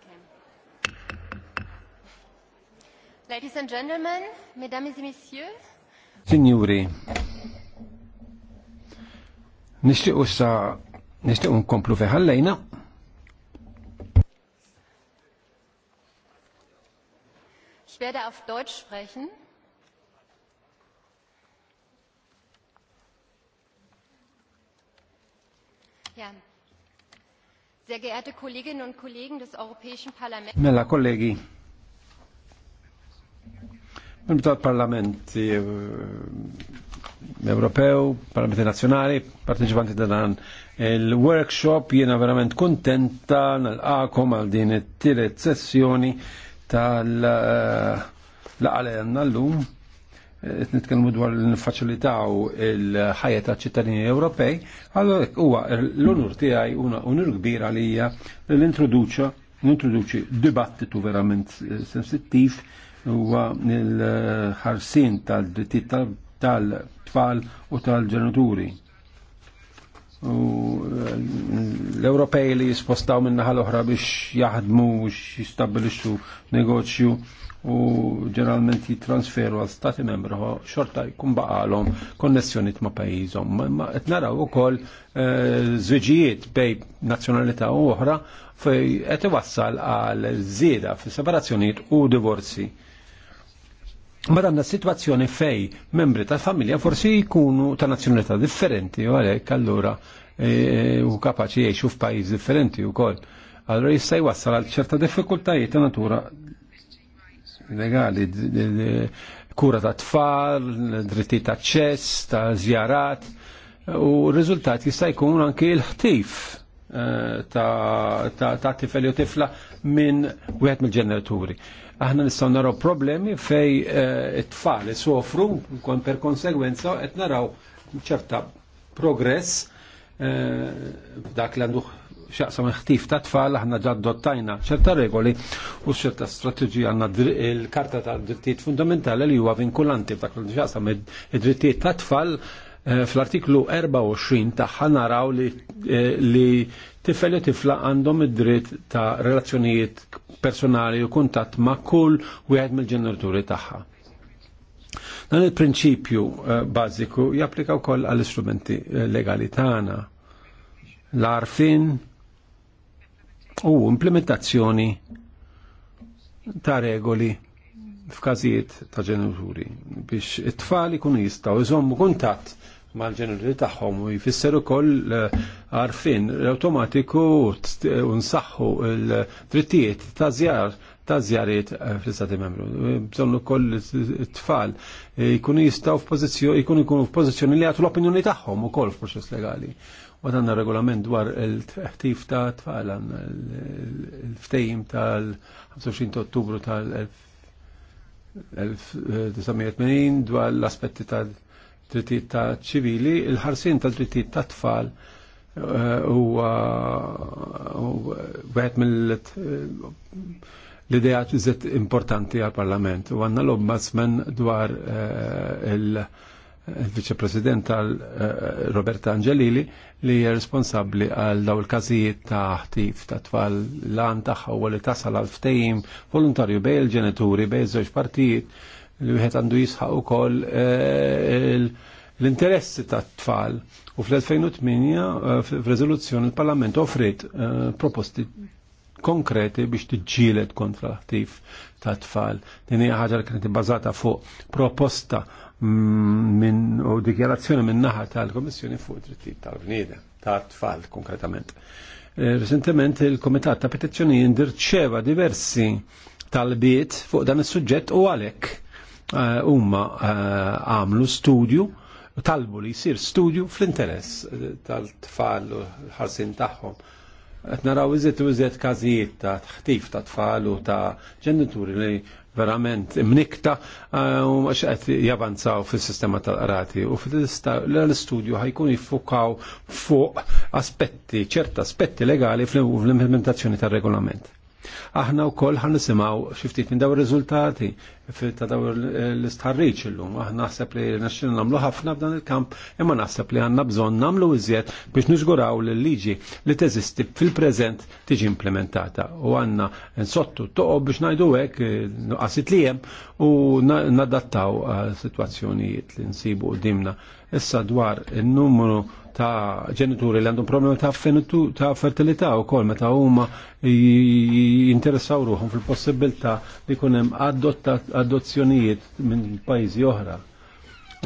Okay. Ladies and gentlemen, mesdames et messieurs. Signori, nishtiq ussa nishtiq unkomplu feħallejna. Ich werde auf Deutsch sprechen. Ja. Sehr geehrte Kolleginnen und Kollegen des Europäischen Parlaments. Mela kollegi. Membri tal-Parlament eh, Ewropew, Parlamenti Nazionali, partecipanti da dan il-workshop, jiena verament kontenta nal-għakom għal din it-tielet sessjoni tal-laqalena eh, l-lum nitkellmu dwar l-faċilitaw il-ħajja ta' ċittadini Ewropej, għallek huwa l-onur tiegħi una onur kbira għalija l-introduċa nintroduċi dibattitu verament sensittiv huwa l-ħarsin tal-drittijiet tal-tfal u tal-ġenituri u eh, l-Ewropej li jispostaw minna ħal-oħra biex jaħdmu biex jistabilixxu negozju u ġeneralment jitransferu għal stati membri xorta jkun baqalhom konnessjoniet ma' pajjiżhom. Ma qed naraw ukoll eh, żwiġijiet bej nazzjonalità u oħra fej qed iwassal għal żieda fi separazzjonijiet u divorzi. Ma danna situazzjoni fej membri tal-familja forsi jkunu ta' nazzjonalità differenti u għalhekk allura e, u kapaċi jgħixu f'pajjiż differenti wkoll. Allora jista' jwassal għal ċerta diffikultajiet ta' natura legali, kura ta' tfal, dritti ta' ċess, ta' zjarat, u r-riżultat jista' jkun anki l-ħtif e, ta' tifel u tifla minn wieħed mill-ġeneraturi aħna nistgħu naraw problemi fej eh, it-tfal isofru kon per konsegwenza qed naraw ċerta progress eh, dak li għandu xaqsam ħtif ta' tfal aħna ġaddottajna ċerta regoli u ċerta strategija għanna il-karta ta' drittijiet fundamentali li huwa vinkulanti f'dak li xaqsam id-drittijiet ta' tfal eh, fl-artiklu 24 tagħha naraw li tifel u tifla għandhom id-dritt ta' relazzjonijiet personali u kuntatt ma' kull wieħed mill ġenituri tagħha. Dan il-prinċipju eh, bażiku japplika wkoll għall-istrumenti eh, legali tagħna. L-arfin u implementazzjoni ta' regoli f'każijiet ta' ġenituri biex it-tfal ikunu jistgħu jżommu kuntatt mal-ġenerali tagħhom u jfisser ukoll eh, għarfin automatiku eh, u nsaħħu l-drittijiet ta' żjar ta' żjariet eh, fl-Istati Membru. Bżonn ukoll it-tfal jkunu jistgħu f'pożizzjoni jkunu jkunu f'pożizzjoni li għatu l-opinjoni tagħhom ukoll f'proċess legali. U għandna regolament dwar il-ħtif ta' tfal il ftejim tal-25 Ottubru tal-1980 dwar l-aspetti ta' -tal drittijiet ta' ċivili, il-ħarsin tal drittijiet ta' tfal eh, u għed mill eh, l-idea ġizet importanti għal-parlament u għanna l smen dwar eh, il- viċe president tal Roberta Angelili li hija responsabbli għal daw il-każijiet ta' ħtif ta' tfal lan tagħha u li tasal għal ftehim volontarju bej il-ġenituri bej iż-żewġ partijiet li wieħed għandu jisħaq ukoll eh, l-interessi tat-tfal. U fl-2008 eh, f'riżoluzzjoni l parlament offrit eh, proposti konkreti biex tiġġielet kontra l-attiv ta' tfal. Din hija ħaġa li kienet bbażata fuq proposta mm, minn u dikjarazzjoni minn naħa tal-Komissjoni fuq drittijiet tal-bniedem ta' tfal konkretament. Recentement il-Komitat ta' Petizzjoni indirċeva diversi talbiet fuq dan is-suġġett u għalhekk huma eh, eh, għamlu studju talbu li jsir studju fl-interess eh, tal-tfal u l-ħarsin tagħhom. Qed naraw iżiet u iżet każijiet ta' tħtif ta' tfal u ta' ġenituri li verament mnikta u għax qed javanzaw fis-sistema tal-qrati u l-istudju ħajkun jiffukaw fuq aspetti, ċerta aspetti legali fl-implementazzjoni tar-regolament. Aħna u koll ħan nisimaw xiftit minn daw il-rizultati ta' daw l-istħarriċ illum. Aħna naħseb li naxxin namlu ħafna f'dan il-kamp, imma naħseb li għanna bżon namlu iżjed biex nixguraw l-liġi li teżisti fil-prezent tiġi implementata. U għanna nsottu toqo biex najdu għek għasit li jem u nadattaw situazzjonijiet li nsibu u dimna. Issa dwar il-numru ta' ġenituri li għandhom problemi ta' fenitu, ta' fertilità u kol meta huma jinteressaw ruħum fil-possibilità li kunem adozzjonijiet minn pajjiżi oħra.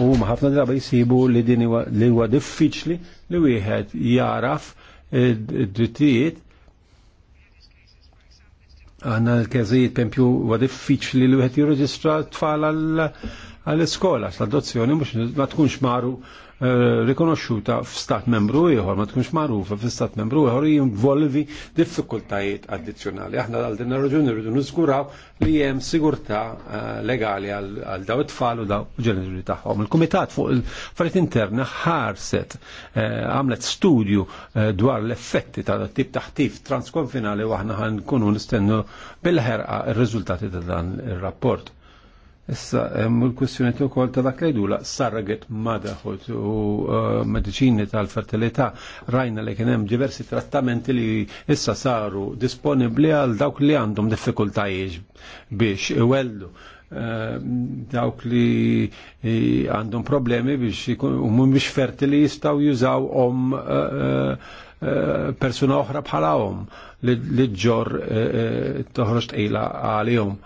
U huma ħafna drabi jisibu li din li huwa diffiċli li wieħed jaraf id-drittijiet e, għanna l-keżijiet pempju huwa diffiċli li wieħed jirreġistra tfal għall-iskola, l-adozzjoni mux ma tkunx maru Eh, rikonoxxuta f'stat membru ieħor, ma tkunx magħrufa f'stat membru ieħor jinvolvi diffikultajiet addizzjonali. Aħna għal din raġuni rridu niżguraw li hemm sigurtà eh, legali għal daw it-tfal u daw ġenituri tagħhom. Il-Kumitat fuq il-Affarijiet Interna ħarset eh, għamlet studju dwar l-effetti ta' tip taħtif transkonfinali u aħna ħankunu nistennu bil-ħerqa ir-riżultati ta' dan ir-rapport. Issa, hemm il-kwestjoni ukoll ta' dak Sarraget surrogate motherhood u eh, mediċini tal-fertilità rajna li kien hemm diversi trattamenti li issa saru disponibbli għal dawk li għandhom diffikultajiet biex iwellu eh, dawk li eh, għandhom problemi biex mhum biex fertili jistgħu jużaw om persuna oħra bħala om li ġor toħroġ ila għalihom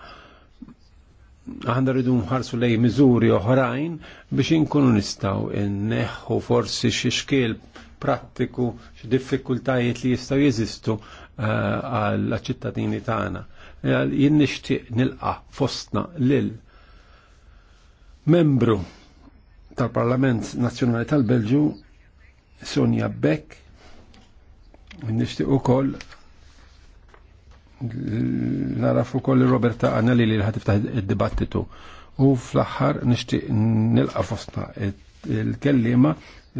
għandha rridu nħarsu lej miżuri oħrajn biex inkunu nistaw inneħħu forsi xi xkiel prattiku xi diffikultajiet li jistgħu jeżistu eh, għall-ċittadini tagħna. Eh, jien nixtieq nilqa' fostna lil membru tal-Parlament Nazzjonali tal-Belġu Sonja Beck nixtieq ukoll narafu ukoll Roberta Anelli li ħatiftaħ id-dibattitu. U fl-aħħar nixtieq nilqa' fostna il-kellima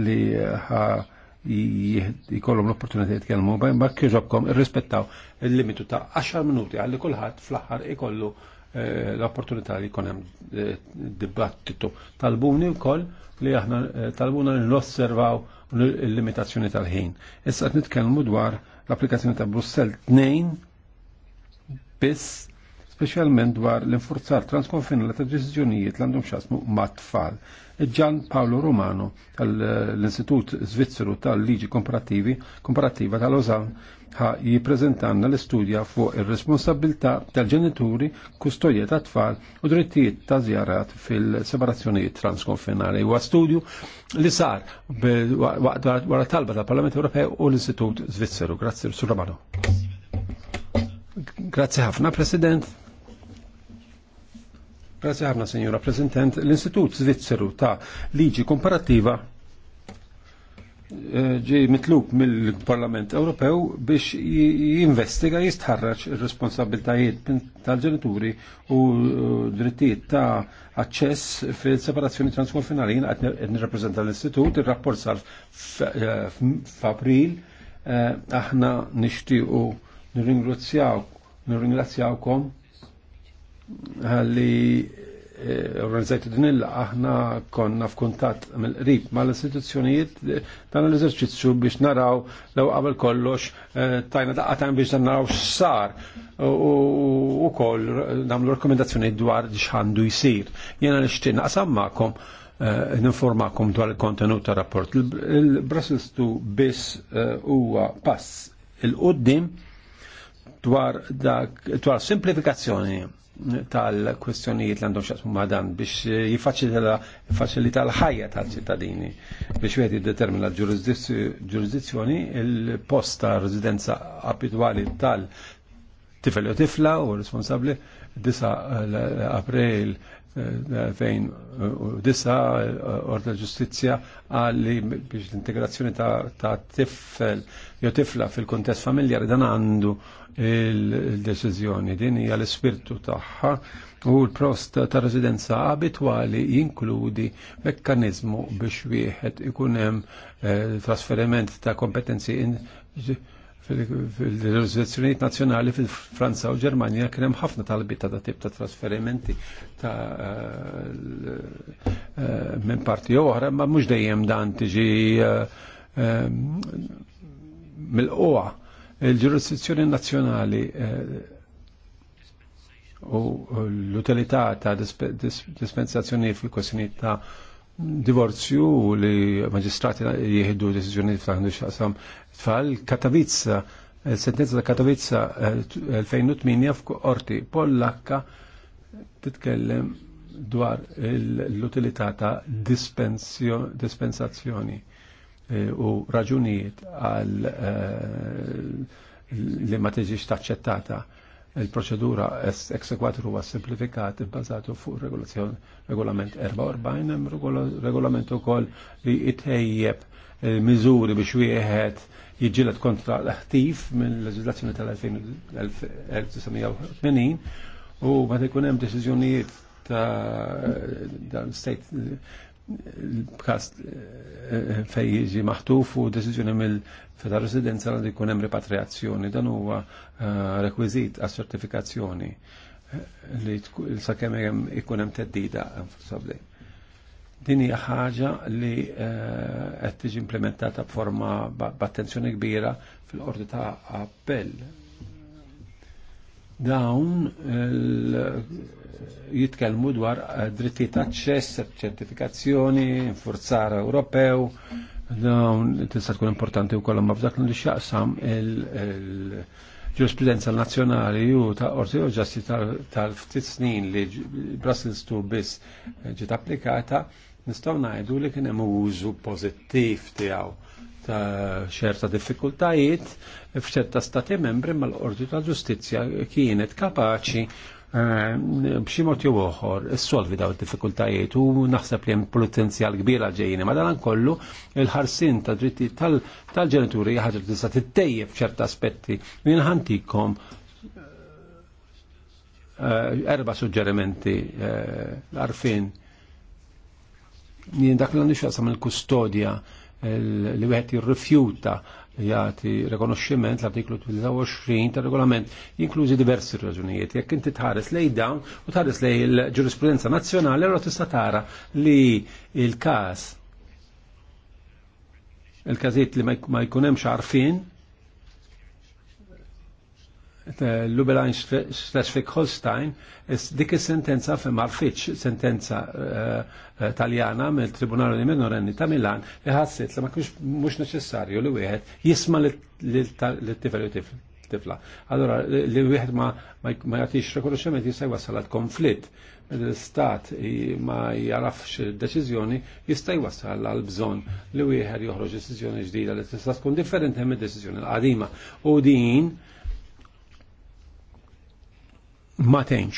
li ħa jikollum l-opportunità jitkellmu bajn ma kieġobkom irrispettaw il-limitu ta' 10 minuti għalli kulħadd fl-aħħar ikollu eh, l-opportunità li konem eh, dibattitu. Talbuni wkoll li aħna eh, talbuna li nosservaw l-limitazzjoni tal-ħin. Issa qed nitkellmu dwar l-applikazzjoni ta' Brussell 2 biss speċjalment dwar l-infurzar transkonfinali ta' deċiżjonijiet li għandhom xasmu mat-tfal. E Gian Paolo Romano tal institut Svizzeru tal-Liġi Komparativi Komparattiva tal-Ozan ħa jiprezentanna l-istudja fuq ir-responsabilità tal-ġenituri, kustodja ta' tfal u drittijiet ta' zjarat fil-separazzjonijiet transkonfinali. Huwa studju li sar wara talba tal-Parlament Ewropew u l-Istitut Svizzeru. Grazzi, Sur Romano. Grazie ħafna, President. Grazie ħafna, Signora President. L-Istitut Svizzeru ta' Liġi Komparativa eh, ġi mitlub mill-Parlament Ewropew biex jinvestiga jistħarraċ responsabiltajiet tal-ġenituri u drittijiet ta' aċċess fil-separazzjoni transkonfinali jina qed nirrappreżenta l-istitut, ir-rapport sar eh, f'April eh, aħna nixtiequ Nirringrazzjaw, nirringrazzjawkom għalli eh, organizzajtu din il aħna konna f'kuntatt mill-qrib mal-istituzzjonijiet dan l-eżerċizzju biex naraw lew qabel kollox eh, tajna daqqatan biex naraw x'sar u wkoll nagħmlu rekomendazzjoni dwar x'għandu jsir. Jiena nixtieq naqsam n eh, ninformakom dwar il-kontenut ta' rapport. Il-Brussels 2 biss huwa pass il-qoddim dwar dak dwar simplifikazzjoni tal-kwestjonijiet l-għandhom xaqsmu madan biex jifacilita l-ħajja tal-ċittadini biex wieħed jiddetermina l-ġurisdizzjoni il-post ta' residenza abitwali tal-tifel u tifla u responsabli l april fejn disa eh, orda ġustizja għalli biex l-integrazzjoni ta' tifl jew tifla fil-kontest familjari dan għandu il-deċiżjoni din hija l-ispirtu tagħha u l-prost ta' residenza abitwali jinkludi mekkanizmu biex wieħed ikun hemm eh, trasferiment ta' kompetenzi fil rezzjonijiet nazzjonali fil-Franza u Ġermanja kien hemm ħafna talbiet ta' tip ta' trasferimenti ta' eh, eh, minn parti oħra, ma mhux dejjem dan tiġi eh, mill-qoa. Il-ġurisdizzjoni nazzjonali u l-utilità ta' dispensazzjoni fil-kwestjoni ta' divorzju li maġistrati jieħdu deċiżjoni f'taħnu xaqsam tfal Katavizza, sentenza ta' Katavizza eh, 2008 f'orti Pollakka titkellem dwar l-utilità ta' dispensazzjoni eh, u raġunijiet għal eh, li ma tiġix taċċettata Il-proċedura eksekwatru huwa simplifikat bbażatu fuq regolazzjoni regolament 44 hemm regolament ukoll li il miżuri biex wieħed jiġġieled kontra l-ħtif mill-leġiżlazzjoni tal-1980 u ma ikun hemm deċiżjonijiet ta' dan state kast eh, fej jiġi maħtuf u deċiżjoni mill feta residenza li jkun hemm repatriazzjoni dan huwa eh, rekwiżit għas ċertifikazzjoni eh, li sakemm ikun hemm teddida sabbli. Din hija ħaġa li qed tiġi implementata b'forma b'attenzjoni kbira fil-qorti ta' appell dawn eh, jitkellmu dwar eh, drittijiet aċċess, ċertifikazzjoni, forzar Ewropew, dawn tista' tkun importanti wkoll ma f'dak li xaqsam il-ġurisprudenza nazzjonali u ta' orti ġasti tal-ftit snin li Brussels tu biss eh, ġiet applikata, nistgħu ngħidu li kien hemm użu pożittiv tiegħu ta' ċerta diffikultajiet f'ċerta stati membri mal qorti ta' ġustizzja kienet kapaċi eh, b'xi mod jew oħor issolvi daw id-diffikultajiet u naħseb li hemm potenzjal kbir għal ġejjin, ma dan kollu il-ħarsin ta' dritti tal-ġenituri ħaġa li tista' tittejjeb f'ċerta aspetti minn jinħantikom eh, erba' suġġerimenti eh, għarfien jien dak l-għandu xaqsam il-kustodja li wieħed jirrifjuta jagħti rekonoxximent l-artiklu 23 tar-regolament jinkluzi diversi raġunijiet. Jekk inti tħares lej dawn u tħares lej il-ġurisprudenza nazzjonali allora tista' tara li il-każ il-każiet li ma jkun hemmx għarfien l Lubelain Schleswig Holstein, dik sentenza fe marfiċ, sentenza taljana me l tribunal li minorenni ta' Milan li ħassit li ma kux mux neċessarju li wieħed jisma' lit-tifel u tifla. Allora li wieħed ma ma jagħtix rikonoxximent jista' jwassal konflitt l stat ma jarafx deċizjoni jista' jwassal għal bżonn li wieħed joħroġ deċizjoni ġdida li tista' tkun differenti mid deċizjoni l-qadima. U din ma tenx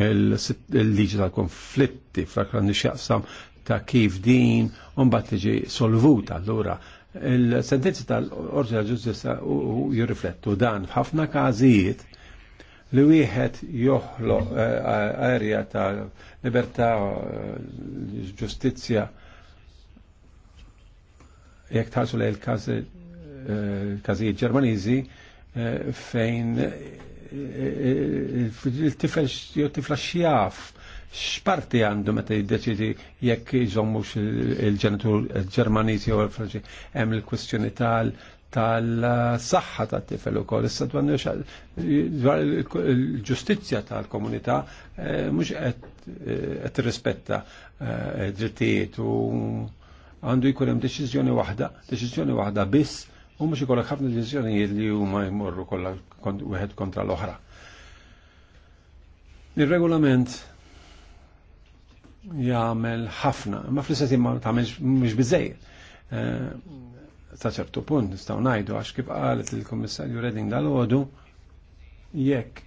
il-liġi tal-konflitti fl-akran nixjaqsam ta' kif din unbat tiġi solvuta allura il-sentenzi tal-Orġi tal-Ġustizja jirriflettu dan f'ħafna każijiet li wieħed joħlo eh, arja ta' libertà eh, ġustizja jekk tħarsu lejn il-każijiet eh, Ġermaniżi fejn il-tifel jew tifla xjaf x'parti għandu meta jiddeċidi jekk jżommux il-ġenitur Ġermaniż jew il-Franċi hemm il-kwestjoni tal tal-saħħa tat tifel ukoll. Issa dwar il-ġustizzja tal-komunità eh, mhux qed tirrispetta eh, eh, drittijiet u għandu jkun hemm deċiżjoni waħda, deċiżjoni waħda biss u mhux ikollok ħafna deċiżjonijiet li huma jmorru kollha wieħed kontra l-oħra. Ir-regolament jagħmel ħafna, ma fl-istess ma tagħmelx mhux biżejjed. Ta' eh, ċertu punt nistgħu ngħidu għax kif qalet il-Kummissarju Reding dal-għodu jekk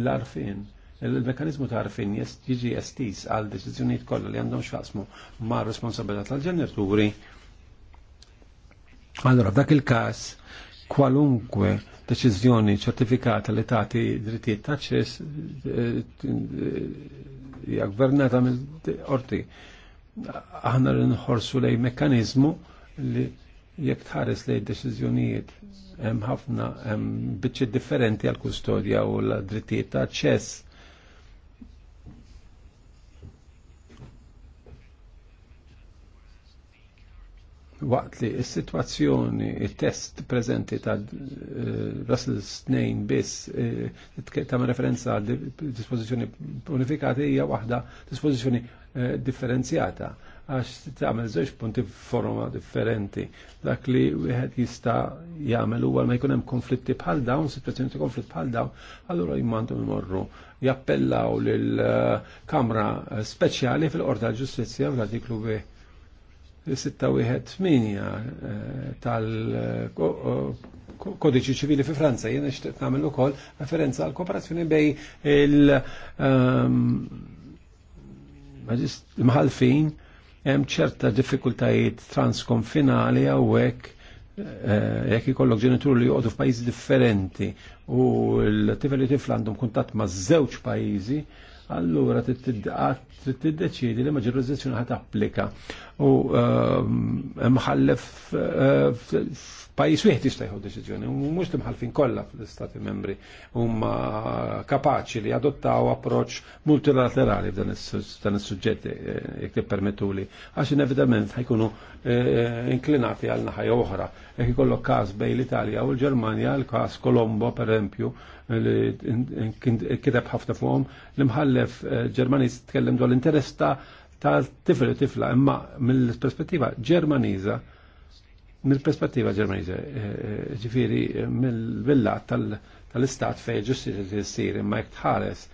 l-arfin il-mekanizmu ta' arfin jiġi estis għal deċiżjonijiet kollha li għandhom xaqsmu ma' responsabilità tal-ġenituri Allora, f'dak il-kas, kwalunkwe deċiżjoni ċertifikata li tagħti drittijiet ta' ċess eh, hija gvernata mill orti Aħna l nħorsu lej mekkaniżmu li jekk tħares lej deċiżjonijiet hemm ħafna hemm biċċi differenti għal kustodja u l-drittijiet ta' ċess waqt li s-situazzjoni, il-test prezenti ta' Russell Snejn biss eh, ta' referenza għal dispozizjoni unifikati hija waħda dispozizjoni eh, differenzjata għax tagħmel żewġ punti forma differenti. Dak li wieħed jista' jagħmel huwa ma jkun hemm konflitti bħal dawn, situazzjoni ta' konflitt bħal dawn, allura jmandu imorru jappellaw lill-Kamra eh, Speċjali fil-Qorta tal-Ġustizzja u l-artiklu 618 eh, tal-Kodiċi ċivili fi Franza, jena xtiqt namel u koll referenza għal kooperazzjoni bej ehm, il-mħalfin hemm ċerta diffikultajiet transkonfinali għawek eh, jekk ikollok ġenituri li joqogħdu f'pajjiżi differenti u l-tifel li tifl għandhom kuntatt ma' żewġ pajjiżi allura t tiddeċiedi li ma ġurisdizzjoni ħat applika u ehm, mħallef eh, pajis wieħed jista' jieħu deċiżjoni, mhux l-imħalfin kollha fl-istati membri huma kapaċi li adottaw approċċ multilaterali f'dan is-suġġett eh, jekk tippermettuli, għax inevitablement ħajkunu eh, inklinati għal naħa oħra. Jekk ikollok każ bej l-Italja u l-Ġermanja, l-każ Kolombo pereżempju, eh, li kiteb ħafna fuqhom, l-imħallef Ġermaniż tkellem dwar l-interess ta' tal-tifel tifla imma mill-perspettiva ġermaniża mill-perspettiva ġermaniza, eh, eh, ġifiri eh, mill-villat tal-istat fej ġustizja t-sir imma jek tħares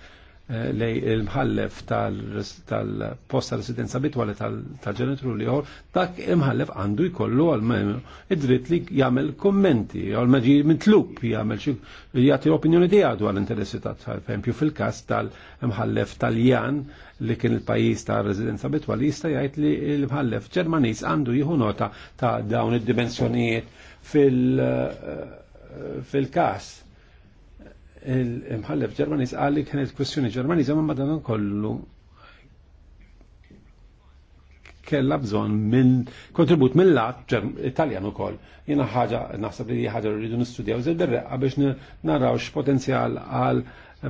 Eh, lej il-mħallef tal-posta residenza bitwali tal-ġenitru li jħor, dak il-mħallef għandu jkollu għal mem id-dritt li jgħamil kommenti, għal-meġi mitlub jgħamil jgħati opinjoni di għadu għal-interessi tal-fempju fil-kas tal-mħallef tal-jan li kien il-pajis ta' residenza bitwali jista jgħajt li il-mħallef ġermanis għandu jħu nota ta' dawn id-dimensjonijiet eh, fil-kas il-mħallef ġermaniż għalli kienet kwestjoni ġermaniża ma madan kollu kella bżon minn kontribut mill lat Italjan ukoll. Jiena ħaġa nasab li ħaġa rridu nistudjaw żed derreqqa biex naraw x'potenzjal għal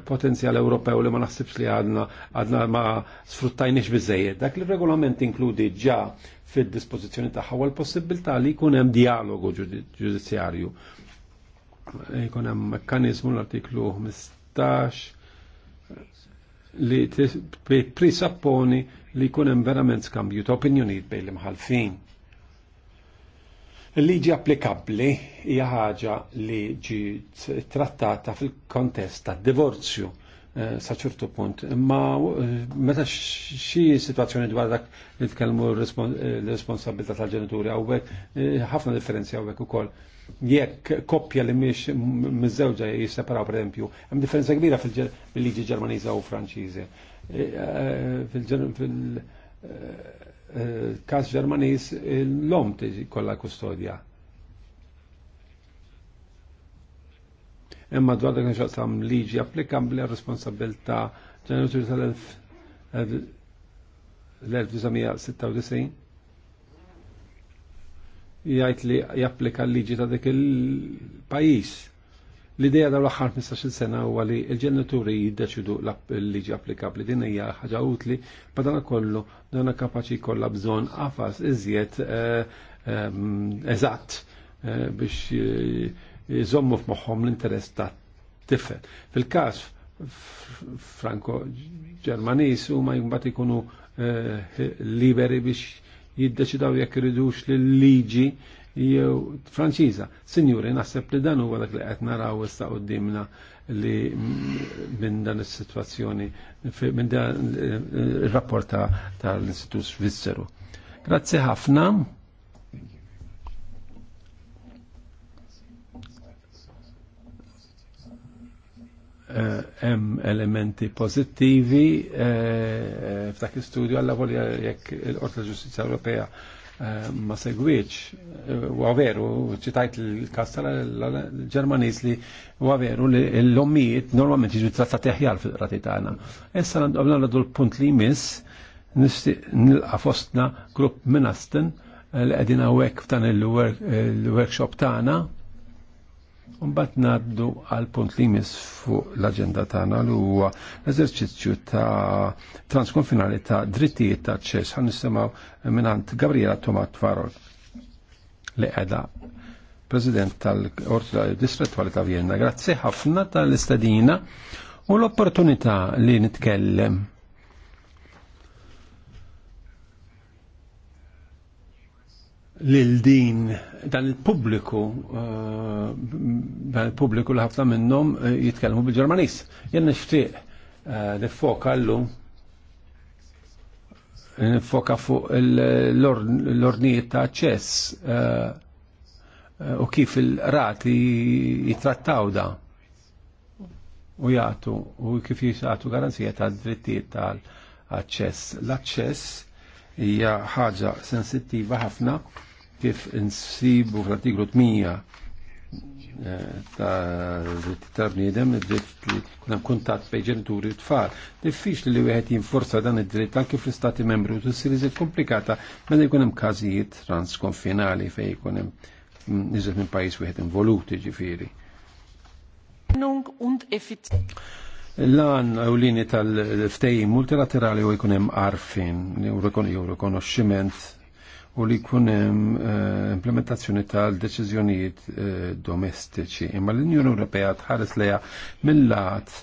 potenzjal Ewropew li ma naħsibx li għadna għadna ma sfruttajniex biżejjed. Dak li regolament inkludi ġa fid-dispożizzjoni tagħha għal l-possibilità li jkun hemm dialogu ġudizzjarju jkun hemm mekkaniżmu l-artiklu 15 li prisapponi li jkun hemm verament skambju ta' opinjonijiet bejn l-imħalfin. Il-liġi applikabbli hija ħaġa li ġi trattata fil-kontest tad divorzju Eh, saċurtu punt. Imma eh, meta xi situazzjoni dwar dak li tkellmu eh, l-responsabilità tal-ġenituri hawnhekk ħafna differenzi hawnhekk ukoll. Jekk koppja li mhix miż-żewġa jisseparaw pereżempju, hemm differenza kbira fil-liġi Ġermaniża u Franċiża. Fil-każ Ġermaniż l tiġi kollha kustodja imma dwar dak sam liġi applikabli għal responsabilità ġeneraturi tal-1996 jgħid li japplika l-liġi ta' dik il pajjiż l idea dawn l aħħar 15 sena huwa li l-ġenituri jiddeċidu l-liġi applikabli din hija ħaġa utli, ma dan kollu dan kapaċi jkollha bżonn qafas iżjed eh, ehm, eżatt eh, biex eh, jżommu f'moħħom l-interess ta' tifet. Fil-każ franko ġermanis u ma jumbat ikunu eh, liberi biex jiddeċidaw jekk iridux lill-liġi jew Franċiża. Sinjuri, naħseb li dan huwa dak li qed naraw issa qudiemna li minn dan is-sitwazzjoni minn dan eh, ir-rapport tal-Istitut Svizzeru. Grazzi ħafna. Eh, hemm elementi pozittivi eh, f'dak l-istudju alla volja jekk il-Qorti tal-Ġustizja Ewropea eh, ma segwiċ, u veru ċitajt l-kas tal ġermaniż li u veru li l-ommijiet normalment jiġu trattati aħjar fil-rati tagħna. Issa għandna l-punt li jmiss nilqa fostna grupp minn Aston li qegħdin hawnhekk f'dan il-workshop tagħna Unbat naddu għal punt li jmiss fuq l-agenda tagħna li huwa l-eżerċizzju ta' transkonfinali ta' drittijiet ta' ċess Għan nisimgħu minant Gabriela Tomat Farol, li għeda President tal-Orta Distrettuali ta' Vienna. Grazzi ħafna tal-istadina u l-opportunità li nitkellem lil din dan il-pubbliku eh, dan il-pubbliku li ħafna minnhom eh, jitkellmu bil-Ġermanis. Jien nixtieq eh, nifoka llum nifoka fuq l-ornijiet ta' ċess u kif il-rati jitrattaw da u jgħatu u kif jgħatu garanzija ta' drittijiet tal-aċċess. L-aċċess hija ħaġa sensittiva ħafna kif insibu fl-artiklu 8 eh, ta' dritti ta' bniedem, dritt li kunem kuntat bej ġenituri u tfal. Diffiċ li li wieħed jinforza dan id-dritt anke fl-istati membri u tussir iżid komplikata meta jkun hemm każijiet transkonfinali fejn jkun hemm mm, iżid minn pajjiż wieħed involuti ġifieri. L-għan u lini tal ftejim multilaterali u jkunem arfin u rekonoxximent u li jkun hemm eh, implementazzjoni tal-deċiżjonijiet eh, domestiċi. Imma l-Unjoni Ewropea tħares leja mill-lat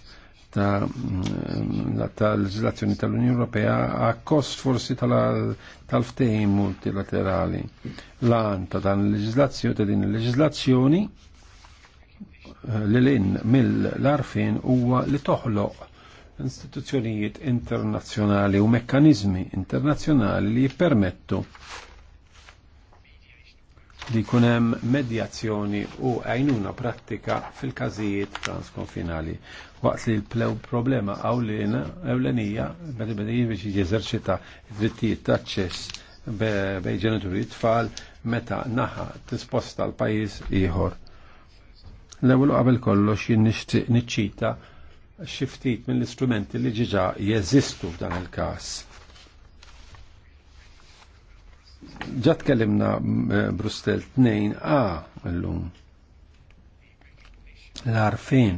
ta' mm, leġislazzjoni tal-Unjoni Ewropea a kost forsi tal-ftehim multilaterali. l L-an ta' dan il-leġislazzjoni ta' din il-leġislazzjoni eh, l lin mill-arfin huwa li toħloq istituzzjonijiet internazzjonali u mekkanizmi internazzjonali li jippermettu li kunem medjazzjoni u għajnuna pratika fil-kazijiet transkonfinali. Waqt li l-problema għawlenija, bħed-bħedin biex jeżerċita drittijiet taċċess bej ġenituri tfal meta naħa tisposta l-pajis ieħor. L-ewwel qabel kollox nixtieq niċċita xiftit mill-istrumenti li ġiġa jeżistu f'dan il-każ Ġa tkellimna eh, Brustel 2A l-lum. L-arfin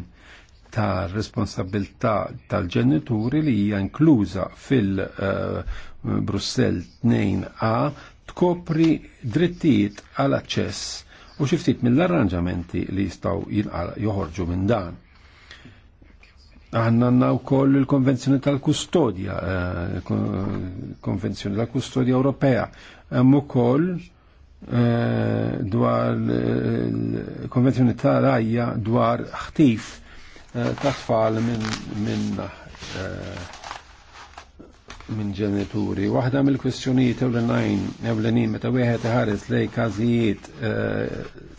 ta' responsabilità tal-ġenituri li hija inkluża fil-Brussell eh, 2A tkopri drittijiet għal aċċess u xi ftit mill-arranġamenti li jistgħu joħorġu minn dan. Għanna għanna u koll il-konvenzjoni tal-kustodja, eh, konvenzjoni tal-kustodja Ewropea, hemm ukoll eh, dwar konvenzjoni ta' rajja dwar ħtif eh, ta' tfal minn minn eh, ġenituri. Waħda mill-kwestjonijiet ewlenajn ewlenin meta wieħed iħares lej każijiet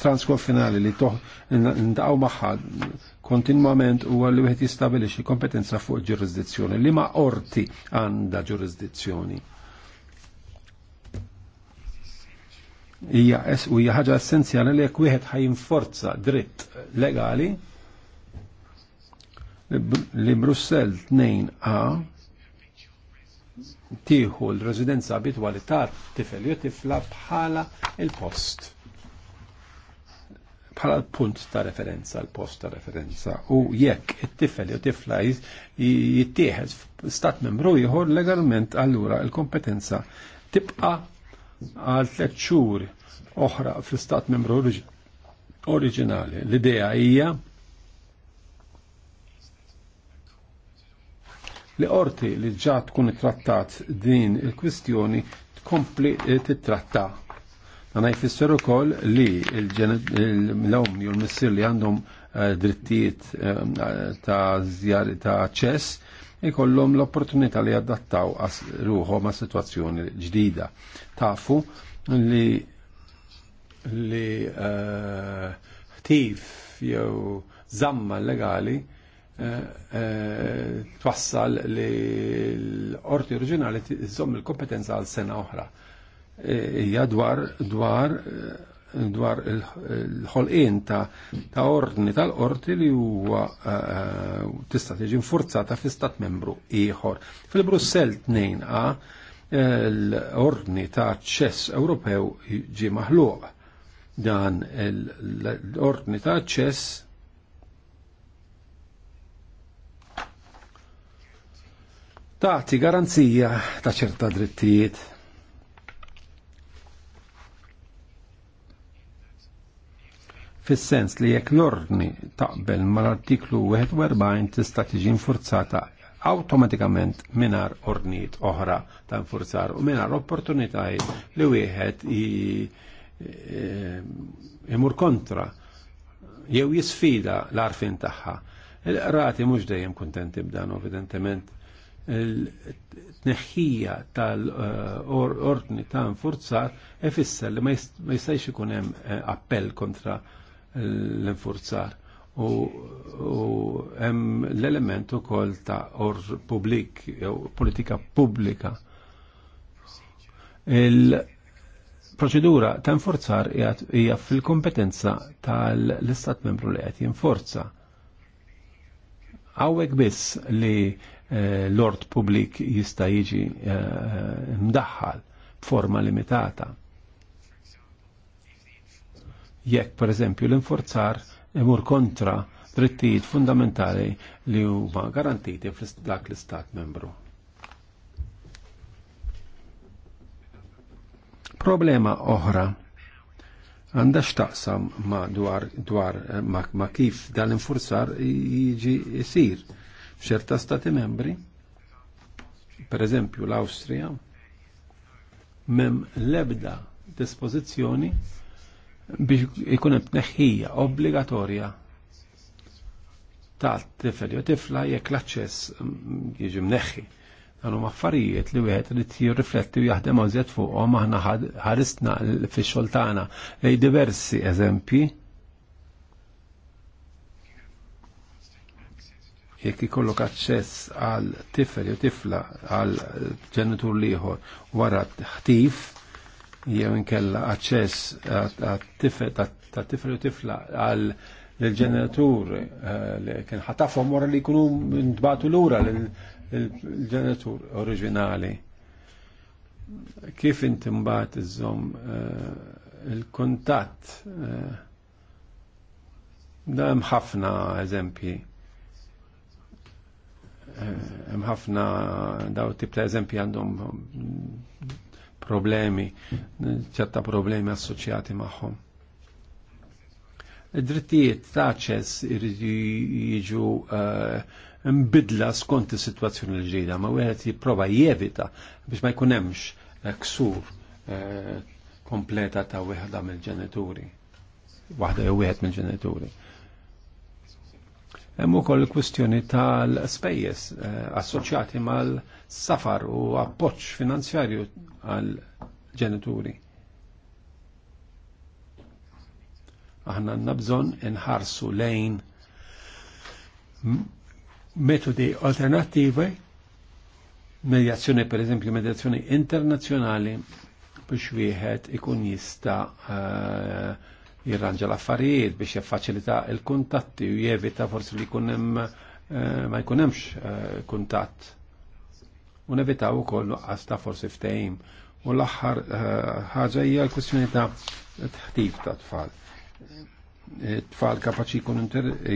transkonfinali li toħ ndaqgħu magħha kontinwament huwa li wieħed jistabilixi kompetenza fuq ġurisdizzjoni li ma' orti għandha ġurisdizzjoni hija u hija ħaġa essenzjali li jekk wieħed ħajinforza dritt legali li Brussell 2A tieħu l-residenza abitwali ta' tifel jew tifla bħala il-post. Bħala l-punt ta' referenza, l-post ta' referenza. U jekk it-tifel jew tifla jittieħed stat membru ieħor legalment allura l kompetenza tibqa' għal tlet xhur oħra fl-istat membru oriġinali. L-idea hija li qorti li ġa tkun trattat din il-kwistjoni tkompli titratta. Għana jfisser ukoll li l-omni jul l-missir li għandhom eh, drittijiet eh, ta' zjar ta' ċess ikollhom l-opportunità li adattaw ruħhom ma' situazzjoni ġdida. Tafu li li eh, ħtif jew zamma legali eh, eh, twassal li l-orti oriġinali tżomm il-kompetenza għal sena oħra. Ija dwar dwar dwar il-ħolqien ta', ta ordni tal-qorti li huwa eh, tista' tiġi nfurzata fl-istat membru ieħor. Fil-Brussell 2A l-ordni ta' ċess Ewropew ġi maħluq. Dan l-ordni ta' ċess Tati garanzija ta' ċerta drittijiet fis-sens li jekk l-ordni taqbel mal-artiklu 41 tista' tiġi infurzata automatikament minar ordnijiet oħra ta' infurzar u minar opportunitajiet li wieħed e, imur kontra jew jisfida l-arfin tagħha. Il-qrati mhux dejjem kuntenti b'dan evidentement il-tneħħija tal-ordni ta' infurzar ifisser li ma jistajx ikun hemm e, appell kontra l-infurzar u hemm l-element ukoll ta' or publik jew politika pubblika. Il-proċedura ta' nforzar hija fil-kompetenza tal-istat membru li qed jinforza. Hawnhekk biss li eh, l-ord publik jista' jiġi eh, mdaħħal b'forma limitata jekk pereżempju l-inforzar imur kontra drittijiet fundamentali li huma garantiti fl-dak l-istat membru. Problema oħra għandha xtaqsam ma dwar, dwar eh, ma, ma kif dan l-infurzar jiġi jisir. F'ċerta stati membri, per eżempju l awstrija mem lebda dispożizzjoni biex ikun tneħħija obbligatorja ta' tifel jew tifla jekk l-aċċess mm, jiġi mneħħi. Dan huma affarijiet li wieħed irid jirrifletti u jaħdem għażjed fuqhom aħna ħaristna fix-xogħol tagħna lej diversi eżempji jekk ikollok aċċess għal tifel jew tifla għal ġenitur liħor wara ħtif jew inkella aċċess ta' tifel u tifla għal l-ġeneratur eh, li kien ħatafhom wara li jkunu ntbatu lura l-ġeneratur oriġinali. Kif inti mbagħad iżżomm eh, il-kuntatt eh, hemm ħafna eżempji hemm ħafna daw tip ta' eżempji għandhom problemi, ċerta problemi assoċjati magħhom. Id-drittijiet ta' ċess irridu jiġu eh, mbidla skont is-sitwazzjoni l-ġdida, ma wieħed jipprova jevita biex ma jkun hemmx eh, ksur eh, kompleta ta' wieħda mill-ġenituri. Waħda jew wieħed mill-ġenituri. Hemm ukoll il-kwistjoni tal-spejjeż eh, assoċjati mal-safar u appoġġ finanzjarju għal ġenituri. Aħna għandna bżonn inħarsu lejn metodi alternattivi, medjazzjoni per eżempju medjazzjoni internazzjonali biex wieħed ikun jista' uh, jirranġa l-affarijiet biex jaffaċilita il-kuntatti u jevita forsi li kunem eh, ma jkunemx eh, kuntatt. U nevitaw ukoll nuqqas għasta forsi ftehim. U l-aħħar eh, ħaġa hija l-kwistjoni ta' tħtif ta' tfal. Tfal kapaċi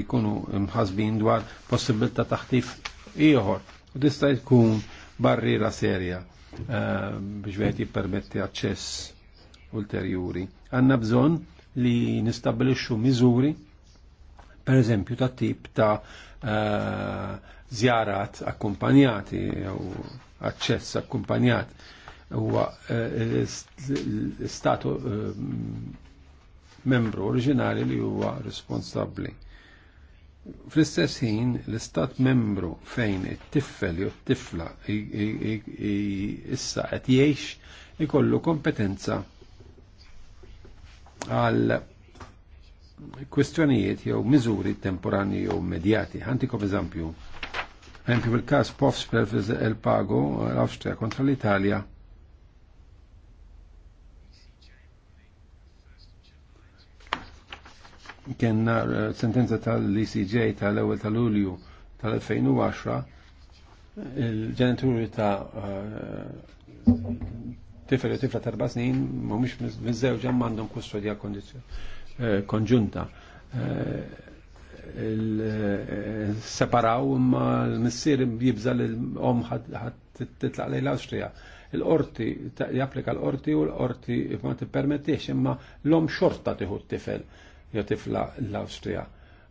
jkunu mħazbin dwar possibilità ta' ħtif ieħor. U tista' jkun barriera serja biex wieħed jippermetti aċċess ulterjuri. Għanna bżonn li nistabilixxu miżuri per eżempju ta' tip ta' uh, zjarat akkumpanjati jew aċċess akkumpanjat huwa eh, statu eh, membru oriġinali li huwa responsabbli. Fl-istess ħin, l-istat membru fejn it-tifel jew t-tifla issa qed jgħix ikollu kompetenza għal kwistjonijiet jew miżuri temporani jew immedjati. Ħantikom eżempju. Eżempju bil kas Pofs per il-pago l austria kontra l-Italja. Kenna eh, sentenza tal icj tal-ewel tal-Ulju tal-2010 il-ġenituri ta' eh, tifel u tifla tarba snin ma mux mizzew hemm għandhom kustodja eh, konġunta. Eh, eh, separaw ma l missir jibza l-om ħadd titlaq lejn l austria l orti japplika l orti u l orti ma tippermettix imma l-om xorta tiħu t-tifel jo tifla l austria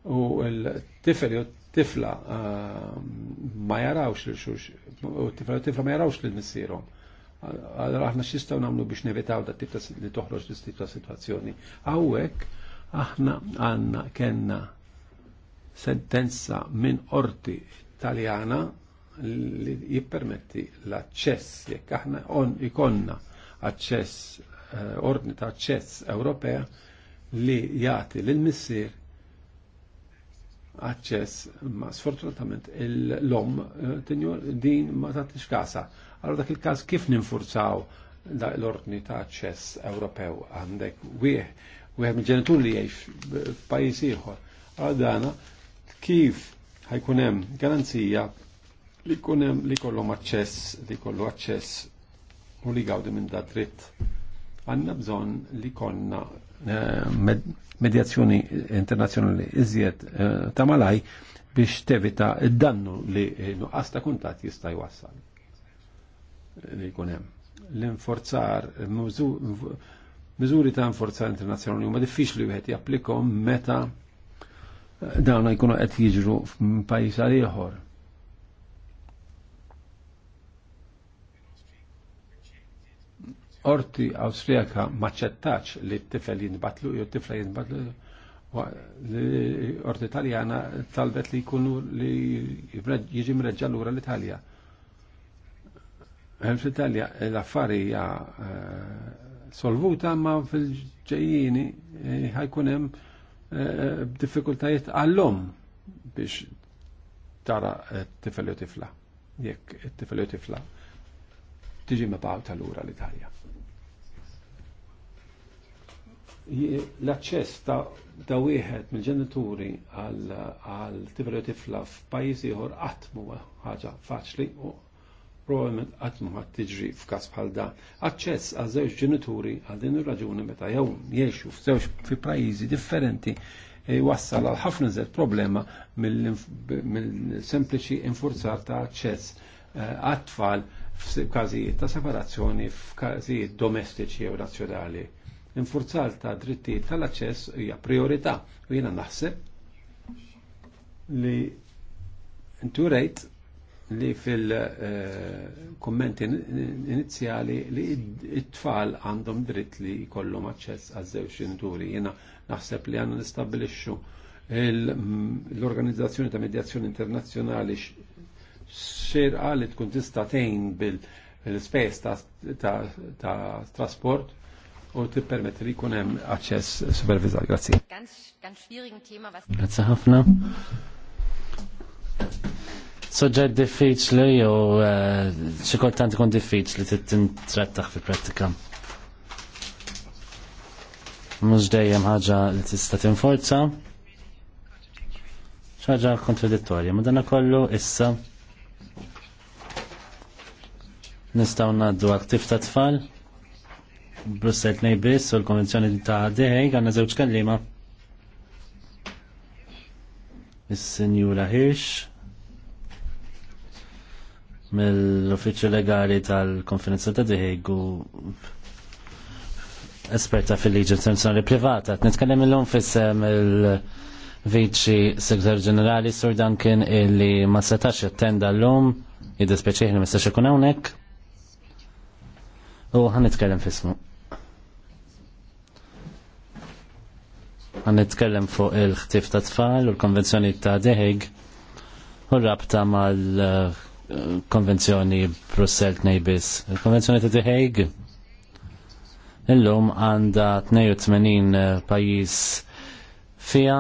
U l-tifel jew tifla ma jarawx l-xux, u tifla ma jarawx l missirom għadra aħna xistaw namlu biex nevitaw da tibta li toħroġ li tibta situazzjoni. Għawek, aħna għanna kena sentenza minn orti italjana li jippermetti l-access, jekk aħna on ikonna access, eh, ordni ta' access Ewropea li jati l-missir access ma sfortunatament l-lom eh, din ma tatix kasa Allora dak il-każ kif ninfurzaw l-ordni ta' ċess Ewropew għandek wieħ wieħed mill-ġenitur li jgħix f'pajjiż ieħor. Allora dana kif ħajkun hemm garanzija li jkun hemm li jkollhom aċċess, li jkollu aċċess u li gawdi minn da dritt. Għandna bżonn li konna eh, medjazzjoni internazzjonali iżjed eh, ta' malaj biex tevita id-dannu li nuqqas ta' kuntat jista' jwassal li jkun hemm. L-inforzar, miżuri ta' inforzar internazzjonali huma diffiċli wieħed japplikom meta eh, dawna jkunu qed jiġru f'pajis għal ieħor. Orti Awstrijaka maċċettax li t-tifel jinbatlu jew t-tifla jinbatlu orti Italjana talbet li jkunu li jiġi mreġġa lura l-Italja. Fl-Italja l-affarija eh, solvuta ma fil-ġejjini eh, ħajkun hemm eh, diffikultajiet għallhom biex tara t-tifel u tifla. Jekk t-tifel u tifla tiġi mabaw tal-ura l-Italja. L-aċċess ta' da wieħed mill-ġenituri għal tifel u tifla f'pajjiż ieħor qatt huwa ħaġa faċli u probablement qatt ma tiġri f'każ bħal dan. Aċċess għal żewġ ġenituri għal din ir-raġuni meta jew jgħixu f'żewġ fi pajjiżi differenti jwassal e, għal ħafna żed problema mill-sempliċi infurzar ta' aċċess e, għat-tfal f'każijiet ta' separazzjoni f'każijiet domestiċi jew nazzjonali. Infurzar ta' drittijiet tal-aċċess hija priorità u jiena naħseb li intu rejt li fil-kommenti inizjali li it-tfal għandhom dritt li jkollhom aċċess għazzew żewġ Jena Jiena naħseb li għandna nistabilixxu l-Organizzazzjoni ta' Medjazzjoni Internazzjonali xirqa li tkun tista' tgħin bil spes ta' trasport u t-permet li jkun hemm aċċess supervizat. Grazie. Grazzi ħafna soġġett diffiċli u eh, xi kultant ikun diffiċli tittintrattaħ fi prattika Mhux dejjem ħaġa li tista' tinforza. Xaġa kontradittorja, ma dana kollu issa nistgħu ngħaddu aktiv ta' tfal Brussel nejbis u l-konvenzjoni ta' Dehej għanna żewġ kellima. Is-Sinjura Hirsch mill-uffiċċju legali tal-konferenza ta' diħegu esperta fil-liġi internazzjonali privata. Nitkellem illum fissem il-Viċi Segretar Ġenerali Sur Duncan illi ma setax jattenda l-lum id-dispeċiħni ma setax ikun hawnhekk. U għan nitkellem fismu. Għan nitkellem fuq il-ħtif ta' tfal u l-konvenzjoni ta' Deheg u rabta mal- konvenzjoni Brussel tnejbis. Il-konvenzjoni ta' The Hague illum għanda 82 eh, pajis fija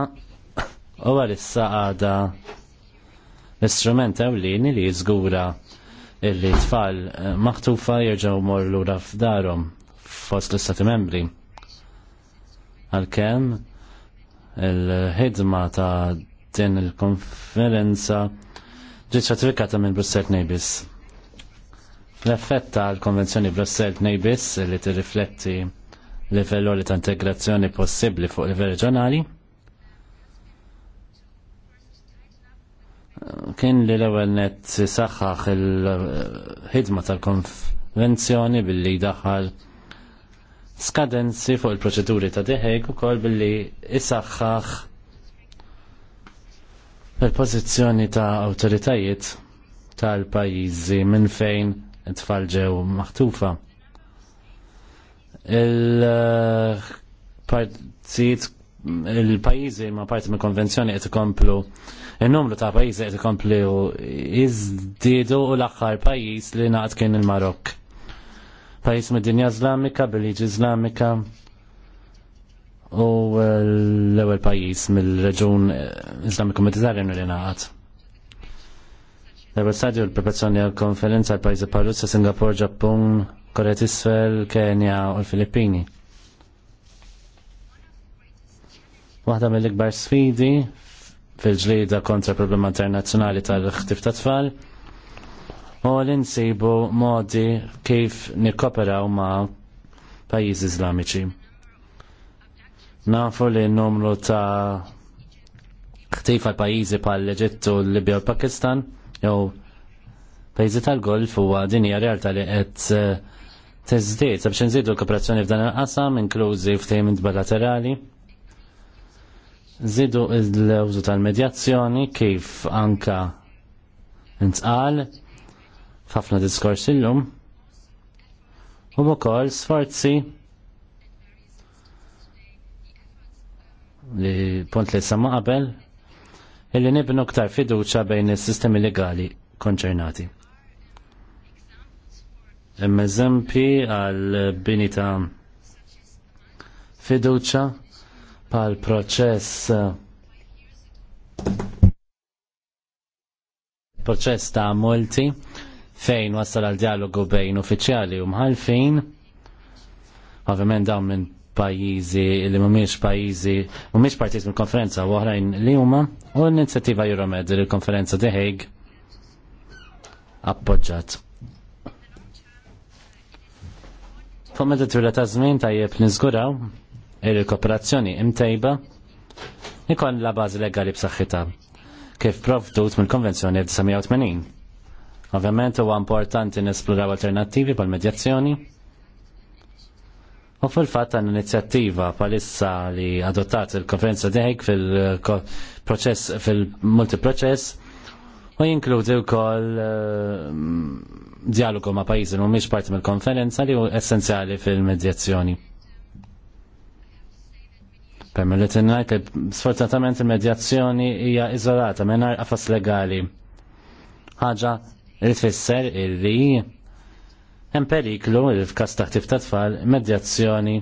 u għalissa għada l-istrument ewlini li jizgura illi tfal eh, maħtufa jirġaw mor lura f'darhom fost l-istati membri. Għalkemm il-ħidma ta' din il-konferenza ġiet minn Brussel Nejbis. L-effett tal-Konvenzjoni Brussel Nejbis li tirrifletti li ta' integrazzjoni possibbli fuq livell reġjonali kien li l-ewwel net saħħaħ il-ħidma tal-konvenzjoni billi daħal skadenzi fuq il-proċeduri ta' deħeg ukoll billi isaħħaħ Il-pożizzjoni ta' awtoritajiet tal-pajjiżi minn fejn it-tfal ġew maħtufa. Il-partijiet il-pajizi ma parti mill konvenzjoni qed ikomplu in numru ta' pajizi qed ikomplu iżdiedu u l-aħħar pajjiż li ngħaqad kien il-Marokk. Pajjiż mid-dinja Iżlamika, bil Iżlamika, u eh, l-ewwel pajjiż mill-Reġun eh, Islamiku Mediterranju li ngħaqad. L-ewwel stadju l-preparazzjoni għall-konferenza għal pajjiżi Parussa, Singapur, Ġappun, Korea Tisfel, Kenja u l-Filippini. Waħda mill-ikbar sfidi fil-ġlida kontra problema internazzjonali tal-ħtif ta' tfal u l-insibu modi kif nikoperaw ma' pajjiżi iżlamiċi. Nafu li n-numru ta' ħtifa pajizi pal eġittu l-Libja u Pakistan, jew pajizi tal-Golf huwa din hija realtà li qed izdiet eh, sabiex nżidu l-kooperazzjoni f'dan il-qasam inklużi f'tejmint bilaterali. Zidu l-użu tal-medjazzjoni kif anka ntqal f'ħafna diskors illum u bokol sforzi li pont li sama qabel illi nibnu ktar fiduċa bejn is-sistemi legali konċernati. Hemm eżempi għal bini ta' fiduċa pal proċess proċess ta' multi fejn wassal għal dialogu bejn uffiċjali u mħalfin ovvjament dawn minn pajjiżi li mhumiex pajjiżi mhumiex partit mill-konferenza u oħrajn li huma u l-inizjattiva Euromed il-konferenza The Hague appoġġat. Fuq meta twila ta' żmien tajjeb niżguraw il-kooperazzjoni imtejba la bażi legali b'saħħitha kif provdut mill-Konvenzjoni 1980. Ovvjament huwa importanti nesploraw alternattivi bħall medjazzjoni U fil-fat għan inizjattiva palissa li adottat il-konferenza deħek fil-proċess, fil-multiproċess, u jinkludi wkoll eh, dialogu ma' pajjiżi u miex parti mill-konferenza li hu essenzjali fil-medjazzjoni. Permel li tinnajt li sfortunatament il-medjazzjoni hija iżolata mingħajr għafas legali. Ħaġa li tfisser illi Hemm periklu li f'każ taħtif ta' tfal medjazzjoni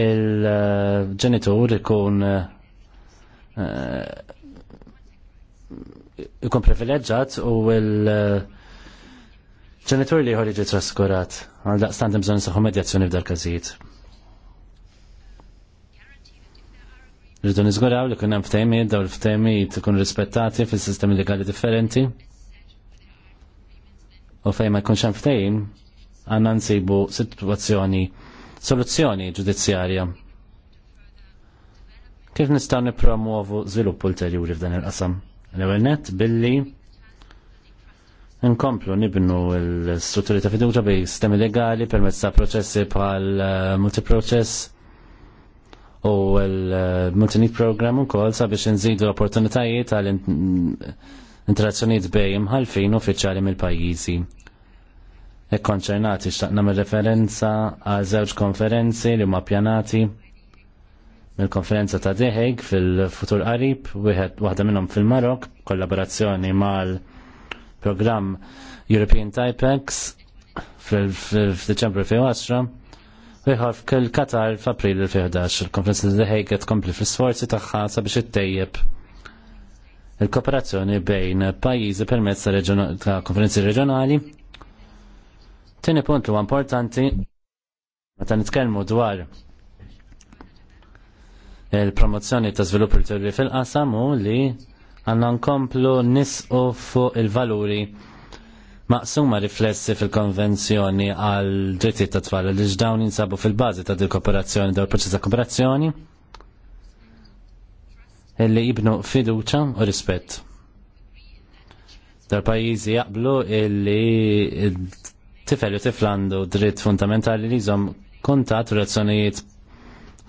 il-ġenitur ikun eh, ikun privileġġat u il-ġenitur li jħor jiġi traskurat għal daqstant bżonn saħu medjazzjoni f'dar każijiet. Rridu niżguraw li kunem hemm daw l ftehmiet ikun rispettati fil sistemi legali differenti u fej ma jkunx hemm ftehim għandna nsibu sitwazzjoni soluzzjoni ġudizzjarja. Kif nistgħu nippromuovu żvilupp ulterjuri f'dan il-qasam? L-ewwel nett billi Nkomplu nibnu l-strutturi ta' fiduċa bi sistemi legali permezz ta' proċessi bħal eh, multiproċess u l multinit program u kol sabiex nżidu l-opportunitajiet għal interazzjonijiet bej imħalfin uffiċjali mill-pajjiżi. E konċernati xtaqna mir referenza għal żewġ konferenzi li huma pjanati mill-konferenza ta' Deheg fil-futur qarib, wieħed waħda minnhom fil-Marok, kollaborazzjoni mal-programm European Typex fil-Deċembru 2010, Iħor f'kel Katar f'April 2011, il-konferenza li ħejket kompli fl-sforzi tagħha sabiex ittejjeb il-kooperazzjoni bejn pajjiżi permezz ta' konferenzi reġjonali. Tieni punt huwa importanti meta nitkellmu dwar il-promozzjoni ta' żvilupp ulterjuri fil-qasam u li għandna nkomplu nisqu fuq il-valuri maqsuma riflessi fil-konvenzjoni għal drittijiet ta' tfal li ġdawn jinsabu fil-bażi ta' dil kooperazzjoni daw il-proċess ta' kooperazzjoni li jibnu fiduċa u rispett. Dal-pajizi jaqblu illi tifel u tiflandu dritt fundamentali li jżom kontat u razzjonijiet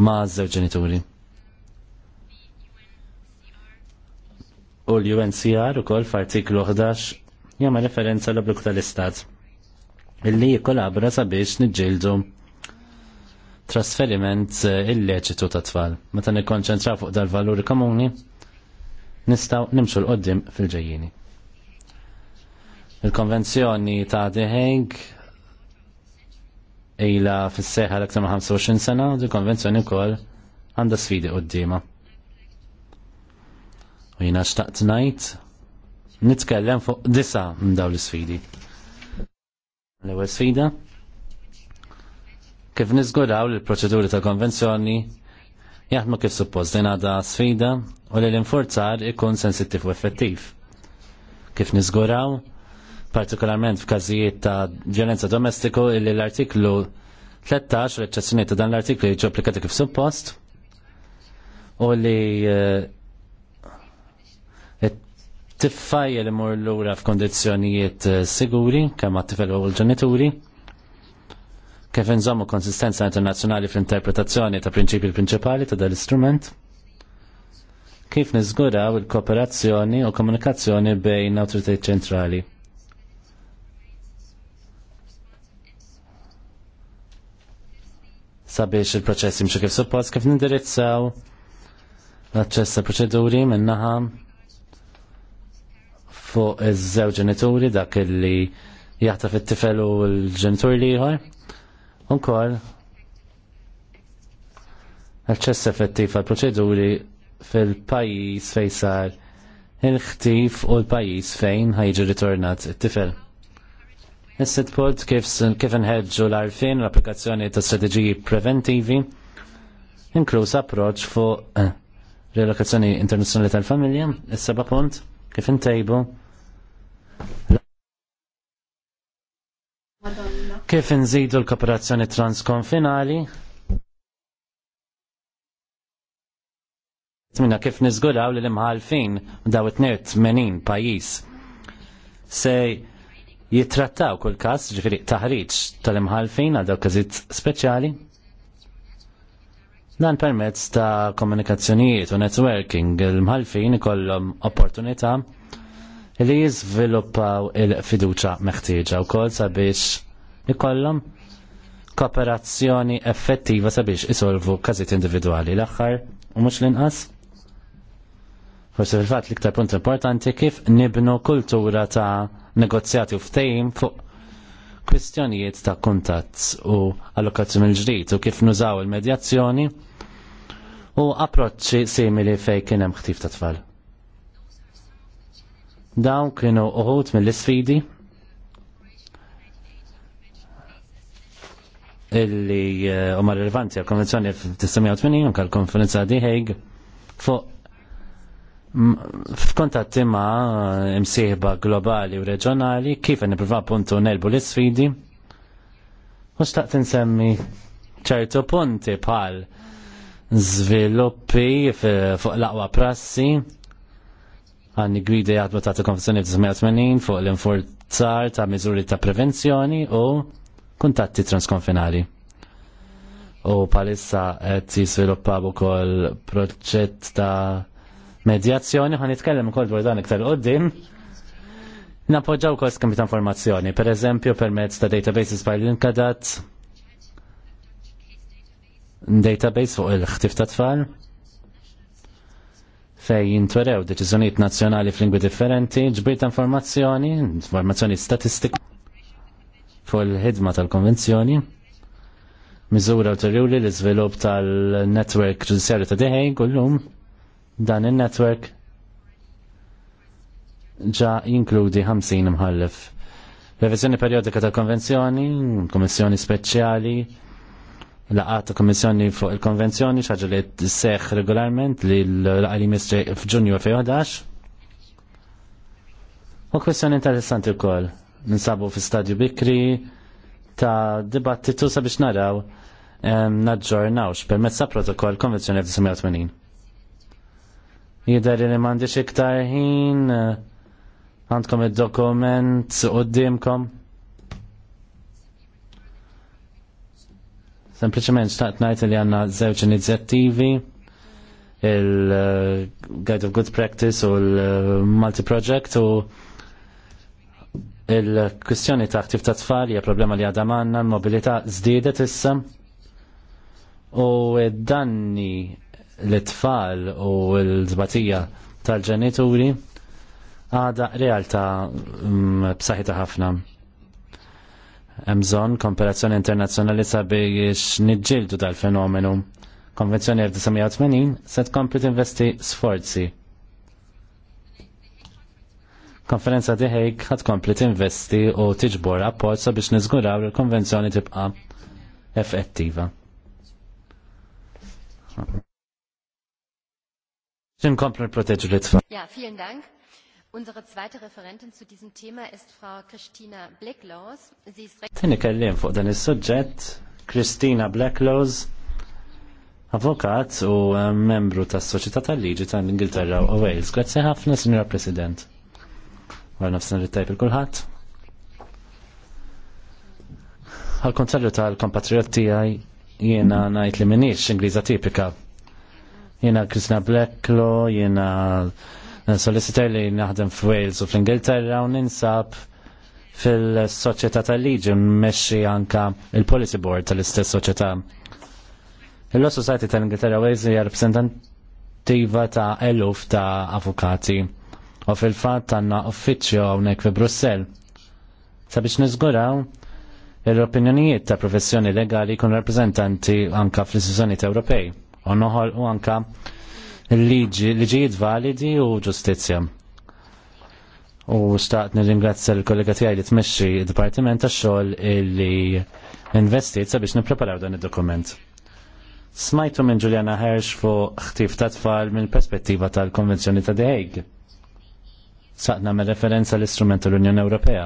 ma' żewġ ġenituri. U l-UNCR u kol f'artiklu 11 jama referenza l obluk tal-Istat illi jikolabra sabiex nġildu trasferiment eh, illeċitu ta' tfal. Meta nikkonċentra fuq dal-valuri komuni, nistaw nimxu l-qoddim fil-ġejjini. Il-konvenzjoni ta' The ila fis-seħħa l-aktar ma' 25 sena, di konvenzjoni wkoll għandha sfidi qoddima. U jina xtaqt ngħid nitkellem fuq disa m'daw dawn l-sfidi. L-ewwel sfida, kif nizguraw l-proċeduri ta' konvenzjoni jaħdmu kif suppost din għada sfida u li l-infurzar ikun sensittiv u effettiv. Kif nizguraw, partikolarment f'każijiet ta' violenza domestiku illi l-artiklu 13 l-eċċezzjoni ta' dan l-artiklu jiġu applikati kif suppost u li eh, tiffajja li mur l-ura f'kondizjonijiet eh, siguri kemm għat-tifel u l-ġenituri kif inżommu konsistenza internazzjonali fl-interpretazzjoni ta' prinċipji prinċipali ta' dal-istrument, kif niżguraw il-kooperazzjoni u komunikazzjoni bejn autoritajt ċentrali. Sabiex il-proċess jimxu kif suppost kif nindirizzaw l-aċċess ta' proċeduri minnaħa fuq iż-żewġ ġenituri dak li jaħta fit tifel u l-ġenitur liħor l-ċess effettiv għal proċeduri fil-pajis fejn sar il-ħtif u l-pajis fejn ħajġi ritornat it-tifel. Is-sit punt kif nħedġu l-arfin l-applikazzjoni ta' strategiji preventivi, inkluż approċ fuq eh, relokazzjoni internazzjonali tal-familja, is-seba' punt kif intejbu kif nżidu l-kooperazzjoni transkonfinali, minna kif nizgulaw li l-imħalfin daw it-nejt menin pajis se jitrattaw kull kas ġifiri taħriċ tal-imħalfin għal daw kazit speċjali dan permezz ta' komunikazzjonijiet u networking l-imħalfin kollom opportunità li jizviluppaw il-fiduċa meħtieġa u kol sabiex li kooperazzjoni effettiva sabiex isolvu każijiet individwali l-aħħar u mhux l-inqas. Forse fil-fatt l-iktar punt importanti kif nibnu kultura ta' negozjati u ftejim fuq kwistjonijiet ta' kuntatt u allokazzjoni l-ġdid u kif nużaw il-medjazzjoni u approċċi simili fej kien hemm ħtif ta' tfal. Dawn kienu uħut mill-isfidi illi eh, huma rilevanti għall konvenzjoni f-1980 anke l-konferenza di Hague fuq f'kontatti ma' imsieħba globali u reġjonali kif nipprova puntu nelbu l-isfidi u xtaqt insemmi ċertu punti bħal żviluppi fuq l-aqwa prassi għanni gwidi għadba ta' konvenzjoni 1980 fuq l-infurzar ta' miżuri ta' prevenzjoni u kuntatti transkonfinali. U palissa qed jisviluppaw ukoll proġett ta' medjazzjoni ħan nitkellem ukoll dwar dan iktar qudiem. Napoġġaw kol skambi ta' informazzjoni, per eżempju permezz ta' databases bħal l-inkadat, database fuq il-ħtif ta' tfal, fej jintwerew deċiżjonijiet nazzjonali f'lingwi differenti, ġbir ta' informazzjoni, informazzjoni statistika fuq il-ħidma tal-konvenzjoni. Miżura ulterjuri l-iżvilupp tal-netwerk ġudizjarju ta' diħej kullum dan il-netwerk ġa jinkludi 50 mħallef. Revizjoni periodika tal-konvenzjoni, komissjoni speċjali, laqata kommissjoni fuq il-konvenzjoni xaġa li seħ regolarment li l-għali misġi f'ġunju 2011. U kwestjoni interessanti u koll ninsabu fi stadju bikri ta' dibattitu sabiex naraw naġġornawx permezz ta' protokoll konvenzjoni 1980. Jider li mandi xiktar ħin għandkom id-dokument d-dimkom. Sempliċement xtaqt ngħid li għandna żewġ inizjattivi il-Guide uh, of Good Practice u l-Multi uh, Project u Il-kwistjoni ta' aktiv ta' tfal hija problema li għadha manna, l-mobilità żdiedet issa. U danni l-tfal u l-żbatija tal-ġenituri għada realtà mm, b'saħħitha ħafna. Hemm bżonn komparazzjoni internazzjonali sabiex niġġieldu dal-fenomenu. Konvenzjoni 1980 se tkompli tinvesti sforzi konferenza diħek ħat kompli investi u tiġbor rapport biex nizguraw li l-konvenzjoni tibqa effettiva. Xin komplu proteġu li tfa. Ja, vielen Dank. Unsere zweite Referentin zu diesem Thema ist Frau Christina Blacklaws. Sie ist recht... Tini kellim fuq dan il suġġett Christina Blacklaws, avokat u eh, membru ta' Soċieta tal-Liġi tal-Ingilterra u Wales. Grazie ħafna, Signora President. Għal nafsan li tajp il-kulħat. Għal kontrarju tal-kompatriot tijaj jena najt li minix Ingliża tipika. Jena Kristina Blacklo, jena solicitor li naħdem f'Wales u fl-Ingilterra u ninsab fil soċieta tal-liġi mmexxi anka il-Policy Board tal-istess soċjetà. Il-Law Society tal-Ingilterra Wales hija rappreżentantiva ta' eluf ta' avukati u fil-fatt għandna uffiċċju hawnhekk fi Brussell. Sabiex niżguraw l-opinjonijiet ta' professjoni legali kun rappreżentanti anka fl-istituzzjonijiet Ewropej u noħol u anka liġi, liġijiet validi u ġustizzja. U nir nirringrazzja l-kollega tiegħi li tmexxi d-Dipartiment tax-xogħol li investit sabiex nippreparaw dan id-dokument. Smajtu minn Juliana Hersh fuq ħtif ta' tfal mill-perspettiva tal-Konvenzjoni ta' The Hague saqna me referenza l-istrument tal-Unjoni Ewropea,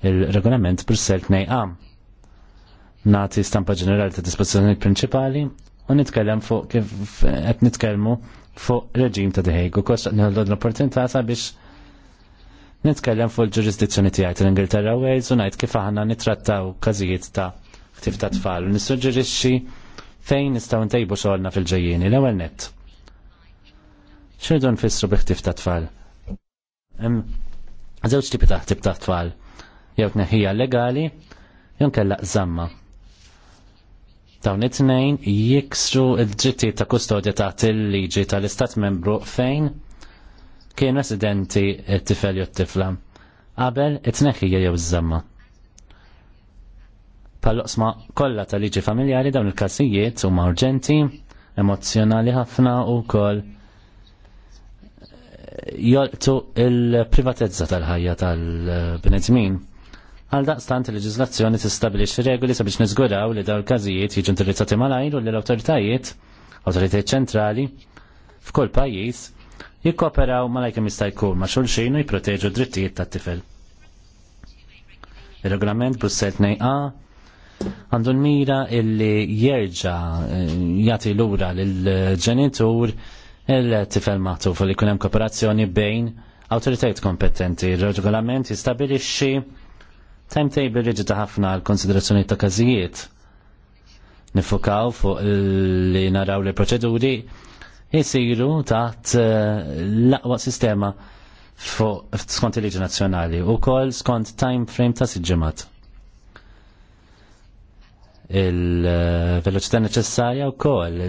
il-regolament Brussel 2A. Nati stampa ġenerali ta' dispozzjonijiet prinċipali u nitkellem fuq kif qed nitkellmu fuq reġim ta' diħejgu. qed nħollu l-opportunità sabiex nitkellem fuq il-ġurisdizzjoni tiegħi tal-Ingilterra Wales u ngħid kif aħna nittrattaw każijiet ta' ħtif ta' tfal. Nissuġġerixxi fejn nistgħu ntejbu xogħolna fil-ġejjieni l-ewwel nett. Xirdu nfissru bi ħtif ta' tfal? Zewċ tipi ta' tip ta' tfal. Jew tneħħija legali, jew kella zamma. Dawn it-tnejn jiksru il-ġitti ta' kustodja ta' il-liġi tal-istat membru fejn kien residenti t-tifel jew t-tifla. Qabel it tneħħija jew zamma. Pal-loqsma kollha tal-liġi familjari dawn il każijiet huma urġenti, emozjonali ħafna u koll jolqtu il-privatezza tal-ħajja tal-bnedmin. Għal daqstant il-leġizlazzjoni tistabilix regoli sabiex nizguraw li daw l-każijiet jiġu indirizzati malajr u li l-awtoritajiet, awtoritajiet ċentrali, f'kull pajjiż jikkoperaw malajkem jista' jkun ma' xulxin u jipproteġu drittijiet tat-tifel. Il-regolament Brussel 2A għandu l-mira illi jerġa' eh, jagħti lura lill-ġenitur il-tifel maħtuf li kunem kooperazzjoni bejn autoritajt kompetenti. Il-regolament jistabilixxi timetable riġita ħafna għal konsiderazzjoni ta' każijiet. Nifukaw fuq li naraw li proċeduri jisiru taħt eh, l-aqwa sistema fuq skont il-liġi nazzjonali u kol skont time frame ta' siġġemat. Il-veloċità eh, neċessarja u kol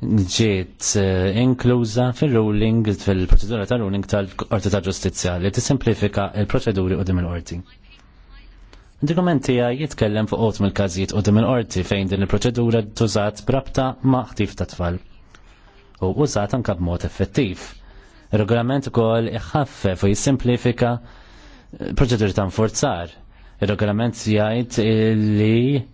ġiet eh, inkluża fil-ruling, fil-proċedura ta' ruling tal-Qorti ta' Ġustizzja li tisimplifika il-proċeduri dim il-qorti. Dokumenti għaj jitkellem fuq il mill-każijiet dim il-qorti fejn din il-proċedura tużat brabta ma' ħtif ta' tfal. U użat anka b'mod effettiv. Il-regolament ukoll iħaffef u jisimplifika eh, proċeduri ta' nforzar. Il-regolament jgħid li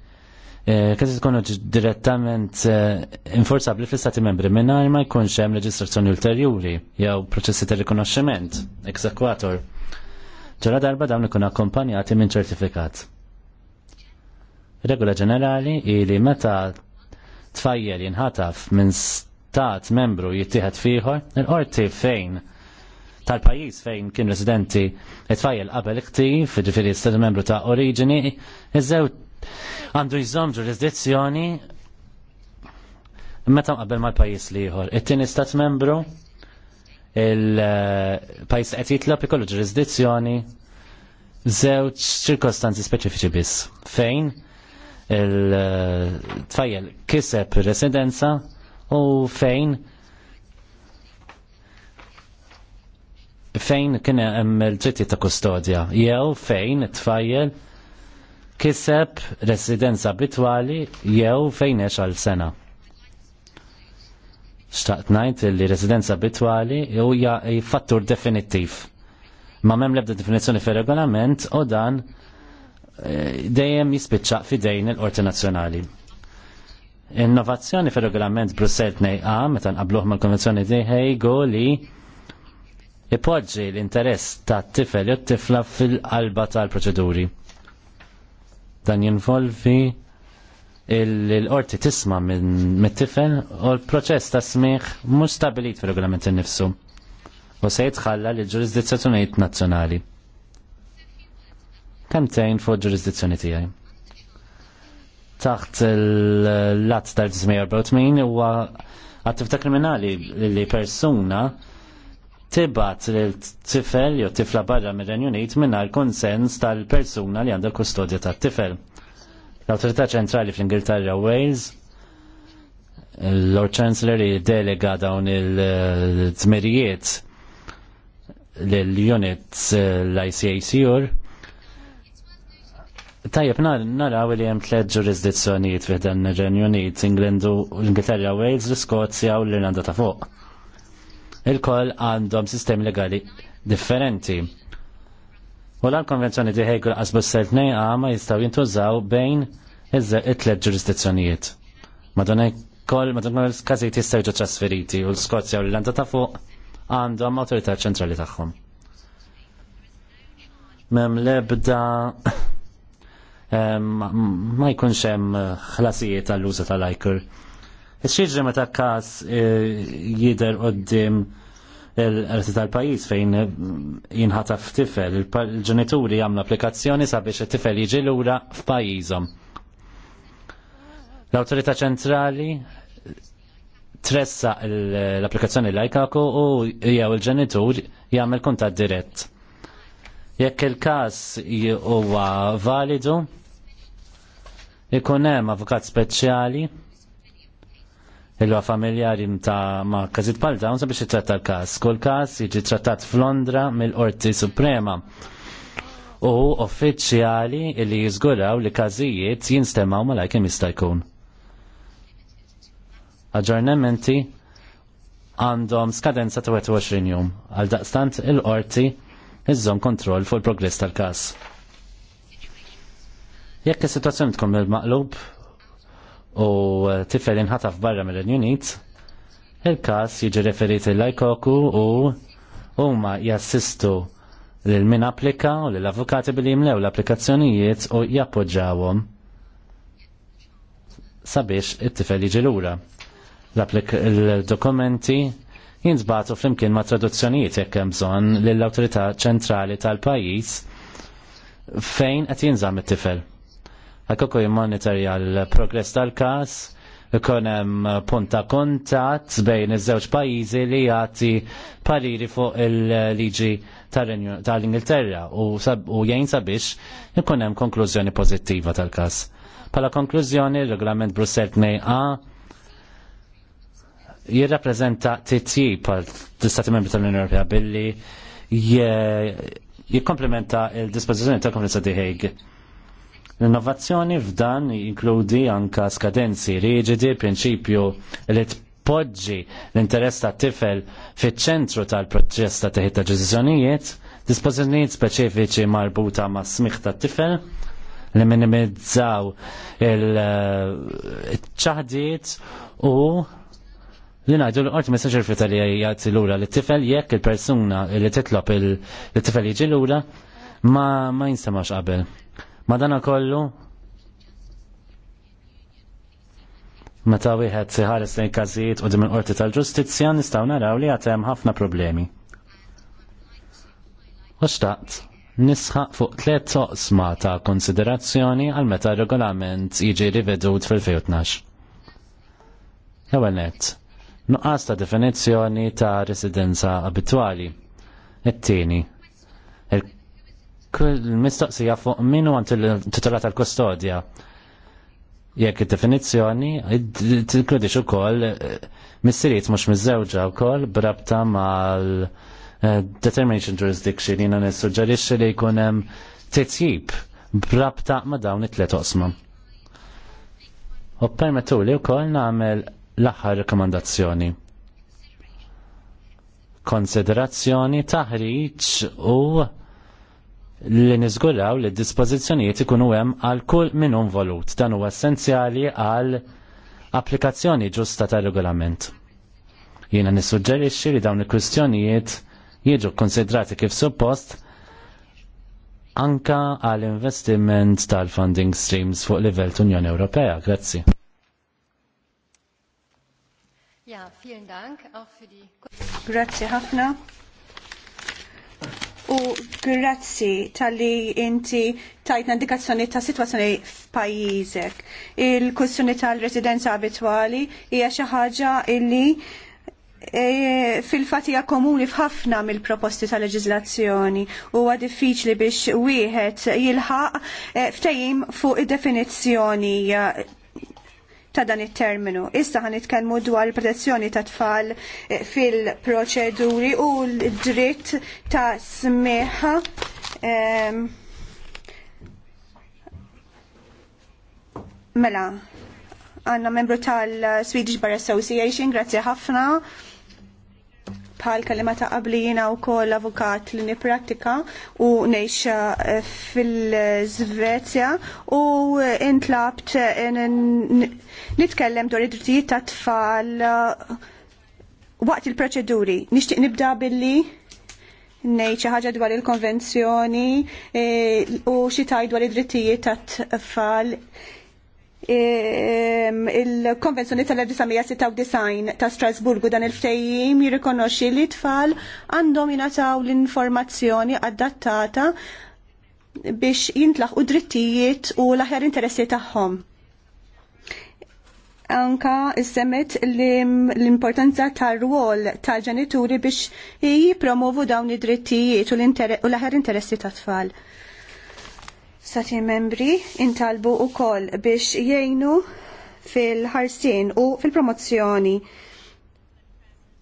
Eh, Kazi tkunu direttament eh, infurzabli fl-istati membri mingħajr ma jkunx hemm reġistrazzjoni ulterjuri jew proċessi ta' rikonoxximent, ekzekwator. Ġara darba dawn ikun akkompanjati minn ċertifikat. Regola ġenerali hi li meta tfajjel jinħataf minn stat membru jittieħed fieħor, il-qorti fejn tal-pajis fejn kien residenti tfajjel qabel iktiv, ġifiri stat membru ta' oriġini, iż-żewġ għandu jżomm ġurisdizzjoni meta qabel mal-pajis liħor. It-tieni stat membru il-pajis qed jitlob ikollu ġurisdizzjoni żewġ ċirkostanzi speċifiċi biss. Fejn il-tfajjel kiseb residenza u fejn fejn kien hemm il-ġitti ta' kustodja jew fejn it-tfajjel kiseb residenza bitwali jew fejn għal sena. Xtaqt ngħid li residenza bitwali huja fattur definittiv. Ma memm l-ebda definizzjoni fir-regolament u dan eh, dejjem jispiċċaq fidejn il-Qorti Nazzjonali. Innovazzjoni fir-regolament Brussel 2A meta nqabluh mal-Konvenzjoni diħej li ipoġġi l-interess tat tifel t tifla fil-qalba tal-proċeduri. Dan jinvolvi l-qorti tisma' minn tifel u l-proċess ta' smigħ mhux stabilit fir-regolament innifsu u se jitħalla l ġurisdizzjonijiet nazzjonali. Kemm tgħin fuq ġurisdizzjoni tiegħi? Taħt l-lat tal-1984 huwa attività kriminali li persuna tibat l-tifel jew tifla barra mir-Renju Unit mingħajr konsens tal-persuna li għandha kustodja tat-tifel. L-Awtorità Ċentrali fl-Ingilterra Wales Lord Chancellor delega dawn il-tmerijiet l-units l icacur Tajjeb naraw li hemm tliet ġurisdizzjonijiet fih dan ir-Renju Unit, Inglandu, l-Ingilterra Wales, l-Iskozja u l-Irlanda ta' fuq il-koll għandhom sistemi legali differenti. U l-konvenzjoni di Hegel għasbu s-seltnej ma jistaw jintużaw bejn iż-tlet ġurisdizzjonijiet. Madonna kol madonna l-kazit jistaw ġo trasferiti u l-Skozja u l-Irlanda ta' fuq għandhom autorità ċentrali tagħhom. Mem lebda ma jkunx hemm ħlasijiet għall-użu tal-ajkur. Ix-xiġri meta kas eh, jider qoddim l-arti tal-pajis fejn eh, jinħataf tifel, il-ġenituri għamlu applikazzjoni sabiex it-tifel jiġi lura f'pajjiżhom. L-autorità ċentrali tressa l-applikazzjoni l-ajkaku u jew il-ġenitur jagħmel kuntat dirett. Jekk il-każ huwa validu, ikun hemm avukat speċjali ilwa familjari ta' ma' kazit palta, dawn sabiex jitratta l-kas. Kull kas jiġi trattat f'Londra mill-Qorti Suprema u uffiċjali li jizguraw li kazijiet jinstemaw ma' lajkem jista' jkun. Aġġornamenti għandhom skadenza ta' 21 jum għal daqstant il-qorti iżżomm kontroll fuq il-progress tal-kas. Jekk is-sitwazzjoni tkun mill-maqlub, u uh, tifel inħataf barra mill-Unit, il-kas jiġi referiti l-Ajkoku u huma jassistu lil min applika u l avukati billi jimlew l-applikazzjonijiet u jappoġġawhom sabiex it-tifel jiġi lura. L-dokumenti jinsbatu flimkien ma' traduzzjonijiet jekk hemm bżonn lill-Awtorità Ċentrali tal-pajjiż fejn qed jinżamm it-tifel. Għakoko jimmonitorja l-progress tal-kas, ikun hemm punta kontat bejn iż-żewġ pajjiżi li jagħti pariri fuq il-liġi tal-Ingilterra u, u jgħin sabiex ikun hemm konklużjoni pożittiva tal-każ. Pala konklużjoni, regolament Brussel 2A jirrappreżenta titjib għal l-Istati Membri tal-Unjoni Ewropea billi jikkomplementa il-dispożizzjoni tal-Konferenza di Hague L-innovazzjoni f'dan jinkludi anka skadenzi riġidi, prinċipju li tpoġġi l-interess ta' tifel fiċ-ċentru tal-proċess ta' teħid ta' ġizjonijiet, dispożizzjonijiet speċifiċi marbuta ma' smiħ ta' tifel, li minimizzaw il-ċaħdiet u li najdu l-qort messaġ irfita li jgħat l-ura li t-tifel jekk il-persuna li titlop il-tifel jġi l-ura ma, ma jinstamax qabel. Madana kollu, meta wieħed siħares lejn każijiet u minn qorti tal-ġustizzja nistgħu naraw li għadhem ħafna problemi. U xtaqt, nisħaq fuq tliet toqsma ta' konsiderazzjoni għal meta regolament jiġi rivedut fil-2012. Ewwel nett, nuqqas ta' definizzjoni ta' residenza abitwali. It-tieni, mistoqsija fuq minu għant il-titola tal-kustodja. Jekk il-definizjoni, t-kludix u koll, missiriet mux mizzewġa u koll, brabta mal eh, determination jurisdiction jina nissuġġerixxi li jkunem tjib brabta ma dawn it-tlet osma. U permettu li u koll namel l-aħħar rekomandazzjoni konsiderazzjoni, taħriġ u li niżgulaw li d-dispożizzjonijiet ikunu hemm għal kull min volut. Dan huwa essenzjali għal applikazzjoni ġusta tar-regolament. Jiena nissuġġerixxi li dawn il-kwistjonijiet jiġu konsidrati kif suppost anka għal investiment tal-funding streams fuq livell Unjoni Ewropea. Grazzi. Ja, vielen Dank auch für die Grazie ħafna u grazzi tal-li inti tajtna indikazzjoni ta' situazzjoni f'pajjiżek. Il-kussjoni tal-residenza abitwali hija xi ħaġa illi E, fil-fatija komuni f'ħafna mill-proposti ta' leġizlazzjoni u diffiċli biex wieħed jilħaq e, ftejim fuq id-definizzjoni ta' dan it-terminu. Issa ħan itkellmu dwar protezzjoni ta' tfal eh, fil-proċeduri u l-dritt ta' smiħa. Ehm, mela, għanna membru tal-Swedish Bar Association, grazie ħafna bħal kalima ta' qabli jina u kol avukat li niprattika u neċa eh, fil-Svezja u eh, intlabt eh, nitkellem dwar id-drittijiet ta' tfal waqt il-proċeduri. Nixtieq nibda billi ngħid xi ħaġa dwar il-konvenzjoni u xi dwar id-drittijiet ta' tfal il-Konvenzjoni tal-1996 ta' Strasburgu dan il-ftejjim jirrikonoxxi li tfal għandhom jingħataw l-informazzjoni adattata biex jintlaħqu drittijiet u l-aħjar interessi tagħhom. Anka semmet l-importanza tar-rwol tal-ġenituri biex jipromovu dawn id-drittijiet u l-aħjar interessi tat-tfal l membri intalbu u kol biex jgħinu fil-ħarsin u fil-promozzjoni.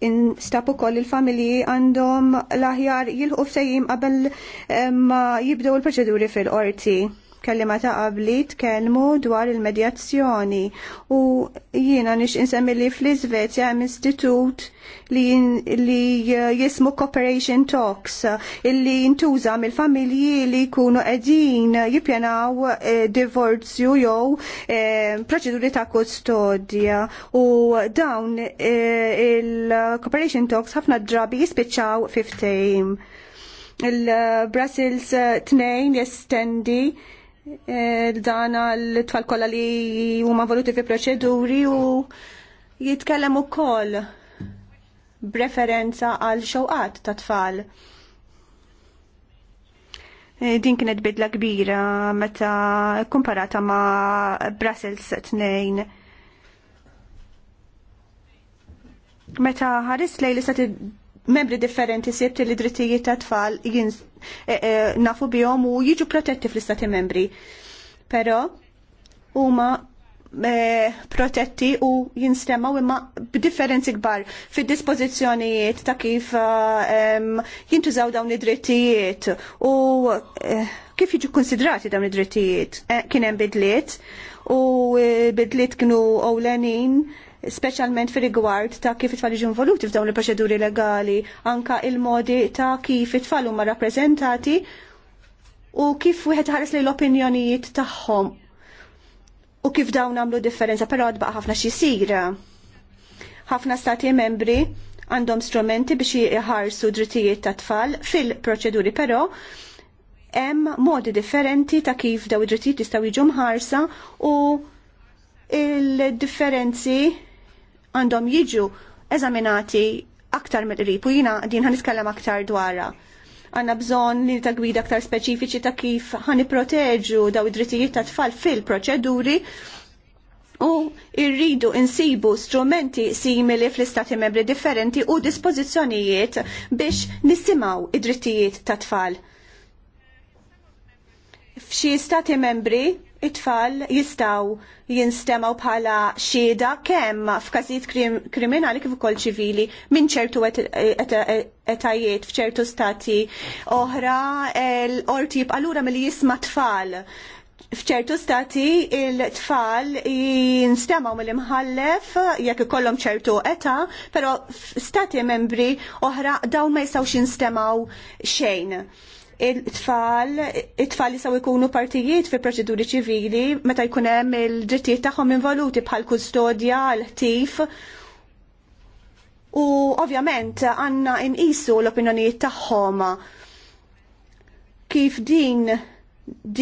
Instab ukoll il-familji għandhom l-aħjar jilħu f'sejjim qabel eh, ma jibdew il-proċeduri fil-qorti kellima ta' qabli tkellmu dwar il-medjazzjoni u jiena nix insemmi li fl-Iżvezja hemm istitut li, li jismu Cooperation Talks illi jintuża mill-familji li jkunu qegħdin jippjanaw eh, divorzju jew eh, proċeduri ta' kustodja u dawn eh, il-Cooperation Talks ħafna drabi jispiċċaw fiftejn il-Brussels 2 eh, jestendi E, dana l-tfal kolla li huma voluti fi proċeduri u jitkellem ukoll b'referenza għal xewqat ta' tfal. E, din kienet bidla kbira meta komparata ma' Brussels 2. Meta ħares lejn sa' membri differenti sebt li drittijiet ta' tfal jien eh, eh, nafu bihom u jiġu protetti fl-istati membri. Però huma eh, protetti u jinstemaw imma b'differenzi kbar fid dispożizzjonijiet ta' kif jintużaw dawn id-drittijiet u kif jiġu konsidrati dawn id-drittijiet. Kien hemm bidliet u bidliet kienu ewlenin specialment fi rigward ta' kif it-tfal iġu involuti f'dawn il-proċeduri legali, anka il-modi ta' kif it-tfal huma rappreżentati u kif wieħed ħares li l-opinjonijiet tagħhom u kif dawn għamlu differenza, però għad baqa ħafna xisir. ħafna stati membri għandhom strumenti biex jħarsu drittijiet ta' tfal fil-proċeduri, però hemm modi differenti ta' kif daw id-drittijiet jistgħu jiġu mħarsa u il-differenzi għandhom jiġu eżaminati aktar mill-qrib u jina din ħanitkellem aktar dwarha. Għanna bżon li ta' gwida aktar speċifiċi ta' kif proteġu daw id-drittijiet ta' tfal fil-proċeduri u irridu insibu strumenti simili fl-istati membri differenti u dispożizzjonijiet biex nisimaw id-drittijiet ta' tfal. F'xi stati membri it-tfal jistaw jinstemaw bħala xieda kemm f'każijiet kriminali kif ukoll ċivili minn ċertu etajiet f'ċertu stati oħra l-qorti jibqa' lura milli jisma' tfal. F'ċertu stati il-tfal jinstemaw mill-imħallef jekk ikollhom ċertu età, però f'stati membri oħra dawn ma jistgħux jinstemaw xejn il-tfal, it-tfal jisaw ikunu partijiet fi proċeduri ċivili meta jkun hemm il-drittijiet tagħhom involuti bħal kustodja, l-ħtif. U ovvjament għandna inqisu l-opinjonijiet tagħhom kif din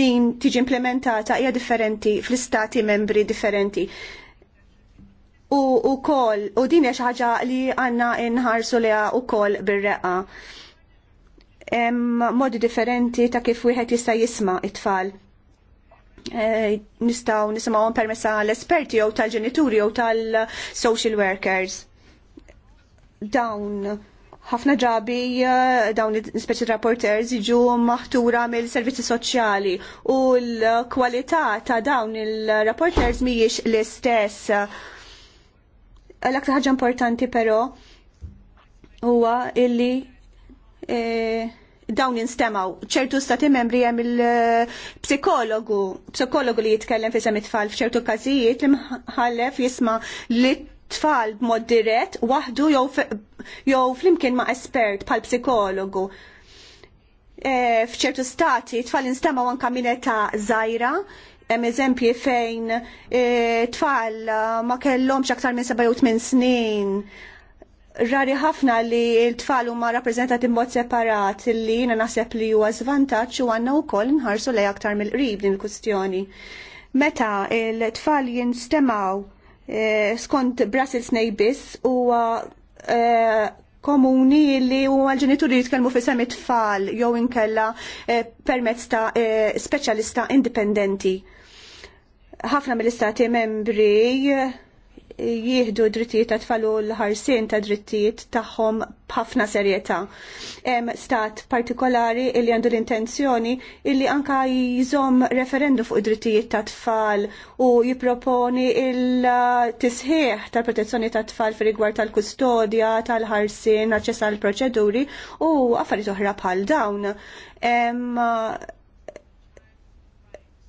din tiġi implementata hija differenti fl-istati membri differenti. U, kol, u din hija xi ħaġa li għandna nħarsu liha wkoll bir-reqqa modi differenti ta' kif wieħed jista' jisma' it-tfal. Nistgħu e, nistaw permessa l-esperti jew tal-ġenituri jew tal-social workers. Dawn ħafna ġabi e, dawn l speċi rapporters jiġu maħtura mill-servizzi soċjali u l-kwalità ta' dawn il-rapporters mhijiex l-istess. L-aktar ħaġa importanti però huwa illi e, dawn instemaw. ċertu stati membri hemm il-psikologu, psikologu li jitkellem fi it tfal f'ċertu każijiet li mħallef jisma' li tfal b'mod dirett waħdu jew flimkien ma' espert bħal psikologu. E, F'ċertu stati tfal instemaw anka mineta żgħira hemm eżempji fejn e, tfal eh, ma kellhomx aktar minn 7 snin rari ħafna li l-tfal huma rappreżentati b'mod separat li jiena naħseb li huwa żvantaġġ u għandna wkoll nħarsu lej aktar mill-qrib din il-kustjoni. Meta l-tfal jinstemaw eh, skont Brussels nejbis u huwa eh, komuni li huma l-ġenituri jitkellmu fi semi tfal jew inkella eh, permezz ta' speċjalista indipendenti. Ħafna mill-istati membri jieħdu drittijiet ta' tfal u l-ħarsien ta' drittijiet tagħhom b'ħafna serjetà. Hemm stat partikolari li għandu l-intenzjoni illi anka jżomm referendum fuq id-drittijiet ta' tfal u jipproponi il-tisħiħ tal-protezzjoni ta' tfal fi rigward tal-kustodja, tal-ħarsien, aċċess għall proċeduri u affarijiet oħra bħal dawn. Em,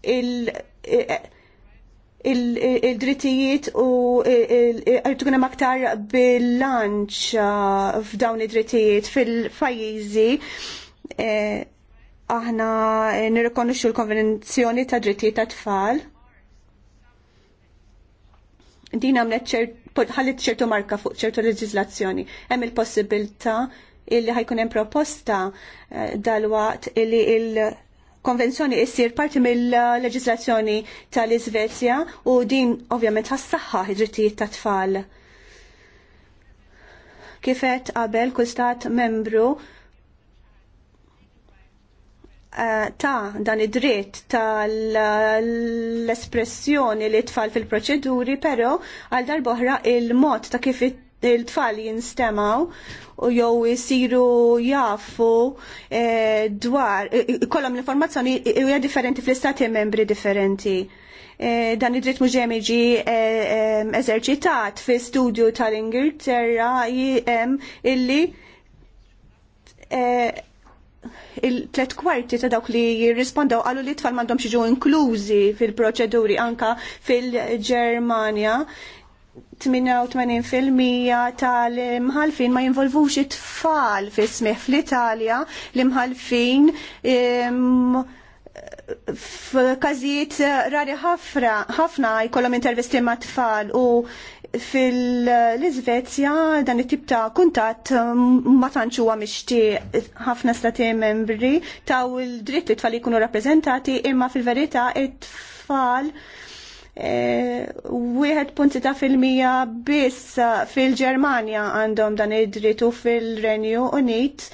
il il-drittijiet u għartu maktar aktar bilanċ uh, f'dawn id-drittijiet fil fajizi eh, aħna nirrikonoxxu l-konvenzjoni ta' drittijiet ta' tfal. Din għamlet ħallit ċertu marka fuq ċertu leġiżlazzjoni. Hemm il-possibilità illi ħajkun hemm proposta eh, dalwaqt illi il- konvenzjoni issir parti mill-leġislazzjoni tal-Iżvezja u din ovvjament ħassaħħa id-drittijiet ta' tfal. Kifet qabel kull stat membru eh, ta' dan id-dritt tal-espressjoni li tfal fil-proċeduri, pero għal darboħra il-mod ta' kif it il-tfal jinstemaw u jew jisiru jafu eh, dwar eh, eh, kolom l-informazzjoni hija differenti fl-istati membri differenti. dan id-dritt mhux dejjem eżerċitat fi studju tal-Ingilterra hemm illi il-tlet kwarti ta' dawk li jirrispondaw għallu li tfal mandom xieġu inklużi fil-proċeduri anka fil-Germania 88% tal-imħalfin ma jinvolvux it-tfal fi smih fl-Italja l-imħalfin f'każijiet rari ħafna jkollhom intervisti ma' tfal u fil-Iżvezja dan it-tip ta' kuntatt mm, ma tantx huwa mixtieq ħafna stati membri taw il-dritt li tfal jkunu rappreżentati imma fil-verità it-tfal Eh, wieħed punti ta' fil-mija biss fil-Ġermanja għandhom dan id-dritu fil-Renju Unit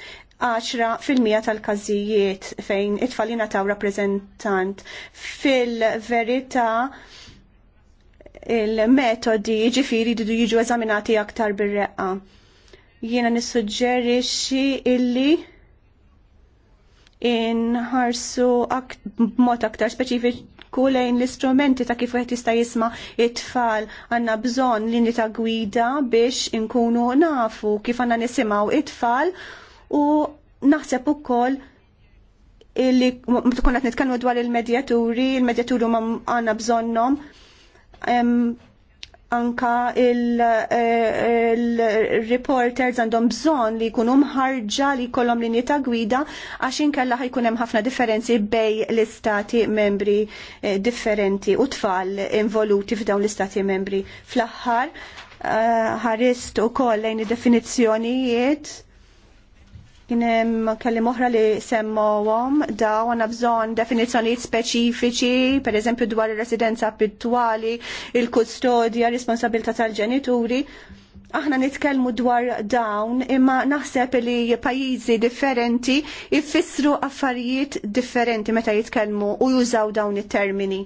10 fil-mija tal-każijiet fejn it-tfalina taw rappreżentant fil-verità il-metodi ġifiri didu jiġu eżaminati aktar bir-reqqa. Jiena nissuġġerixxi illi inħarsu b'mod aktar speċifiċi kulejn l-istrumenti ta' kif għet jista' jisma' it-tfal għandna bżonn linji ta' gwida biex inkunu nafu kif għandna nisimgħu it-tfal u naħseb ukoll li tkun qed nitkellmu dwar il-medjaturi, il-medjaturi huma għandna bżonnhom anka il-reporters il eh, eh, għandhom bżon li jkunu mħarġa li kollom linji ta' gwida għax inkella ħajkun hemm ħafna differenzi bej l-istati membri eh, differenti u tfal involuti f'dawn l-istati membri. Fl-aħħar ħarist uh, u koll lejn id-definizzjonijiet Kienem kelli moħra li semmowom daw għanna bżon definizjoniet speċifiċi, per eżempju dwar il-residenza abitwali, il-kustodja, responsabilità tal-ġenituri. Aħna nitkellmu dwar dawn imma naħseb li pajjiżi differenti jfissru affarijiet differenti meta jitkellmu u jużaw dawn it-termini.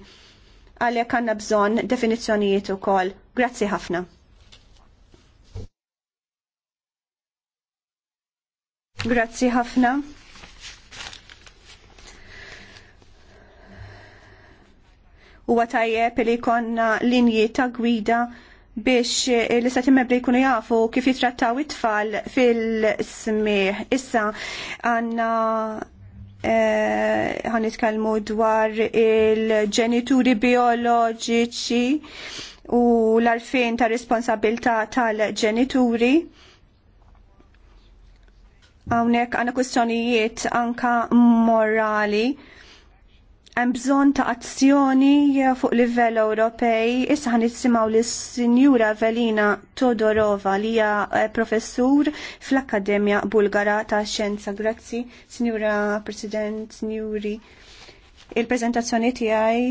Għalhekk għandna bżonn definizzjonijiet ukoll. Grazzi ħafna. Grazzi ħafna. Huwa tajjeb li jkollna linji ta' gwida biex l-istati jkunu jafu kif jitrattaw it-tfal fil-smieħ. Issa għanna għan eh, itkallmu dwar il-ġenituri bioloġiċi u l-arfin ta' responsabilta tal-ġenituri. Hawnhekk għandna kwistjonijiet anka morali hemm bżonn ta' azzjoni fuq livell Ewropej. Issa li lis-Sinjura Velina Todorova li hija eh, professur fl-Akkademja Bulgara ta' Xjenza. Grazzi, Sinjura President, Sinjuri. il prezentazzjoni tiegħi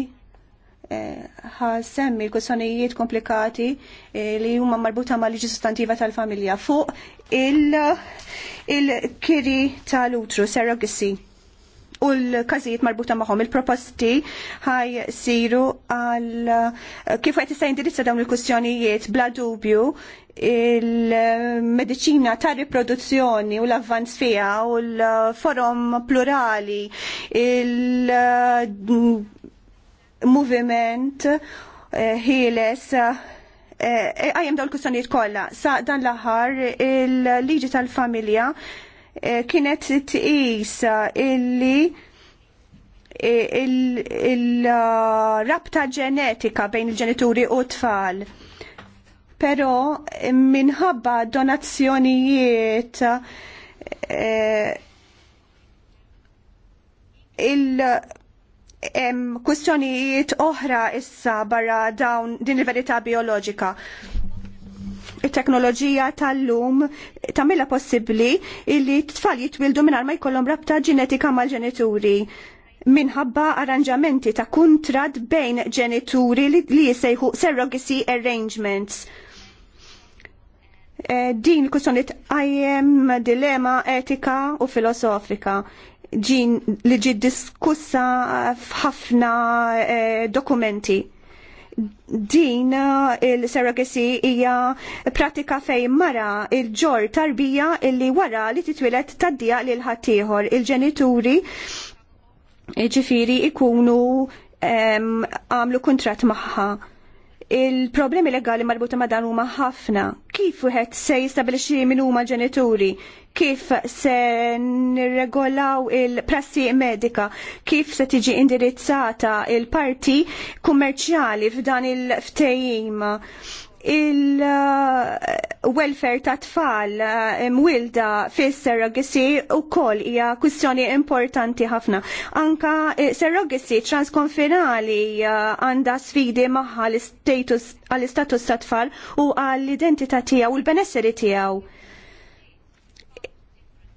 ħasem l kussonijiet komplikati eh, li huma marbuta ma' liġi sostantiva tal-familja fuq il-kiri tal-utru, serogisi. u l-kazijiet marbuta magħhom il-proposti ħaj siru għal eh, kif qed jista' jindirizza dawn il kustjonijiet bla dubju il-medicina ta' riproduzzjoni u l-avvanz fija u l-forum plurali il moviment eh, ħieles eh, eh, għajem daw l-kustanijiet kolla. Sa dan l-ħar il-liġi tal-familja kienet t-qis illi il-rabta ġenetika bejn il-ġenituri u tfal. Pero minħabba donazzjonijiet il- kwistjonijiet oħra issa barra dawn din il-verità bioloġika it-teknoloġija tal-lum tamilla possibli illi t-tfal jitwildu minn ma jkollhom rabta ġenetika mal-ġenituri minħabba arranġamenti ta' kuntrat bejn ġenituri li, jisejħu surrogacy arrangements. Eh, din kustonet għajem dilema etika u filosofika ġin li ġi diskussa f'ħafna eh, dokumenti. Din eh, il serogacy hija pratika fejn mara il-ġor tarbija illi wara li titwilet taddija lil ħaddieħor il-ġenituri eh, ġifiri ikunu għamlu kontrat maħħa Il-problemi legali marbuta ma dan huma ħafna. Kif wieħed se jistabilixxi min huma ġenituri? Kif se nirregolaw il-prassi medika? Kif se tiġi indirizzata il-parti kummerċjali f'dan il-ftehim? il-welfare ta' tfal eh, mwilda fis surrogacy u koll hija kwistjoni importanti ħafna. Anka eh, surrogacy transkonfinali eh, għanda sfidi maħħa għall-istatus ta' tfal u għall-identità tiegħu u l-benesseri tiegħu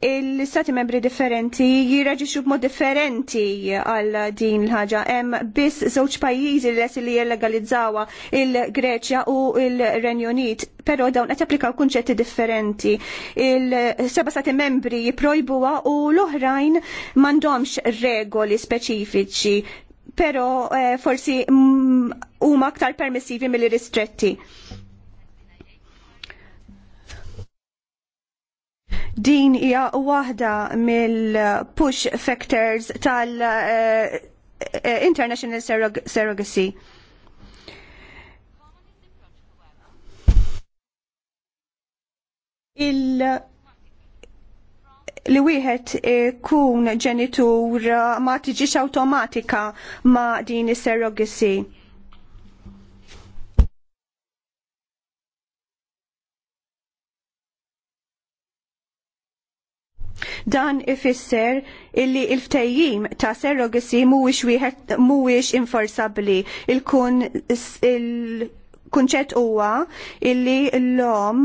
l-istati membri differenti jirraġixxu b'mod differenti għal din l-ħaġa. Hemm biss żewġ pajjiżi li li jellegalizzawa il-Greċja u il-Renju Unit, però dawn qed japplikaw kunċetti differenti. Il-seba' stati membri jipprojbuha u l-oħrajn m'għandhomx regoli speċifiċi, però eh, forsi mm, huma aktar permissivi mill-ristretti. Din hija waħda mill-push factors tal-international eh, eh, surrogacy. il li wieħed ikun ġenitur ma tiġix awtomatika ma din is-surrogacy Dan ifisser illi il-ftejjim ta' serrogacy mhuwiex wieħed mhuwiex inforsabbli. Il-kun il-kunċett huwa illi l-om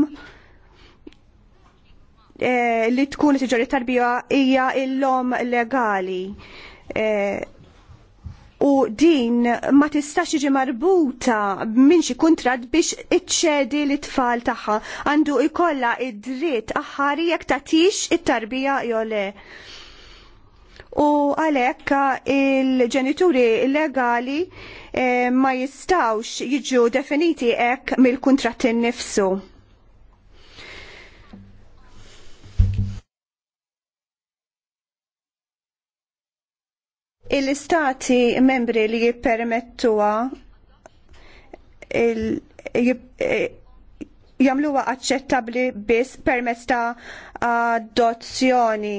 eh, li tkun tiġori tarbija hija l-lom legali. Eh, u din ma tistax iġi marbuta minn xi kuntratt biex iċċedi l tfal tagħha għandu jkollha id-dritt aħħari jekk tagħtix it-tarbija jew le. U għalhekk il-ġenituri legali eh, ma jistawx jiġu definiti hekk mill-kuntratt innifsu. Il-istati membri li jippermettuha eh, jagħmluha aċċettabbli biss permezz ta' adozzjoni.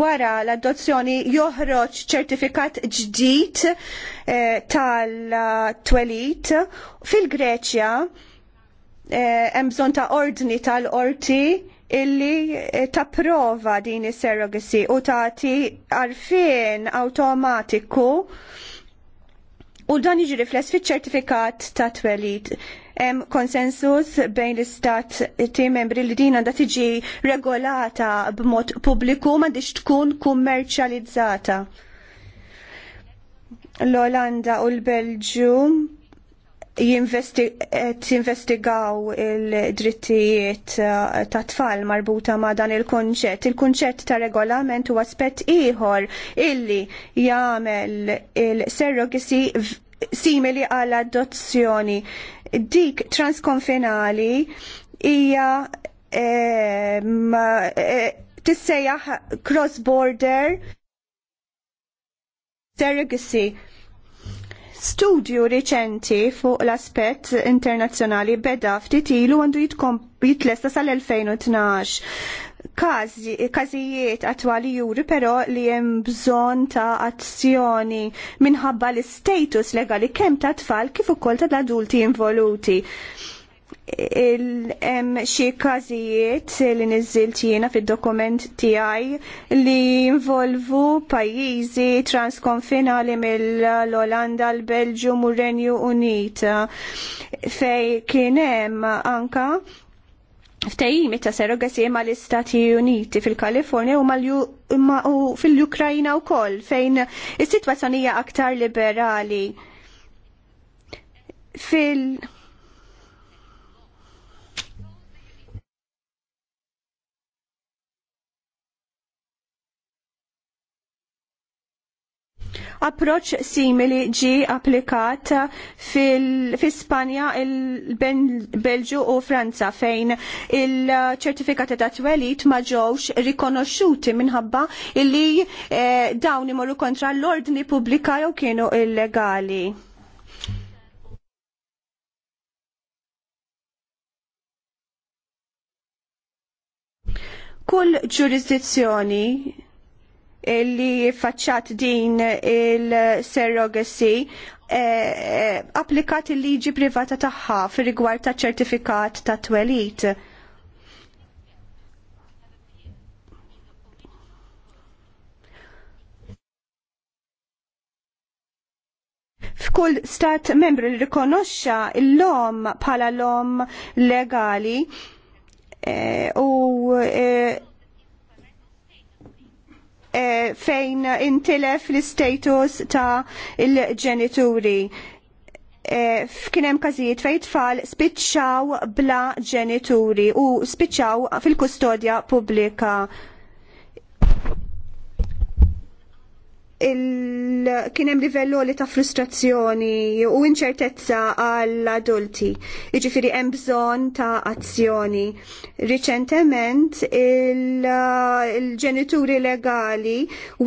Wara l-adozzjoni joħroġ ċertifikat ġdid eh, tal-twelit fil-Greċja eh, hemm bżonn ta' ordni tal-orti illi eh, tapprova din is-surrogacy u tagħti għarfien awtomatiku u dan jiġi rifless fiċ-ċertifikat ta' twelid. Hemm konsensus bejn l-istat tim membri li din għandha tiġi regolata b'mod pubbliku m'għandix tkun kummerċjalizzata. L-Olanda u l-Belġium jinvestigaw il-drittijiet eh, ta' tfal marbuta ma' dan il-konċett. Il-konċett ta' regolament u aspet ieħor illi jagħmel il serrogisi simili għal adozzjoni. Dik transkonfinali hija eh, eh, tissejjaħ cross-border surrogacy Studju riċenti fuq l-aspett internazzjonali beda ftit ilu għandu jitlesta sal-2012 kazijiet attwali juri però li hemm bżonn ta' azzjoni minħabba l-istatus legali kemm ta' tfal kif ukoll ta' adulti involuti hemm xi każijiet li niżilt jiena fid-dokument tiegħi li jinvolvu pajjiżi transkonfinali mill-Olanda, l-Belġju u renju Unit fej kien hemm anka ftejjimi ta' surrogacy mal istati Uniti fil-Kalifornja u mal u fil-Ukrajna wkoll fejn is-sitwazzjoni hija aktar liberali fil- Approċ simili ġi applikat fil-Spanja, il-Belġu u Franza fejn il-ċertifikati ta' twelit ma ġewx rikonoxxuti minħabba illi eh, dawn imorru kontra l-ordni pubblika jew kienu illegali. kull ġurisdizzjoni li faċċat din il serrogacy eh, eh, applikat il-liġi privata tagħha fir-rigward ta' ċertifikat ta' twelit. f'kull stat membru li rikonoxxa l-lom bħala lom legali eh, u Eh, fejn intilef l-status ta' il-ġenituri. Eh, F'kienem kazijiet fejn tfal spiċċaw bla ġenituri u spiċċaw fil-kustodja pubblika. Kien hemm li ta' frustrazzjoni u inċertezza għall-adulti. jiġifieri hemm bżonn ta' azzjoni. Riċentement il-ġenituri il legali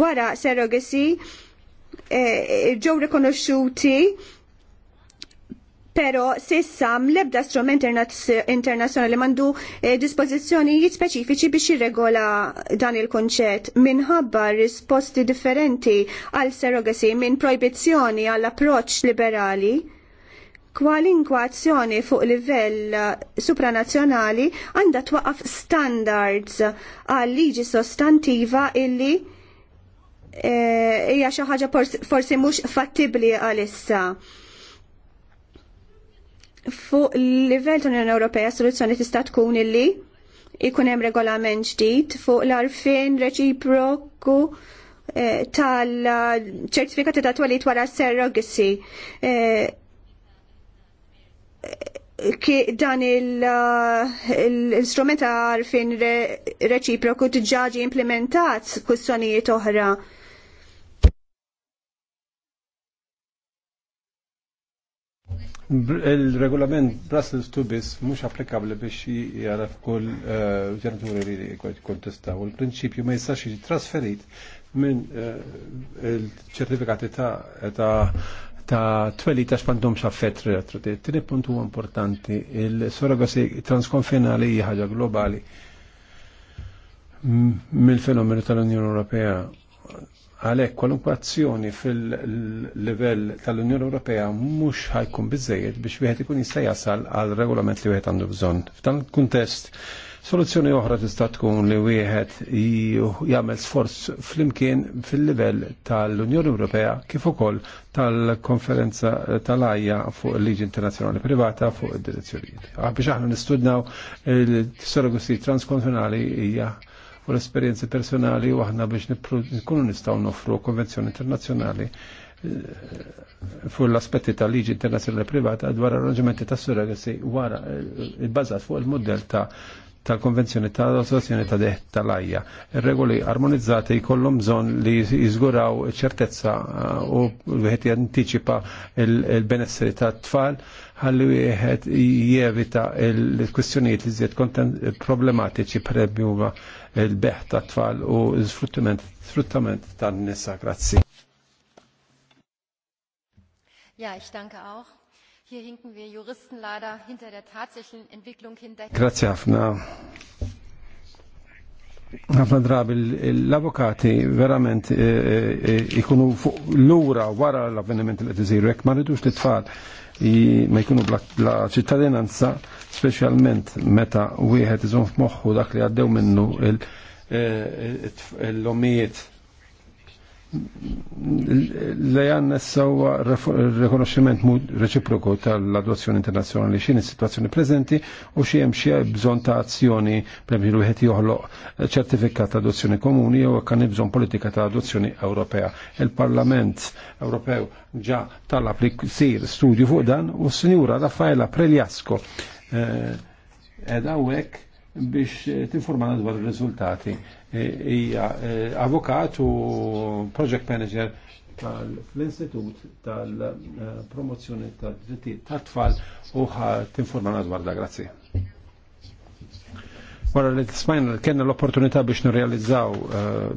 wara surrogacy eh, ġew rikonoxxuti Pero sissa mlebda strument internazzjonali mandu eh, dispożizzjonijiet speċifiċi biex jirregola dan il-konċett minħabba risposti differenti għal serogasi minn proibizzjoni għall approċċ liberali. Kwalinkwa azzjoni fuq livell eh, supranazzjonali għandha twaqaf standards għal liġi sostantiva illi eh, hija eh, xi ħaġa forsi mhux fattibbli għalissa. issa fuq il-livell tal-Unjoni Ewropea soluzzjoni tista' tkun illi ikun hemm regolament ġdid fuq l-arfin reċiproku eh, tal-ċertifikati ta' twelid wara s surrogacy. Eh, ki dan il-instrument eh, ta' għarfien reċiproku tġaġi implementat kussonijiet oħra il regulament Brussels to bis mux applikabli biex jaraf kull eh, ġenituri li u l prinċipju ma jistax jiġi trasferit minn eh, il-ċertifikati ta' ta' twelli ta' xpandom xaffet retrati. Tini punt huwa importanti, il-surrogasi transkonfinali ħaġa globali mill-fenomenu tal-Unjoni Ewropea Għalhekk kwalunkwe azzjoni fil-livell tal-Unjoni Ewropea mhux ħajkun biżejjed biex wieħed ikun jista' jasal għal regolament li wieħed għandu bżonn. F'dan il-kuntest Soluzzjoni oħra tista' tkun li wieħed jagħmel sforz flimkien fil-livell tal-Unjoni Ewropea kif ukoll tal-konferenza tal-ajja fuq il-Liġi Internazzjonali Privata fuq id-direzzjonijiet. Biex aħna nistudnaw il-surrogacy transkontonali hija u l-esperienzi personali u aħna biex nkunu nistgħu nofru konvenzjoni internazzjonali eh, fuq l-aspetti tal liġi internazzjonali privata dwar arranġamenti ta' surrogasi wara il-bazat eh, fuq il-modell ta' tal-konvenzjoni tal-associazzjoni ta' deħ tal-ajja. Regoli armonizzati jkollhom bżonn li jizguraw ċertezza eh, u wieħed jantiċipa il-benesseri ta' tfal ħalli wieħed jevita l-kwistjonijiet li żied problematiċi prebjuma il-beħ ta' tfal u sfruttament tan nisa Grazzi. Ja, ich danke auch. Hier hinken wir Juristen leider hinter der tatsächlichen Entwicklung hinterher. Grazie, Afna ħafna drabi l-avokati verament eh, eh, eh, ikunu l-ura wara l avvenimenti l t jek ma rridux li tfal ma jkunu bla ċittadinanza specialment meta wieħed iżon f'moħħu dak li għaddew minnu l-omijiet li għanna s-sawa mu reċiproku tal-adozzjoni internazjonali xin il-situazzjoni prezenti u xie mxie bżon ta' azzjoni premju l-wieħed joħloq ċertifikat ta' adozzjoni komuni u kan bżon politika ta' adozzjoni Ewropea. Il-Parlament Ewropew ġa tal-applik sir studju fuq dan u s-sinjura Raffaela Preljasko Eh, edha għek biex eh, t-informana dwar il-rizultati. Eh, Ija avokat u project manager tal-Institut tal-Promozzjoni tal dritti tal tfal u t-informana dwar da, grazie. Għara li tismajna kena l-opportunità biex n-realizzaw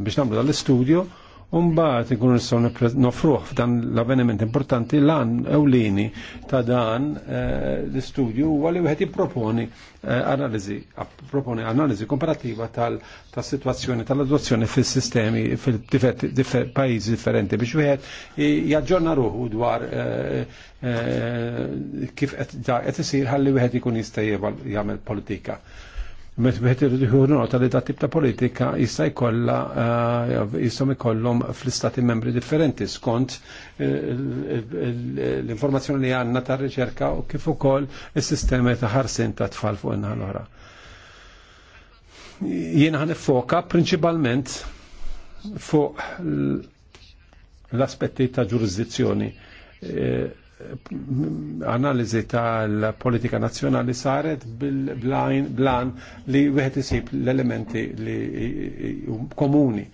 biex namlu dal studio Umbaħt ikun nistgħu nofruħ f'dan l-avveniment importanti lan ewlini ta' dan eh, l-istudju huwa li wieħed jipproponi eh, analiżi proponi analizi komparativa tas-sitwazzjoni tal-adozzjoni fis-sistemi fil pajizi differenti biex wieħed jaġġorna ruħu dwar eh, kif qed isir ħalli wieħed ikun jista' jagħmel politika. Met bħet irriħu nota li dat tip ta' politika jista' jkollha eh, jistgħu ikollhom fl-istati membri differenti skont eh, l-informazzjoni li għandna tar-riċerka u kif ukoll is sistema ta' ħarsin ta' tfal fuq in l ora jiena ħan foka principalment fuq l-aspetti ta' ġurisdizzjoni. Eh, analizi tal-politika nazzjonali saret bil-blan li wieħed isib l-elementi li komuni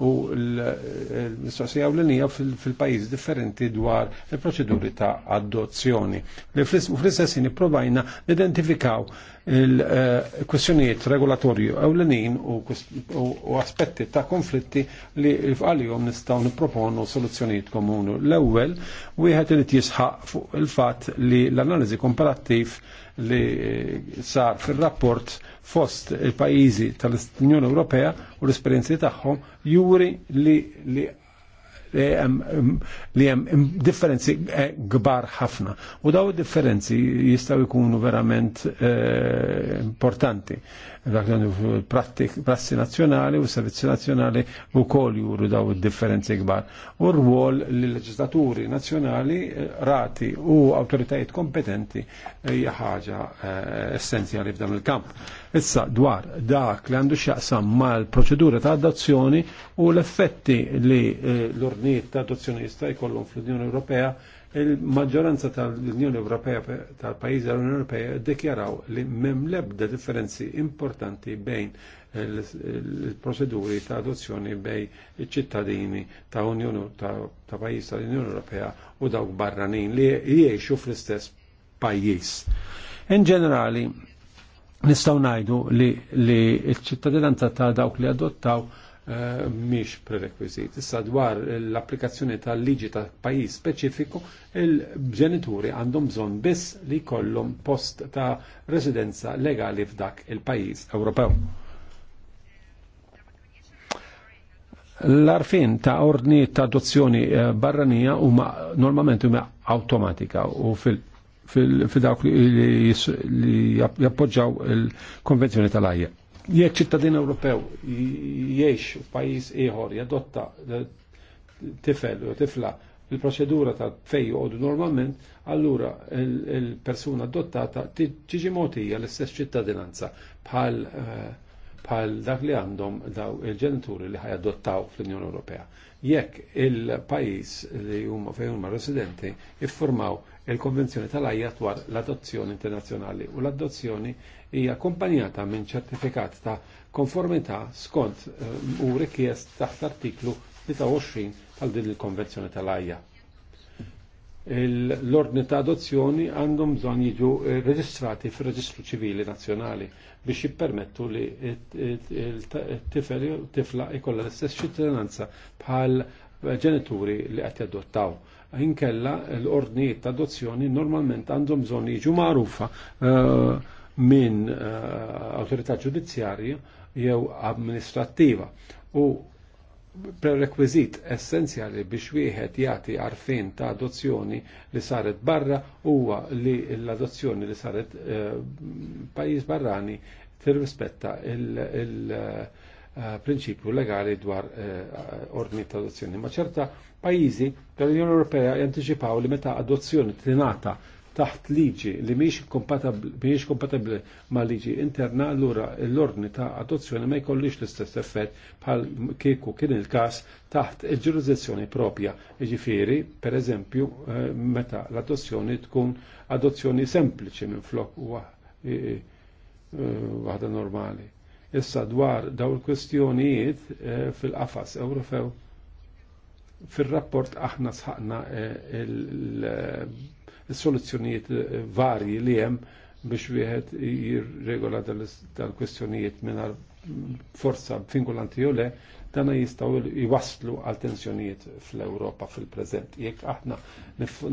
u l-mistoqsija u l fil pajjiż differenti dwar il-proċeduri ta' adozzjoni. U fl-istessin provajna identifikaw il-kwestjonijiet regolatorju ewlenin u aspetti ta' konflitti li għalihom nistaw niproponu soluzzjonijiet komuni. L-ewwel wieħed irid jisħaq fuq il-fatt li l-analiżi komparattiv li eh, sar fil-rapport fost il-pajizi tal-Unjoni Ewropea u l-esperienzi tagħhom juri li li li hemm differenzi eh, kbar ħafna. U daw differenzi jistgħu jkunu verament eh, importanti dak prassi nazzjonali u servizzi nazjonali u kol juru daw differenzi kbar. U rwol li leġislaturi nazzjonali eh, rati u autoritajiet kompetenti eh, hija ħaġa eh, essenzjali f'dan il-kamp. Issa dwar dak li għandu x'jaqsam mal-proċedura ta' adozzjoni u l-effetti li l-ornijiet ta' adozzjoni jkollhom fl-Unjoni Ewropea il-maġġoranza tal-Unjoni Ewropea tal-pajjiżi tal-Unjoni Ewropea ddikjaraw li m'hemm l-ebda differenzi importanti bejn il proceduri ta' adozzjoni bej iċ-ċittadini ta' Unjoni ta' pajjiż tal-Unjoni Ewropea u dawk barranin li jgħixu fl-istess pajjiż. In ġenerali, nistgħu ngħidu li ċ-ċittadinanza ta' dawk li adottaw mhix prerequisit. Issa dwar l-applikazzjoni tal-liġi ta' pajjiż speċifiku, il-ġenituri għandhom bżonn biss li jkollhom post ta' residenza legali f'dak il-pajjiż Ewropew. L-arfin ta' ordni ta' adozzjoni barranija huma normalment huma automatika u fil fil-dawk li jappoġġaw il-konvenzjoni tal-ajja jekk ċittadin Ewropew jgħix pajjiż ieħor jadotta eh, tifel u tifla il-proċedura ta' fejju għodu normalment, allura il-persuna adottata tiġi motija l-istess ċittadinanza bħal eh, bħal dak li għandhom daw il-ġenituri li ħajadottaw fl-Unjoni Ewropea. Jekk il-pajis li huma fejn huma residenti iffurmaw il-Konvenzjoni tal-ajja dwar l-adozzjoni internazzjonali u l-adozzjoni hija akkompanjata minn ċertifikat ta' konformità skont eh, u rikjest taħt artiklu 23 tal din il-konvenzjoni tal-ajja. L-ordni ta' adozzjoni għandhom bżonn jiġu eh, reġistrati fir-Reġistru Ċivili Nazzjonali biex jippermettu li tifla ikollha l-istess ċittadinanza bħal ġenituri li qed jadottaw inkella l ordni ta' adozzjoni normalment għandhom bżonn jiġu marufa uh, eh, minn eh, autorità ġudizzjarja jew amministrattiva. U prerequisit essenzjali biex wieħed jagħti għarfien ta' adozzjoni li saret barra huwa li l-adozzjoni li saret eh, pajjiż barrani tirrispetta il-prinċipju eh, legali dwar ordni ta' adozzjoni. Ma ċerta pajjiżi tal-Unjoni Ewropea jantiċipaw li meta adozzjoni tingħata taħt liġi li miex kompatibli ma' liġi interna allura l-ordni ta' adozzjoni ma jkollix l-istess effett bħal kieku kien il-każ taħt il-ġurisdizzjoni propja. Ġifieri, per eżempju, eh, meta l-adozzjoni tkun adozzjoni sempliċi minn flok eh, waħda normali. Issa dwar daw il-kwestjonijiet eh, fil-qafas Ewropew fil-rapport aħna sħaqna soluzzjonijiet eh, varji li hemm biex wieħed jirregola tal-kwestjonijiet mingħajr mm, forza finkulanti jew le, dana jistgħu jwaslu għal tensjonijiet fl-Ewropa fil-preżent. Jekk aħna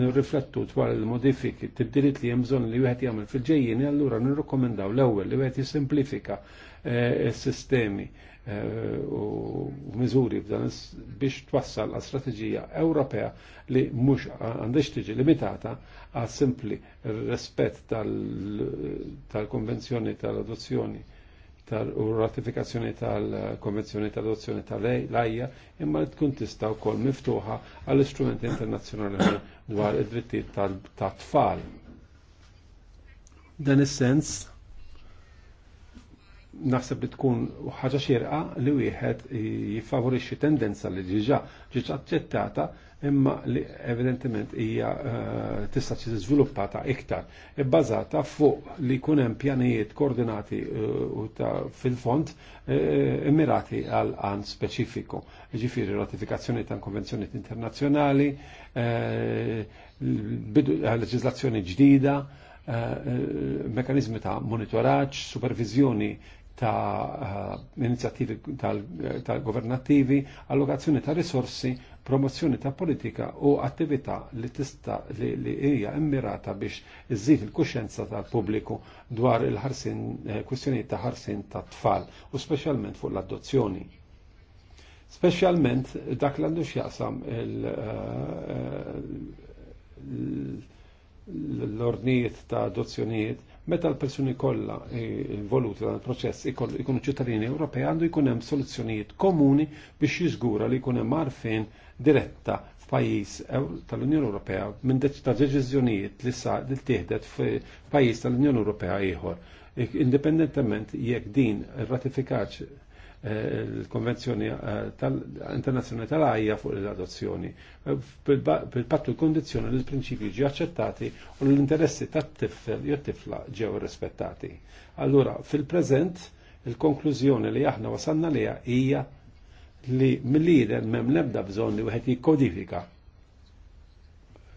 nirriflettu dwar il-modifiki tibdilit li hemm bżonn li wieħed jagħmel fil ġejjini allura nirrekomendaw l-ewwel li wieħed jisimplifika eh, s-sistemi Eh, u miżuri f'dan biex twassal għal strateġija Ewropea li mhux għandix tiġi limitata għal simpli rispett tal-konvenzjoni tal-adozzjoni u ratifikazzjoni tal-konvenzjoni tal-adozzjoni tal lajja imma li tkun tista' wkoll miftuħa għall istrumenti internazzjonali dwar id-drittijiet tat-tfal. Dan is-sens naħseb li tkun ħaġa xirqa li wieħed jiffavorixxi tendenza li diġà ġiet aċċettata imma li evidentement hija eh, tista' tiġi żviluppata iktar ibbażata e fuq li jkun hemm pjanijiet koordinati eh, u ta' fil-fond eh, immirati għal għan speċifiku. Ġifieri ratifikazzjoni ta' konvenzjonijiet internazzjonali, leġiżlazzjoni ġdida, mekanizmi ta' monitoraġġ, supervizjoni ta' inizjattivi tal-governattivi, allokazzjoni ta' risorsi, promozzjoni ta' politika u attività li tista' li hija immirata biex iżid il-kuxenza tal-pubbliku dwar il-ħarsin kwistjonijiet ta' ħarsin ta' tfal u speċjalment fuq l-adozzjoni. Speċjalment dak l-għandu xjaqsam l-ordnijiet ta' adozzjonijiet Meta l-persuni kollha eh, involuti dan il-proċess ikunu ċittadini Ewropej għandu jkun hemm soluzzjonijiet komuni biex jiżgura li jkun hemm għarfien diretta f'pajjiż tal-Unjoni Ewropea minn ta' deċiżjonijiet li sa li tieħdet f'pajjiż tal-Unjoni Ewropea ieħor. Indipendentement jekk din ratifikaċ l-Konvenzjoni eh, Internazzjonali tal-Ajja fuq l-adozzjoni. pil pattu l-kondizjoni li l-prinċipju ġi accettati u l-interessi tat-tifel jew tifla ġew rispettati. Allura, fil-preżent, il-konklużjoni li aħna wasanna liha hija li mill-lider mem nebda bżonni u wieħed jikkodifika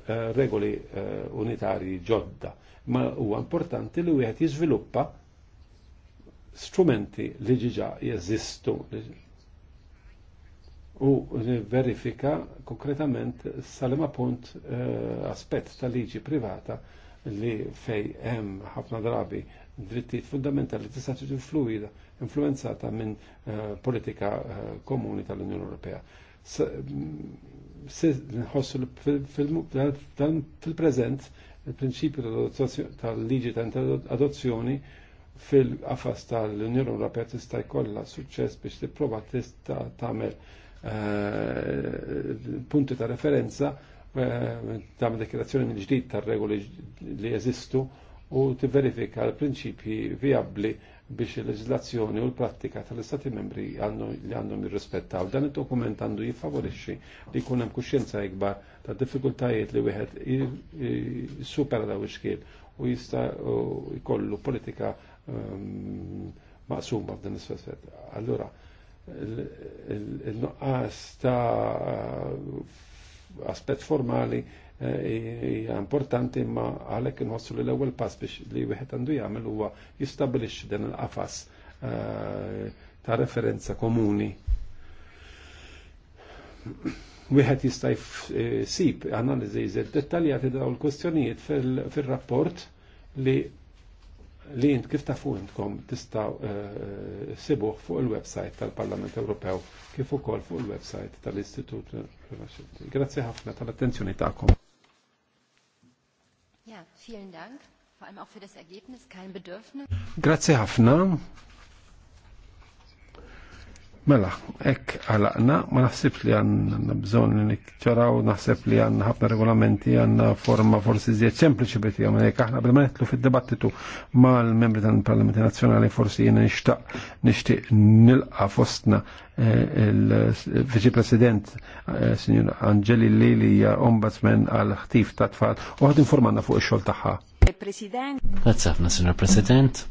eh, regoli eh, unitari ġodda. Ma huwa importanti li wieħed jiżviluppa strumenti li ġiġa jeżistu u verifika konkretament salima punt uh, aspett ta' liġi privata li fej hemm ħafna drabi drittijiet fundamentali tista' tiġi fluida influenzata minn uh, politika uh, komuni tal-Unjoni Ewropea. Se Nħossu fil-preżent il-prinċipju tal-liġi tal adozzjoni tal fil-qafas tal-Unjoni Ewropea tista' jkollha suċċess biex tipprova tista' tagħmel eh, punti ta' referenza eh, ta' dekirazzjoni minn ġdid tar-regoli li jeżistu u tivverifika l-prinċipji viabbli biex il-leġislazzjoni u l-prattika tal-Istati membri li għandhom jirrispettaw. Dan id-dokument għandu jiffavorixxi li jkun hemm kuxjenza ikbar ta' diffikultajiet li wieħed supera daw ix-xkiel u jista' jkollu politika Ehm, maqsuma f'dan is-sosjet. Allura, il-nuqqas ta' aspet formali eh, hija importanti imma għalhekk inħossu li l-ewwel pass biex li wieħed għandu jagħmel huwa jistabilixxi dan il-qafas eh, ta' referenza komuni. Wieħed jista' eh, sib analiżi jżed dettaljati dawn il-kwestjonijiet fil-rapport li li jint kif tafu jintkom tistaw eh, eh, sibuħ fuq il website tal-Parlament Ewropew kif ukoll fuq il website tal-Istitut Grazie ħafna tal-attenzjoni ta'kom. Ja, vielen Dank, vor allem auch für das Ergebnis, kein Bedürfnis. Grazie ħafna. Mela, ek għalaqna, ma naħsib li għanna bżon li nikċaraw, naħseb li għanna ħafna regolamenti, għanna forma forsi zjed sempliċi biti għamna jek aħna bil manetlu fil debattitu. ma l-membri tal-Parlamenti Nazjonali forsi jena nishtaq, nishtiq nilqa fostna eh, il-Viċi President eh, Signor Angeli Lili, ombudsman għal ħtif ta' tfal u għad informanna fuq ix-xogħol tagħha. Grazie Grazzi ħafna, Signor President.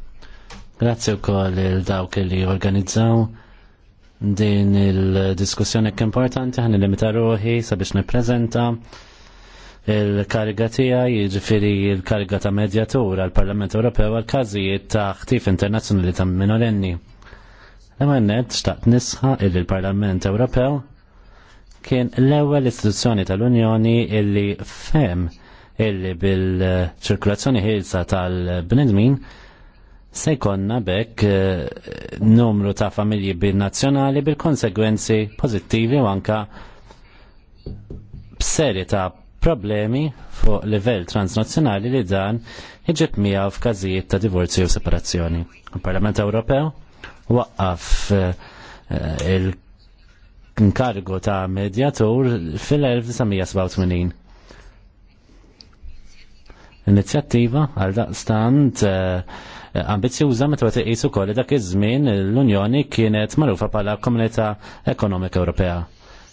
Grazzi il dawk li organizzaw din il-diskussjoni importanti ħan il-limita ruħi sabiex neprezenta il-kariga tiegħi jiġifieri l kariga ta' medjatur għall parlament Ewropew għal każijiet ta' ħtif internazzjonali ta' minorenni. l xtaqt nisħa il l-Parlament Ewropew kien l-ewwel istituzzjoni tal-Unjoni illi fem illi bil-ċirkulazzjoni ħilsa tal-bnedmin se jkollna bekk eh, numru ta' familji bin-nazzjonali bil-konsegwenzi pożittivi u anka b'serje ta' problemi fuq livell transnazzjonali li dan iġib miegħu f'każijiet ta' divorzju u separazzjoni. Il-Parlament Ewropew waqqaf eh, il-nkargu ta' medjatur fil-1987. Inizjattiva għal daqstant eh, ambizjuża meta qed iqisu ukoll dak iż-żmien l-Unjoni kienet magħrufa bħala Komunità Ekonomika Ewropea.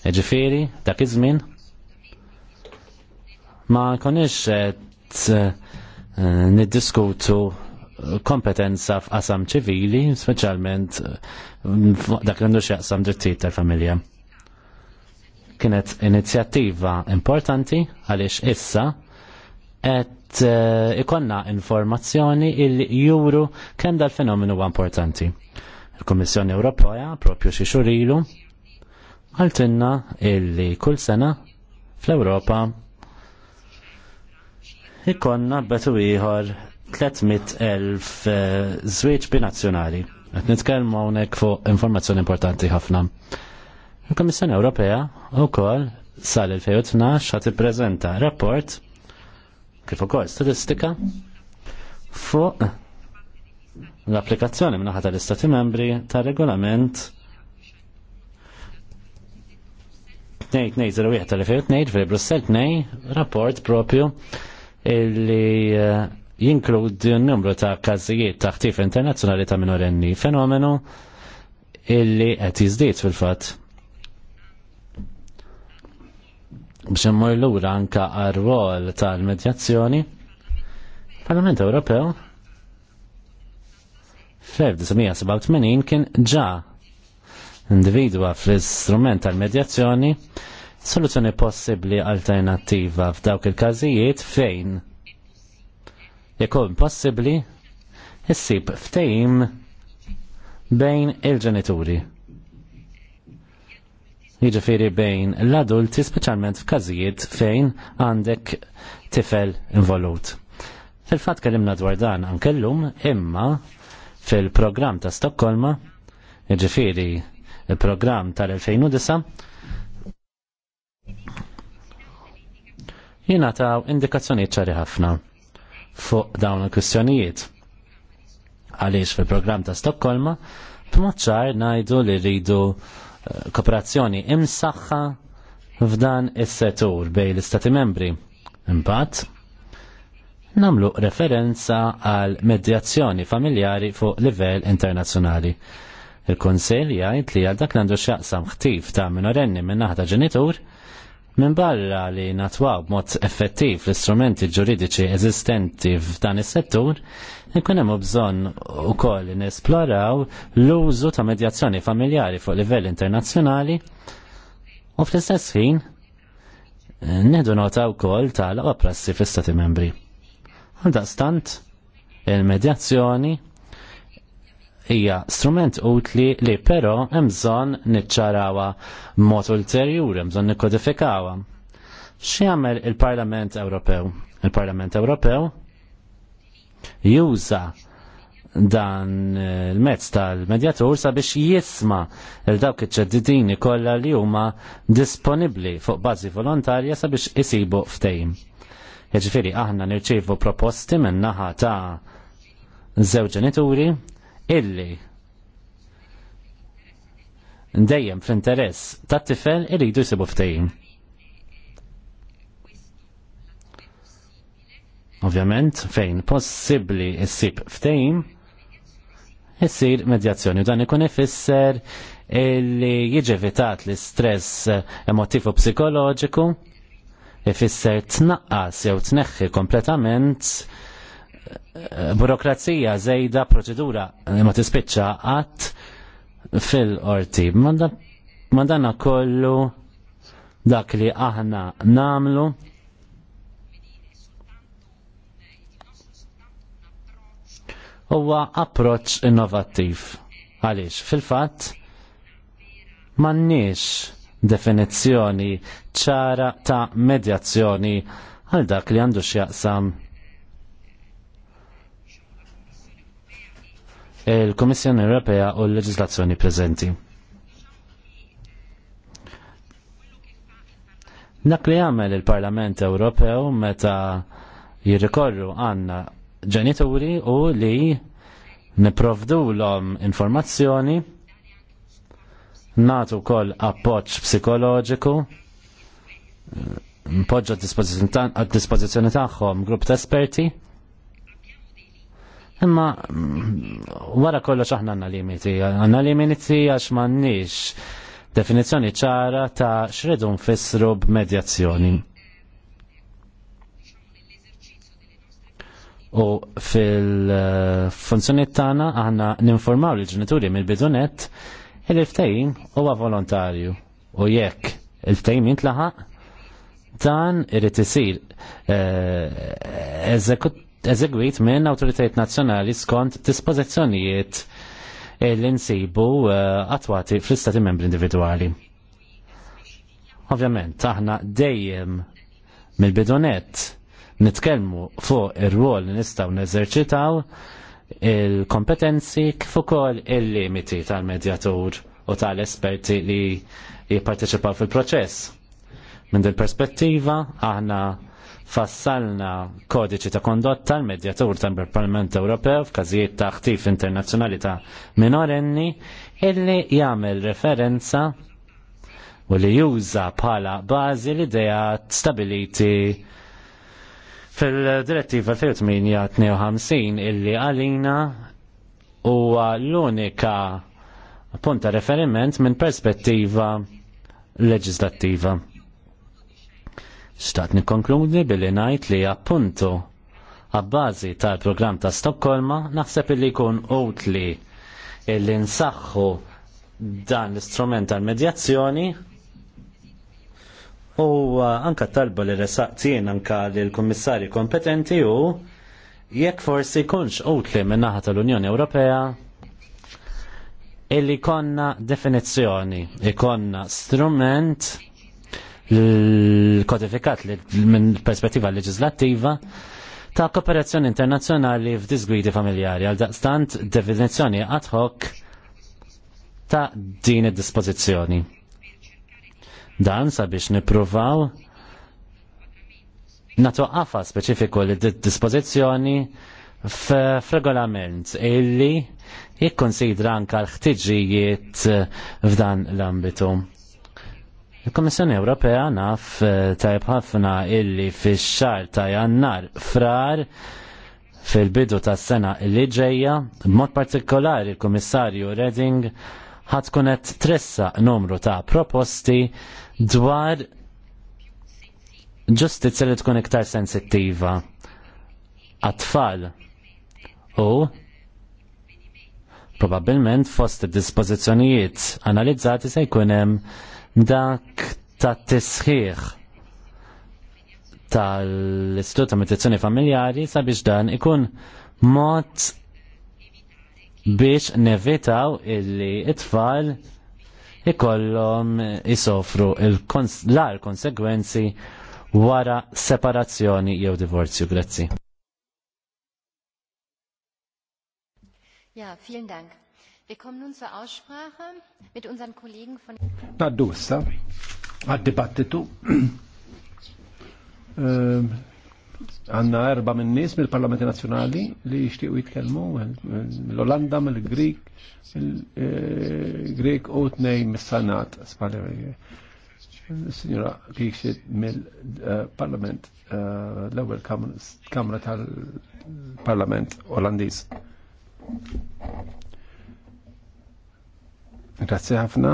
Ġifieri, dak iż-żmien ma konniex qed eh, niddiskutu kompetenza f'qasam ċivili, speċjalment eh, dak li għandu x'jaqsam drittijiet tal-familja kienet inizjattiva importanti għaliex issa qed irrit eh, ikonna informazzjoni il-juru kem dal-fenomenu huwa importanti. Il-Kommissjoni Ewropea propju xi xurilu għaltinna illi kull sena fl-Ewropa ikonna betu ieħor 300.000 eh, żwieġ binazzjonali. Qed nitkellmu hawnhekk fuq informazzjoni importanti ħafna. Il-Kommissjoni Ewropea wkoll sal-2012 ħat prezenta rapport kif ukoll statistika fuq l-applikazzjoni minnaħa tal-Istati membri tar regolament 2201 tal-2002 fil-Brussel 2 rapport propju illi eh, jinkludi n-numru ta' każijiet ta' ħtif internazzjonali ta' minorenni fenomenu illi qed jiżdied fil-fatt biex l lura anka għar-rol tal-medjazzjoni, Parlament Ewropew f-1987 kien ġa individwa fl-istrument tal-medjazzjoni soluzzjoni possibbli alternattiva f'dawk il-każijiet fejn jekun possibli issib ftehim bejn il-ġenituri jiġifieri bejn l-adulti speċjalment f'każijiet fejn għandek tifel involut. Fil-fatt kellimna dwar dan ankellum imma fil-programm ta' Stokkolma, jiġifieri il-programm tal-2009, jina ta' indikazzjoni ċari ħafna fuq dawn il-kwistjonijiet. Għaliex fil-programm ta' Stokkolma, b'mod ċar najdu li rridu kooperazzjoni imsaħħa f'dan is-settur bejn l-Istati membri. Imbagħad namlu referenza għal medjazzjoni familjari fuq livell internazzjonali. Il-Konsell jgħid li għal dak l-għandu xaqsam ħtif ta' minorenni minn naħta ġenitur Min barra li natwaw b'mod effettiv l-istrumenti ġuridiċi eżistenti f'dan is-settur, ikun hemm bżonn ukoll nesploraw l-użu ta' medjazzjoni familjari fuq livell internazzjonali u fl-istess ħin nedu nota wkoll tal-aqwa prassi fl-Stati membri. Għaldaqstant, il-medjazzjoni hija strument utli li però hemm bżonn niċċarawha b'mod ulterjur hemm bżonn nikkodifikawha. X'jagħmel il-Parlament Ewropew? Il-Parlament Ewropew juża dan il-mezz tal-medjatur sabiex jisma il dawk iċ-ċeddidini kollha li huma disponibbli fuq bażi volontarja sabiex isibu ftejm. Jiġifieri aħna nirċievu proposti min-naħa ta' żewġ ġenituri illi dejjem fl-interess ta' tifel irridu jsibu ftejim. Ovvjament, fejn possibbli issib ftejim, issir medjazzjoni u dan ikun ifisser illi jiġi evitat l-istress emotivu psikoloġiku, ifisser tnaqqas jew tneħħi kompletament burokrazija zejda proċedura li eh, ma tispiċċa għat fil-qorti. Mandana kollu dak li aħna namlu huwa approċ innovattiv. Għaliex, fil-fatt, m'għandniex definizzjoni ċara ta' medjazzjoni għal dak li għandu x'jaqsam il-Komissjoni Ewropea u l-leġislazzjoni preżenti. Dak li għamel il-Parlament Ewropew meta jirrikorru għanna ġenituri u li niprovdu l-om informazzjoni natu kol appoċ psikoloġiku npoġġa għad dispozizjoni tagħhom grupp ta' esperti Imma mm, wara kollox aħna għandna limiti, għandna limiti għax m'għandniex definizzjoni ċara ta' x'ridu nfissru b'medjazzjoni. U fil-funzjoni tagħna aħna ninformaw il ġenituri mill-bidunet il-ftehim huwa volontarju u jekk il-ftehim jintlaħaq dan irid isir eh, eżekut eżegwit minn awtoritajiet nazzjonali skont dispożizzjonijiet l-insibu eh, attwati fl-istati membri individwali. Ovvjament, aħna dejjem mill-bidonet nitkellmu fuq ir-rwol li nistgħu neżerċitaw il-kompetenzi kif ukoll il-limiti tal-medjatur u tal-esperti li jipparteċipaw fil-proċess. Minn il perspettiva aħna fassalna kodiċi ta' kondotta l-medjatur tal-Parlament Ewropew f'każijiet ta' ħtif internazzjonali ta' minorenni illi jagħmel referenza u li juża bħala bażi l-idea stabiliti fil-direttiva 2852 illi għalina huwa l-unika punta referiment minn perspettiva leġislattiva. Xtaqt nikkonkludi billi ngħid li appuntu għabbażi tal-programm ta' Stokkolma naħseb illi jkun utli illi nsaħħu dan l-istrument tal-medjazzjoni u uh, anka talba li resaqtien anka li l-kummissari kompetenti u jekk forsi kunx utli minnaħa tal-Unjoni Ewropea illi konna definizzjoni, ikonna strument l-kodifikat minn perspettiva leġislattiva ta' kooperazzjoni internazzjonali f'disgridi familjari għal daqstant definizzjoni ad hoc ta' din id-dispożizzjoni. Dan sabiex nippruvaw natu għafa speċifiku li dispożizzjoni f'regolament illi jikkonsidra anka l-ħtiġijiet f'dan l-ambitu. Il-Komissjoni Ewropea naf eh, tajb ħafna illi fix-xar ta' jannar frar fil-bidu ta' sena illi ġejja, b'mod partikolari il kummissarju Reding ħat kunet tressa numru ta' proposti dwar ġustizja li tkun iktar sensittiva għat-tfal u probabilment fost id-dispożizzjonijiet analizzati se jkun hemm dak ta' tisħiħ tal-Istitut ta' Meditazzjoni Familjari sabiex dan ikun mod biex nevitaw illi it-tfal ikollhom isofru l-ar konsegwenzi wara separazzjoni jew divorzju. Grazzi. Ja, vielen Dank. Wir kommen nun zur Aussprache mit unseren Kollegen von... Naddu issa, għad-dibattitu. Ehm, għanna erba minn nis mill-Parlamenti Nazjonali li jishtiqu jitkellmu, l-Olanda, mill-Grik, il-Grik eh, u tnej mis-Sanat, Signora Kikxit mill-Parlament, eh, l-ewel kamra tal-Parlament Olandis. Grazzi ħafna.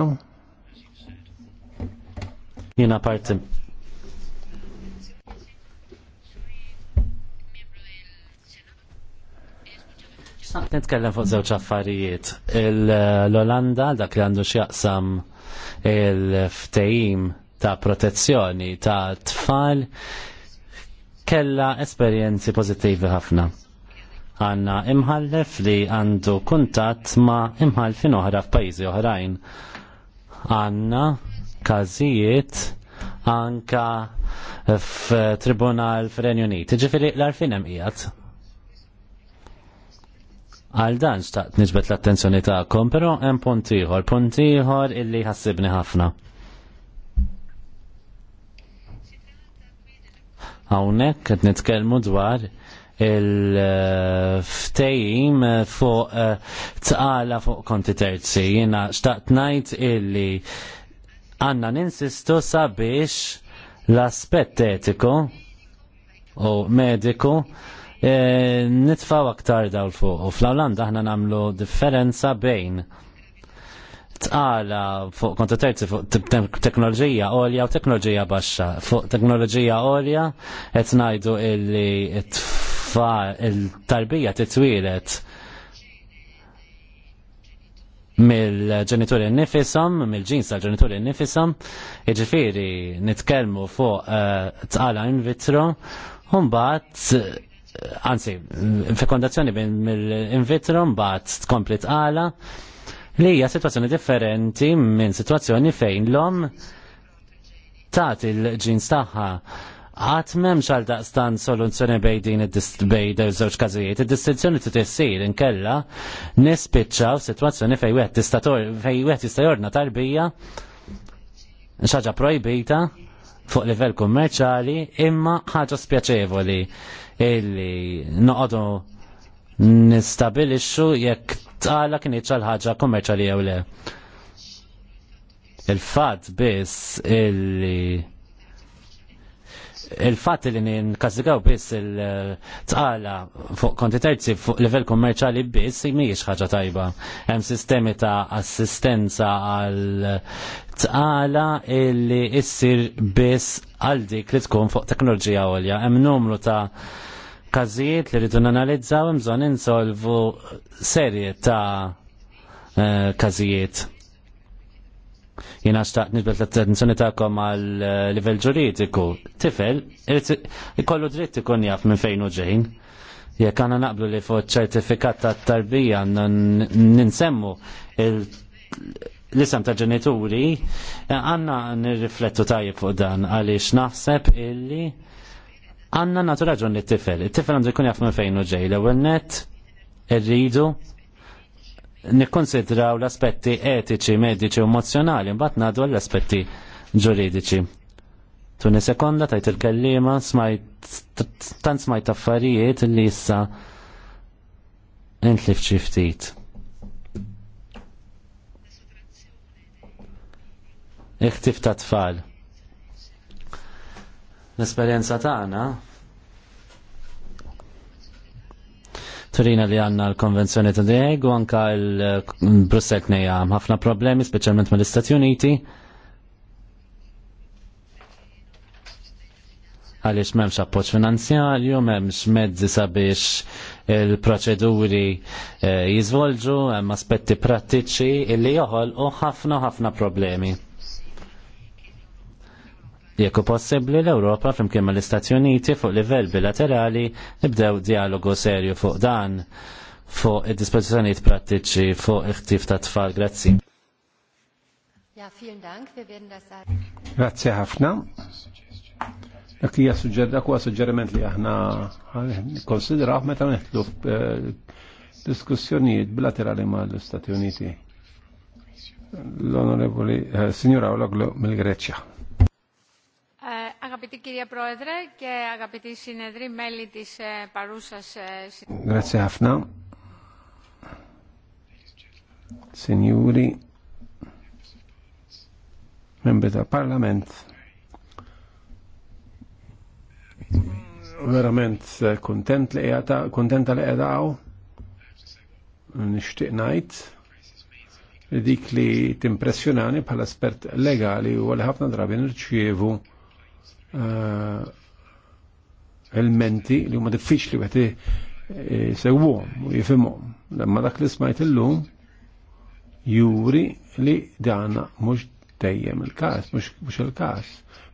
Jiena parti. Nitkellem fuq żewġ affarijiet. L-Olanda dak li għandu x'jaqsam il-ftehim ta' protezzjoni ta' tfal kella esperjenzi pożittivi ħafna għanna imħallef li għandu kuntat ma imħalfin oħra f'pajjiżi oħrajn. Għanna każijiet anka f'Tribunal f'Renju Unit. Ġifieri l-arfin hemm qiegħed. Għal dan xtaqt nġbet l-attenzjoni tagħkom, però hemm punt ieħor, punt ieħor illi ħassibni ħafna. Hawnhekk qed nitkellmu dwar il-ftejim fuq eh, tqala fuq konti terzi. Jena xtaqt najt illi għanna ninsistu sabiex l-aspett etiku u mediku e, nitfaw aktar dawl fuq. U fl-Awlanda aħna namlu differenza bejn tqala fuq konta terzi fuq teknoloġija olja u teknoloġija baxxa. Fuq teknoloġija olja qed ngħidu illi fa il-tarbija titwilet mill-ġenituri nifisom, mill-ġins tal-ġenituri nifisom, iġifiri nitkelmu fuq eh, tqala in vitro, un-bat, anzi, fekondazzjoni bin mill-in vitro, mbaħt tkompli tqala, li hija situazzjoni differenti minn situazzjoni fejn l-om taħt il-ġins taħħa Għat memx għal daqstan soluzzjoni bej din id-bej żewġ każijiet. Id-distinzjoni trid issir inkella nispiċċaw situazzjoni fejn wieħed tista' fejn wieħed jista' jorna tarbija xaġa projbita fuq livell kummerċali imma ħaġa spjaċevoli illi noqogħdu nistabilixxu jekk tqala kien iċċal ħaġa kummerċali jew le. Il-fatt biss illi il-fat li n-kazzigaw biss il-tqala fuq konti terzi fuq livell kommerċali biss mhijiex ħaġa tajba. Hemm sistemi ta' assistenza għal tqala illi issir biss għal dik li tkun fuq teknoloġija għolja. Hemm numru ta' każijiet li rridu nanalizzaw hemm bżonn insolvu serje ta' eh, każijiet. Jena xtaqt nisbet l-attenzjoni ta'kom għal eh, livell ġuridiku. Tifel, ikollu dritt ikun jaf minn fejn uġejn. Jek għana naqblu li fuq ċertifikat ta' tarbija ninsemmu l-isem ta' ġenituri, għanna nirriflettu tajjeb fuq dan għaliex naħseb illi għanna natu raġun li t-tifel. T-tifel għandu jkun jaf minn fejn u ġej. L-ewel irridu nikkonsidraw l-aspetti etiċi, mediċi, emozjonali, mbagħad ngħadu l-aspetti ġuridiċi. Tuni sekonda tajt il-kellima, smajt, tant smajt affarijiet li issa intlif ftit. Iħtif ta' tfal. L-esperienza tagħna Torina li għanna l-konvenzjoni ta' Dieg u anka l-Brussel knejja ħafna problemi, specialment mill istati Uniti. Għaliex memx appoċ finanzjarju, memx mezzi sabiex il-proċeduri eh, jizvolġu, hemm aspetti prattiċi illi joħol u ħafna ħafna problemi. Jekk possibbli l-Ewropa flimkien mal-Istati Uniti fuq livell bilaterali nibdew dialogu serju fuq dan fuq id-dispożizzjonijiet prattiċi fuq il-ħtif ta' tfal. Grazzi. Ja, vielen Dank. Wir werden das Grazie ħafna. Dak hija suġġerda huwa suġġeriment li aħna konsideraw meta neħtlu eh, diskussjonijiet bilaterali mal-Istati Uniti. L-Onorevoli eh, Signora Ologlu mill-Greċja. Αγαπητή κυρία Πρόεδρε και αγαπητοί συνεδροί, μέλη της παρούσας Grazie Signori, membri del Parlamento, eh, nishtiq najt, dik li timpressjonani bħala espert legali u għal ħafna drabi nirċievu Eh, elementi li huma diffiċli wieħed sewwom u jifimhom. Lemma dak li smajt illum juri li dana mhux dejjem il-każ, mhux il-każ.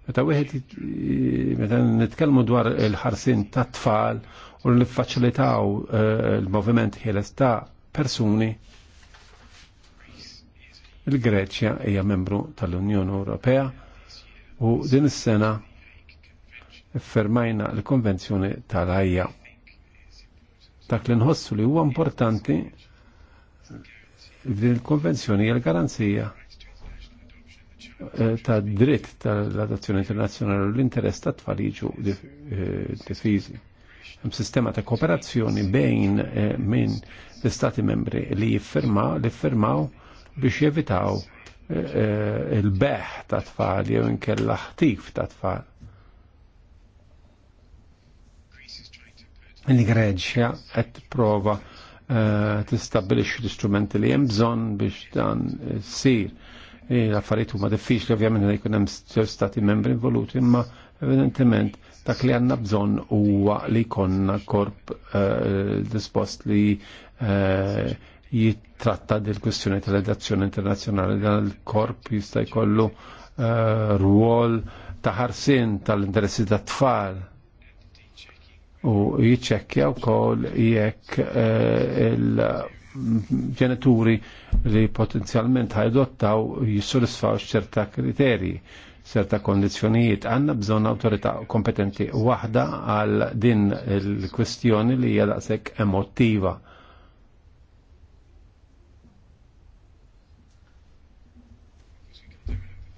Meta wieħed meta nitkellmu dwar il-ħarsin ta' tfal u li faċilitaw eh, il-moviment ħieles ta' persuni il-Greċja hija membru tal-Unjoni Ewropea u din is-sena fermajna l-konvenzjoni tal-ajja. Dak li nħossu li huwa importanti din il-konvenzjoni hija l-garanzija eh, ta' dritt tal-adozzjoni internazzjonali u l-interess ta' tfal jiġu eh, diffiżi. Hemm sistema ta' kooperazzjoni bejn eh, minn l-istati membri li jiffirmaw li firmaw biex jevitaw il-beħ ta' tfal jew inkella ħtif ta' tfal il-Greċja qed prova eh, tistabilixxi l-istrumenti li hemm bżonn biex dan sir. Eh, l-affarijiet huma diffiċli ovvjament li jkun hemm ġew stati membri involuti, imma evidentement dak li għandna bżonn huwa li jkollna korp eh, dispost li jittratta dil kwistjoni tal-redazzjoni internazzjonali dan il-korp jista' jkollu ruol ta' tal-interessi tat-tfal u jiċċekkja wkoll jekk eh, il-ġenituri li potenzjalment ħajdottaw jissolisfaw ċerta kriterji serta kondizjonijiet għanna bżon autorita kompetenti waħda għal din il-kwestjoni li hija daqshekk emotiva.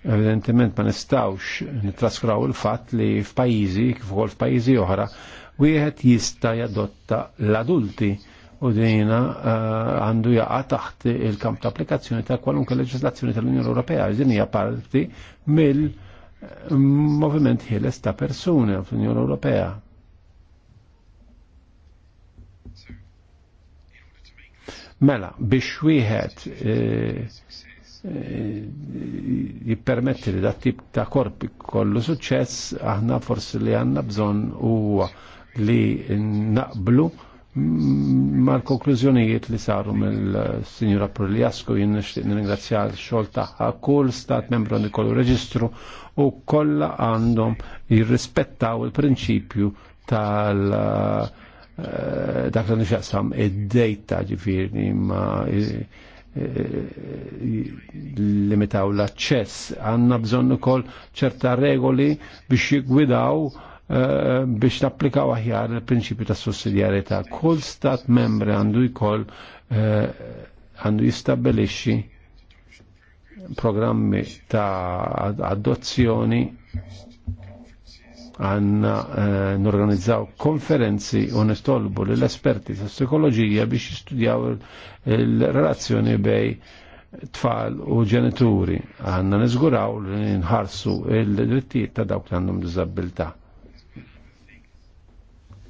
Evidentement ma nistawx nitraskraw il-fatt li f'pajjiżi kif ukoll f'pajjiżi oħra wieħed jista' jadotta l-adulti u dina eh, għandu jaqa' taħt il-kamp ta' applikazzjoni ta' kwalunkwe leġislazzjoni tal-Unjoni Ewropea. Din hija parti mill-moviment eh, ħieles ta' persuni fl-Unjoni Ewropea. Mela, biex wieħed eh, jippermetti li dat tip ta' korpi kollu suċċess, aħna forsi li għanna bżon huwa li naqblu mal-konklużjonijiet li saru mill-Sinjura Purliasku jien nixtieq nirringrazzja l-xogħol tagħha kull stat membru li kollu reġistru u kollha għandhom jirrispettaw il-prinċipju tal- eh, dak li nixaqsam id-dejta ġifieri ma eh, limitaw l-aċċess. Għanna bżonn ukoll ċerta regoli biex jigwidaw Eh, biex tapplika aħjar il-prinċipju ta' sussidjarità. Kull stat membri għandu jkoll eh, għandu jistabbilixxi programmi ta' adozzjoni għanna eh, n-organizzaw konferenzi u nistolbu l-esperti ta' psikologija biex jistudjaw il-relazzjoni bej tfal u ġenituri. Għanna nizguraw l-inħarsu il-drittijiet ta' dawk li għandhom disabilità.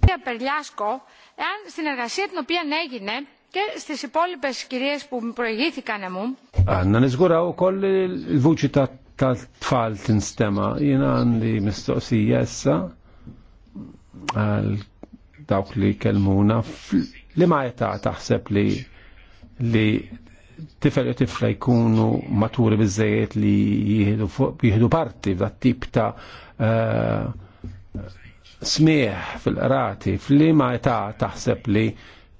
Κυρία Περλιάσκο, εάν εργασία την οποία έγινε και στις υπόλοιπες κυρίες που προηγήθηκαν μου. Αν nizguraw il-vuċi ta' tfal tinstema. tifel u tifla jkunu maturi bizzejiet li jihdu parti f'dat tip ta' smieħ fil-qrati, fl-lima età taħseb li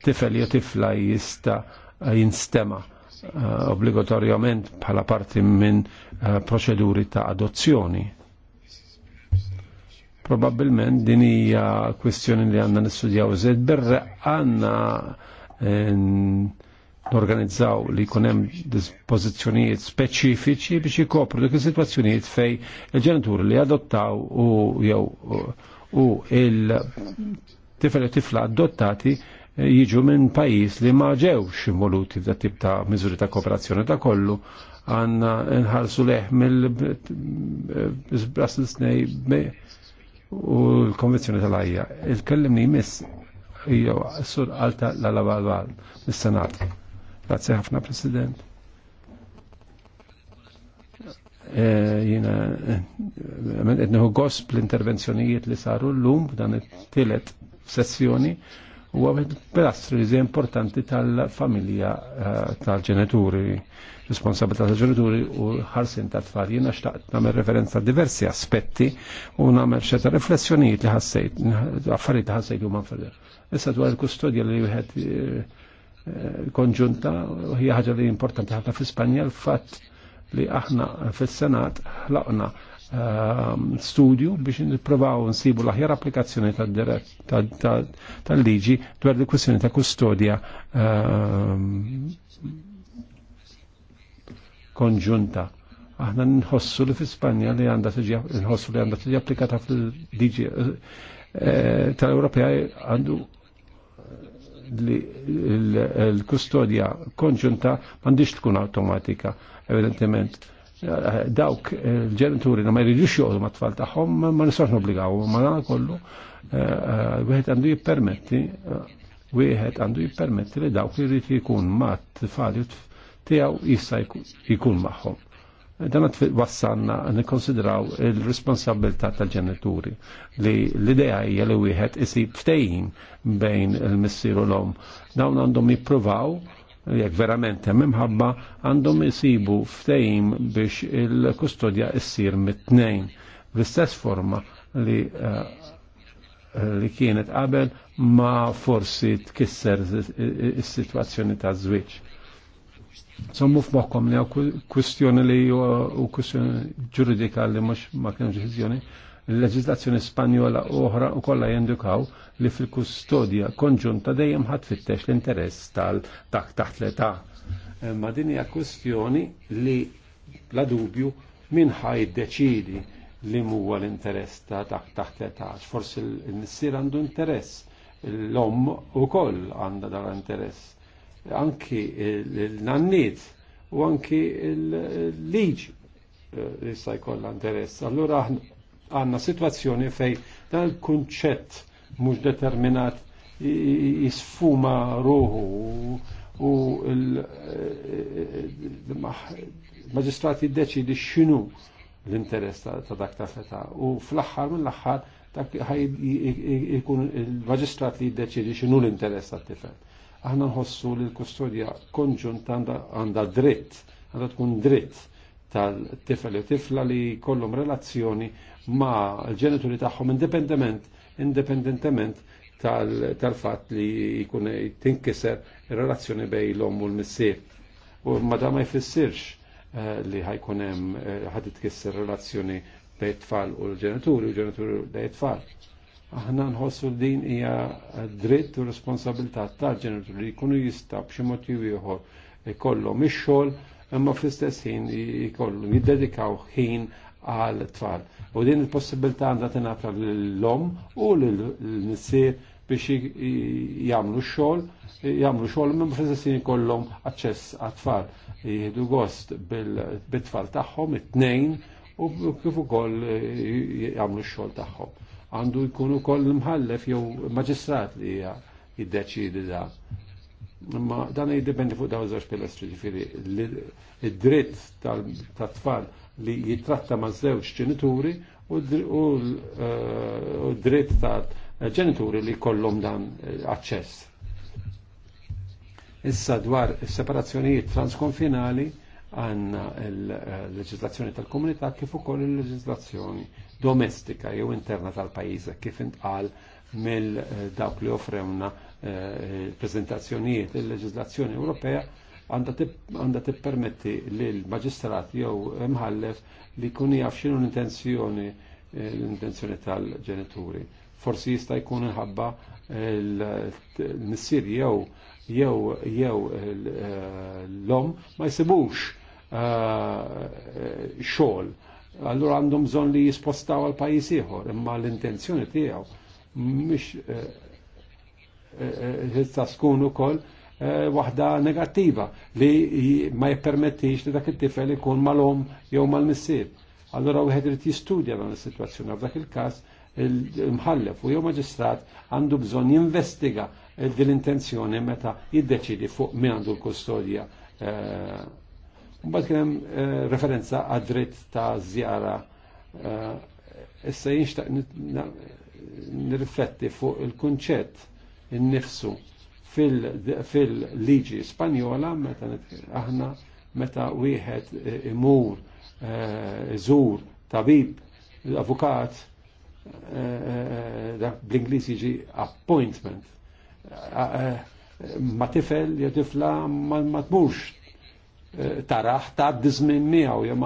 tifel jew tifla jista jinstema eh, obbligatorjament bħala parti minn eh, proċeduri ta' adozzjoni. Probabilment din hija kwestjoni li għandna nistudjaw iżed berre għandna eh, norganizzaw li kunem dispozizjonijiet speċifiċi biex jikopru dik is-sitwazzjonijiet fej il-ġenituri li adottaw u jew u il-tifel tifla adottati eh, jiġu minn pajis li ma ġewx involuti f'da tip ta' miżuri ta' kooperazzjoni ta' kollu għanna nħarsu leħ mill-Brussels eh, u l-konvenzjoni tal-ajja. Il-kellimni jmiss jew sur alta l-alabalbal mis-senat. Grazie ħafna, President. Eh, jina eh, etniħu gosp l-intervenzjonijiet li saru l-lum dan il tilet sessjoni u għabed pilastri li importanti tal-familja eh, tal-ġenituri, responsabilità tal-ġenituri u ħarsin tal-tfal. Jina xtaqt namer referenza diversi aspetti u namer xeta riflessjonijiet li ħassejt, affarijiet li ħassejt u manfred. Issa dwar il-kustodja li wieħed konġunta, u hija ħaġa li importanti ħafna fl-Ispanja, l-fatt li aħna fil-Senat ħlaqna ehm, studju biex nipprovaw nsibu l-aħjar applikazzjoni tal-liġi dwar il kwestjoni ta' kustodja ehm, konġunta. Aħna nħossu li fil Spanja li għandha tiġi nħossu li għandha tiġi applikata fil-liġi eh, tal-Ewropea għandu li l-kustodja konġunta mandiġ tkun automatika, evidentement. Dawk eh, l-ġenituri ma jridux joqdu ma tfal tagħhom ma nistax obbligaw, ma nana kollu eh, eh, wieħed għandu jippermetti wieħed għandu jippermetti li dawk li jrid jkun ma' tfal tiegħu jista' jkun magħhom dan wassanna nikkonsidraw il-responsabilta tal-ġenituri li l-ideja hija li wieħed isib ftejjin bejn il-missieru l-om. Dawn għandhom jippruvaw jekk verament hemm imħabba għandhom isibu ftejjin biex il-kustodja issir mit-tnejn bl-istess forma li li kienet qabel ma forsi tkisser is-sitwazzjoni ta' żwieġ Sommu f'moħkom li kwistjoni li u kwistjoni ġuridika li mux ma kienu deċiżjoni, il-leġizlazzjoni spanjola oħra u kolla jendukaw li fil-kustodja konġunta dejjem ħadd fittex l-interess tal-dak taħt l-età. Ma din hija kwistjoni li la dubju minn ħaj deċidi li huwa l-interess ta' dak taħt l-età. Forsi l-nissier għandu interess, l-om u koll għanda dal interess anki l-nannit u anki l-liġi eh, li sa jkollha interess. Allora għandna situazzjoni fej dan il-kunċett mhux determinat jisfuma ruħu u l-maġistrati eh, eh, jiddeċidi x'inhu l-interess ta' dak ta' feta. U fl-aħħar mill-aħħar dak ikun il maġistrati li jiddeċidi x'inhu l-interess tat-tifel. Aħna nħossu li l-kustodja konġunt għandha dritt, għandha tkun dritt tal-tifel u tifla li kollum relazzjoni ma' l-ġenituri tagħhom indipendement indipendentement tal-fatt li jkun tinkiser il relazzjoni bej l-om u l missir U madama ma jfissirx eh, li ħajkun hemm eh, ħad tkisser relazzjoni bejn tfal u l-ġenituri u l-ġenituri bejn tfal aħna nħossu din hija dritt u responsabilità ta' ġenitur li jkunu jista' b'xi motiv ieħor ikollhom ix-xogħol imma fl-istess ħin jkollhom jiddedikaw ħin għal tfal. U din il-possibilità għandha tingħata l-om u l nisir biex jagħmlu x-xogħol, jagħmlu xogħol minn fl-istess ħin ikollhom aċċess għat-tfal. Jieħdu gost bit tfal tagħhom it-tnejn u kif ukoll jagħmlu x-xogħol tagħhom għandu jkunu ukoll mħallef jew maġistrat li jiddeċidi da. Ma dan jiddependi fuq dawn żewġ pilastri, ġifieri id-dritt tat-tfal li jitratta ma' żewġ ġenituri u d-dritt eh, tal ġenituri li kollom dan eh, aċċess. Issa dwar separazzjonijiet transkonfinali għanna l-leġislazzjoni eh, tal-komunità kif ukoll il-leġislazzjoni domestika jew interna tal-pajjiżek kif intqal mill eh, dawk li offrewna eh, il-prezentazzjonijiet il-leġislazzjoni Ewropea għandha tippermetti li l-maġistrat jew mħallef li jkun jaf x'inhu l-intenzjoni eh, l-intenzjoni tal-ġenituri. Forsi jista' jkun inħabba l-missier jew jew jew l-om ma jsibux xogħol allura għandhom bżonn li jispostaw għal pajjiż ieħor, imma l-intenzjoni tiegħu mhix eh, eh, eh, ta' skun ukoll waħda negattiva li ma jippermettix li dak it-tifel ikun mal-om jew mal missib Allura wieħed irid jistudja dan is-sitwazzjoni f'dak il-każ il-mħallef u jew maġistrat għandu bżonn jinvestiga din l-intenzjoni meta jiddeċidi fuq min għandu l-kustodja Mbagħad kien hemm eh, referenza għad-dritt ta' żjara. Eh, issa jinxtaq nirrifletti fuq il-kunċett innifsu fil-liġi Spanjola meta aħna meta wieħed eh, imur iżur tabib l-avukat bl-Ingliż jiġi appointment ma tifel jew tifla ma tmurx taraħ tgħaddi żmien miegħu jew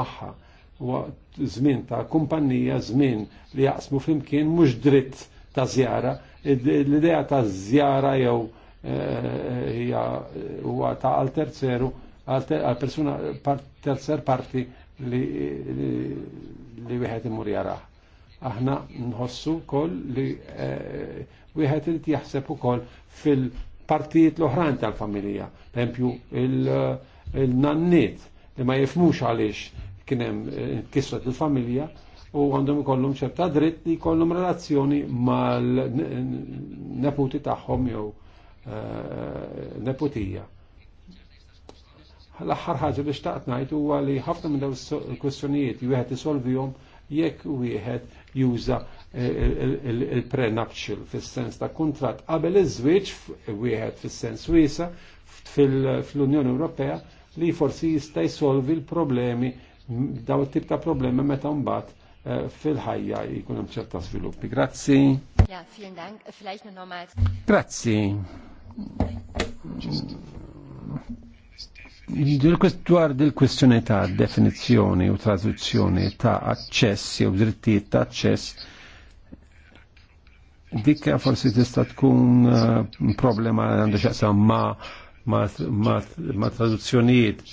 wa Żmien ta' kumpanija, żmien li jaqsmu flimkien mhux dritt ta' żjara, l-idea ta' żjara jew eh, hija huwa ta' għal terzeru għal persuna terzer parti li li wieħed imur jaraħ. Aħna nħossu kol li eh, wieħed irid jaħseb ukoll fil-partijiet l-oħrajn tal-familja, tempju il- uh, il-nannit li ma jifmux għaliex kienem eh, kisret il-familja u għandhom ikollhom ċerta dritt li jkollhom relazzjoni mal-neputi tagħhom jew eh, neputija. L-aħħar ħaġa li xtaqt ngħid huwa li ħafna minn dawn il-kwistjonijiet wieħed isolvihom jekk wieħed juża eh, il-prenuptial fis-sens ta' kuntratt qabel iż-żwieġ wieħed fis-sens wiesa fil-Unjoni Ewropea li forsi jista' jsolvi l-problemi daw tip ta' problemi meta mbagħad eh, fil-ħajja jkun hemm ċerta sviluppi. Grazzi. Ja, vielen Dank. Vielleicht nur nochmal. Grazzi. Dwar dil-kwestjoni ta' definizjoni u traduzzjoni ta' aċċess jew drittijiet ta' aċċess dikka forsi tista' tkun eh, problema għandu xaqsam ma' ma' traduzzjonijiet.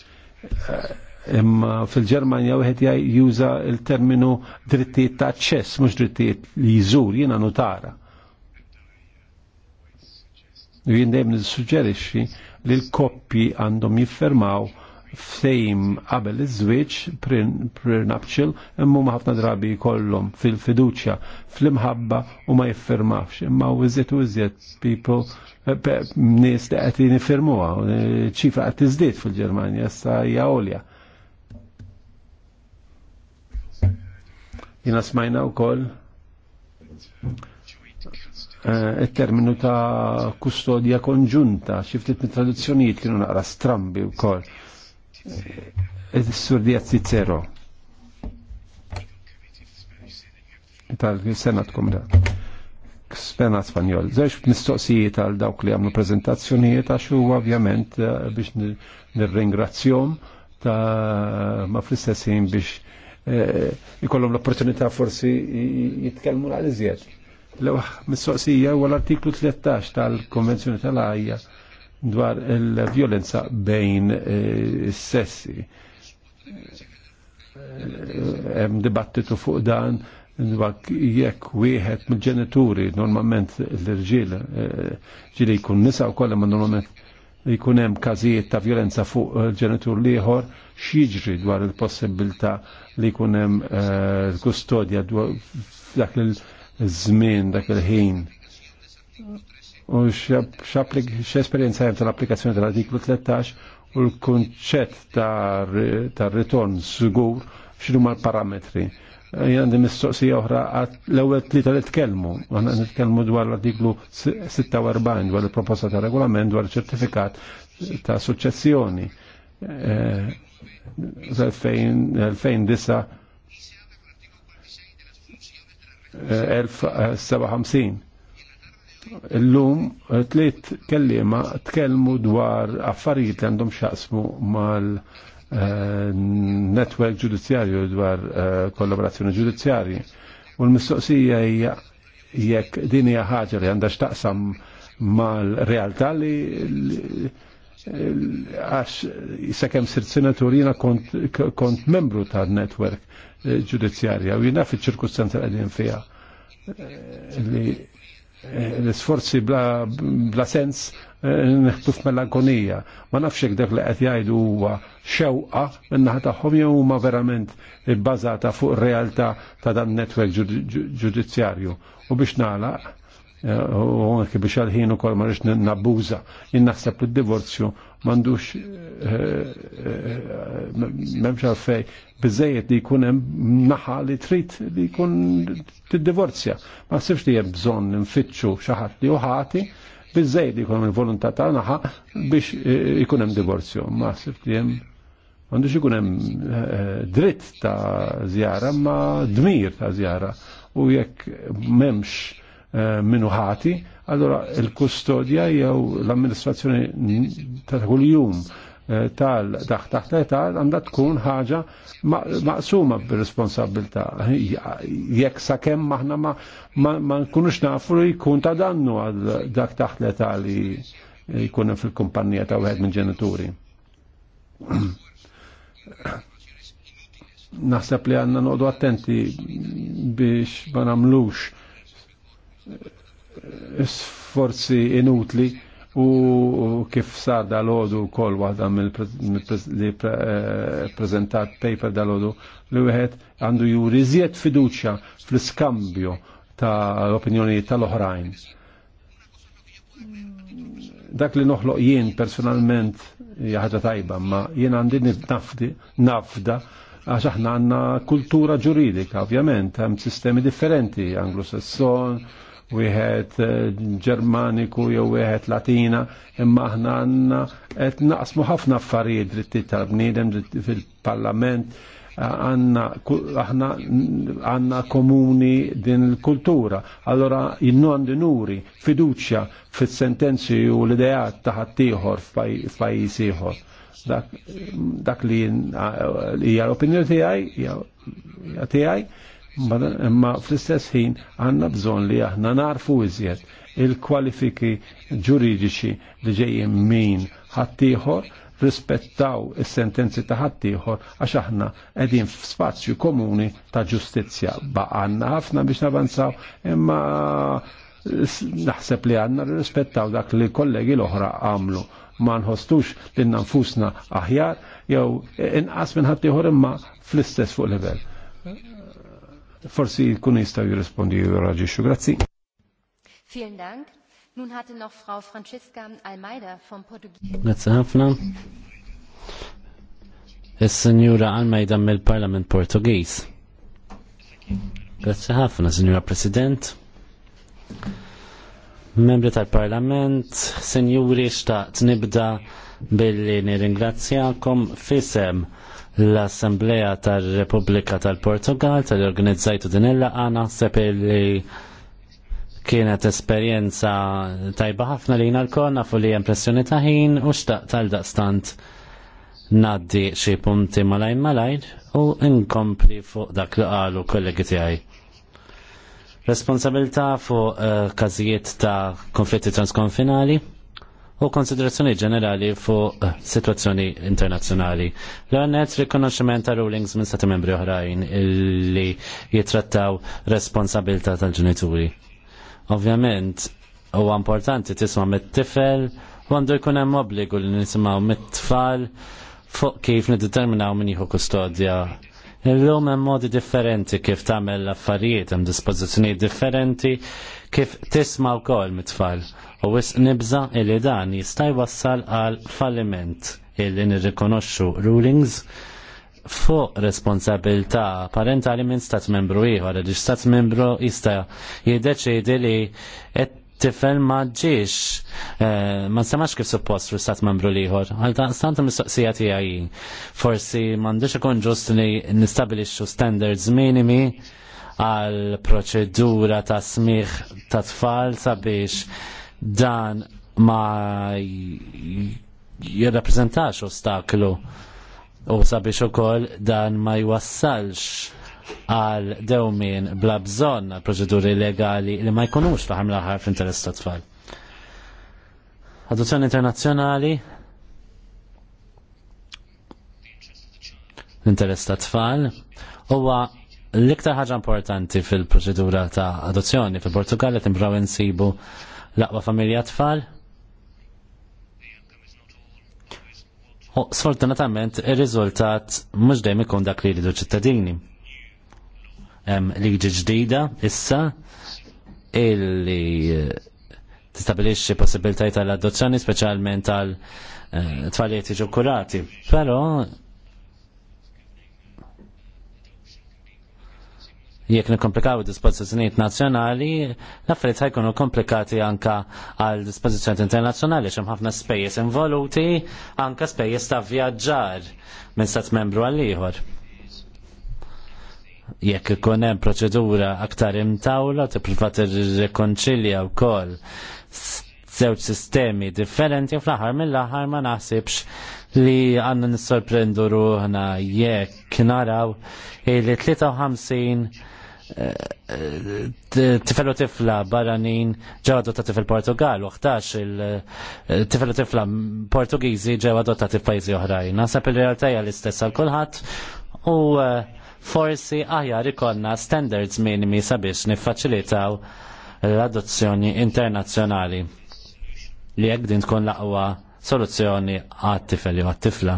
Imma fil-Ġermanja wieħed juża il-terminu drittijiet ta' ċess, mhux drittijiet li jżur, jiena notara. U Jien dejjem nissuġġerixxi li l-koppji għandhom jiffermaw ftejm qabel iż-żwieġ prenuptial imma ma ħafna drabi jkollhom fil-fiduċja fl-imħabba u ma jiffirmafx imma użiet u użiet people eh, nies li qed jinifirmuha eh, ċifra qed tiżdied fil-Ġermanja sa hija għolja. Jina smajna wkoll eh, il-terminu ta' kustodja konġunta, xiftit mit traduzzjonijiet kienu naqra strambi u koll Sur Diaz Cicero tal-Senat komda. spena spanjol. Zerx mistoqsijiet għal dawk li għamlu prezentazzjonijiet għax u ovvjament eh, biex nir-ringrazzjom ta' ma fl-istessin biex eh, ikollhom l-opportunità forsi jitkelmu għal iżjed. L-ewwel mistoqsijiet huwa l-artiklu 13 tal-Konvenzjoni tal-Ajja dwar il-violenza bejn eh, s-sessi. Eh, hemm dibattitu fuq dan dwar jekk wieħed mill-ġenituri normalment l-irġiel eh, ġieli jkun nisa wkoll ma normalment jkun hemm każijiet ta' violenza fuq il-ġenitur l-ieħor x'jiġri dwar il-possibilità li jkun hemm l-kustodja dwar dak il-żmien dak il-ħin u x'esperjenza hemm tal-applikazzjoni tal-artiklu 13 u l-kunċett tar-ritorn żgur x'inhu mal-parametri. Għandi mistoqsija oħra l-ewwel tlieta tal tkellmu. Aħna nitkellmu dwar l-artiklu 46 dwar il-proposta tal regolament dwar ċertifikat ta' suċċessjoni. 2009 eh, 1057 l-lum eh, tliet kellima tkellmu dwar affarijiet li għandhom xaqsmu mal eh, netwerk ġudizzjarju dwar eh, kollaborazzjoni ġudizzjarji. U l-mistoqsija hija jekk din hija ħaġa li għandha x'taqsam mal-realtà li għax sakemm sirt senatur jiena kont membru ta' netwerk ġudizzjarja u jiena fiċ-ċirkustanza qegħdin fiha li Eh, l-sforzi bla, sens sens eh, neħdu melankonija Ma nafxek dak li qed jgħidu huwa xewqa minnaħa tagħhom jew huma verament bbażata fuq realtà ta' dan netwerk ġudizzjarju. U biex nagħlaq eh, u anke biex għalħin kol ma rridx nabbuża. jinn naħseb li d-divorzju mandux eh, eh, eh, memx għalfej bizzejiet li jkun hemm naħa li trid li jkun tiddivorzja. Ma sifx li hemm bżonn nfittxu xi ħadd li uħati bizzejiet li jkun hemm il-volontà ta' naħa biex jkun hemm divorzju. Ma sibx li hemm m'għandux ikun hemm dritt ta' żjara ma dmir ta' żjara u jekk m'hemmx minuħati, ħati Allora, il-kustodja jew l-amministrazzjoni ta' kuljum eh, tal-taħt tal għandha tkun ħaġa maqsuma bir-responsabilità. Jekk sakemm aħna ma nkunux nafu li jkun ta' dannu għal dak taħt l-età li jkun fil-kumpanija ta' wieħed minn ġenituri. Naħseb li għandna noqdu attenti biex ma nagħmlux sforzi inutli u kif sar dal-ħodu kol waħda li eh, prezentat paper dal-ħodu li wieħed għandu juri ziet fiduċa fl-skambju ta' l opinjoni tal-oħrajn. Dak li noħloq jien personalment ħaġa tajba, ma jien għandi nafdi, nafda, għax aħna għanna kultura ġuridika, ovvjament, għam sistemi differenti, anglo sesson wieħed eh, Ġermaniku jew wieħed Latina, imma aħna għandna qed naqsmu ħafna affarijiet drittijiet tal-bniedem fil-Parlament eh, għanna aħna għanna komuni din il-kultura. Allora jinnu għandi nuri fiduċja fis-sentenzi u l-idejat taħat ieħor f'pajjiż dak, li eh, hija l-opinjoni tiegħi tiegħi imma fl-istess ħin għanna bżon li aħna narfu iżjed il-kwalifiki ġuridiċi li ġejjin min ħaddieħor rispettaw is-sentenzi ta' ħaddieħor għax aħna qegħdin f'spazju komuni ta' ġustizzja. Baqanna ħafna biex navanzaw imma naħseb li għanna rispettaw dak li kollegi l-oħra għamlu ma nħostux li nfusna aħjar jew inqas minn ħaddieħor imma fl-istess fuq livell forsi kun jistaw jirrespondi u raġiċu. Grazzi. Vielen Dank. Nun hatte noch Frau Francesca Almeida vom Portugiesischen. Grazie Hafna. Es signora Almeida mel parlament Portugies. Grazie Hafna, signora Presidente. Membri tal-Parlament, Senjuri, xtaqt nibda billi nirringrazzjakom fisem l-Assemblea tal-Repubblika tal-Portugal tal-organizzajtu din il-laqa naħseb li kienet esperjenza tajba ħafna li jina l-konna fu li impressjoni taħin u xtaq tal-daqstant naddi xie punti malajn malajn u inkompli fuq dak li qalu kollegi tiegħi responsabilità fuq uh, eh, każijiet ta' konflitti transkonfinali u konsiderazzjoni ġenerali fuq uh, eh, situazzjoni internazzjonali. L-għannet rikonoxximent ta' rulings minn stati membri oħrajn li jitrattaw responsabilità tal-ġenituri. Ovvjament, huwa importanti tisma' mit-tifel u għandu jkun hemm obbligu li nisimgħu mit-tfal fuq kif nideterminaw min jieħu kustodja Illum hemm modi differenti kif tagħmel l-affarijiet hemm dispożizzjonijiet differenti kif tisma' wkoll mit-tfal. U wis nibża li dan jista' jwassal għal falliment illi nirrikonoxxu rulings fuq responsabilità parentali minn stat membru ieħor, għaliex stat membru jista' jiddeċiedi li qed tifel ma ġiex, eh, ma semax kif suppost fl membru liħor. Għal ta' mis mistoqsija tiegħi. Forsi m'għandix ikun ġust li nistabilixxu standards minimi għal proċedura ta' smiħ ta' tfal sabiex dan ma jirrappreżentax ostaklu u sabiex ukoll dan ma jwassalx għal dewmin bla bżonn proċeduri legali li ma jkunux fl-ħar ħar fl-interess ta' tfal. Adozzjoni internazzjonali l-interess ta' tfal huwa l-iktar ħaġa importanti fil-proċedura ta' adozzjoni fil-Portugal li timbraw insibu l-aqwa familja tfal. sfortunatament ir-riżultat mhux dejjem ikun dak li jridu ċittadini hemm liġi ġdida issa illi eh, tistabilixxi possibilitajiet tal-adozzjoni speċjalment tal eh, tfalijiet jiġu kurati. Però jekk nikkomplikaw dispożizzjonijiet nazzjonali, l-affarijiet ħajkunu komplikati anka għal dispożizzjonijiet internazzjonali xem ħafna spejjeż involuti, anka spejjeż ta' vjaġġar minn stat membru għal ieħor jekk ikun hemm proċedura aktar imtawla tipprova tirrikonċilja wkoll żewġ sistemi differenti u fl-aħħar mill-aħħar ma naħsibx li għandna nissorprendu ruħna jekk naraw li 53 eh, eh, tifel u tifla barranin ġew adottati fil-Portugal u 11 tifel u tifla Portugiżi ġew adottati f'pajjiżi oħrajn. Naħseb il-realtajja l-istess għal kulħadd u uh, forsi aħjar ikollna standards minimi sabiex niffaċilitaw l-adozzjoni internazzjonali li jekk din tkun l-aqwa soluzzjoni għat-tifel jew għat-tifla.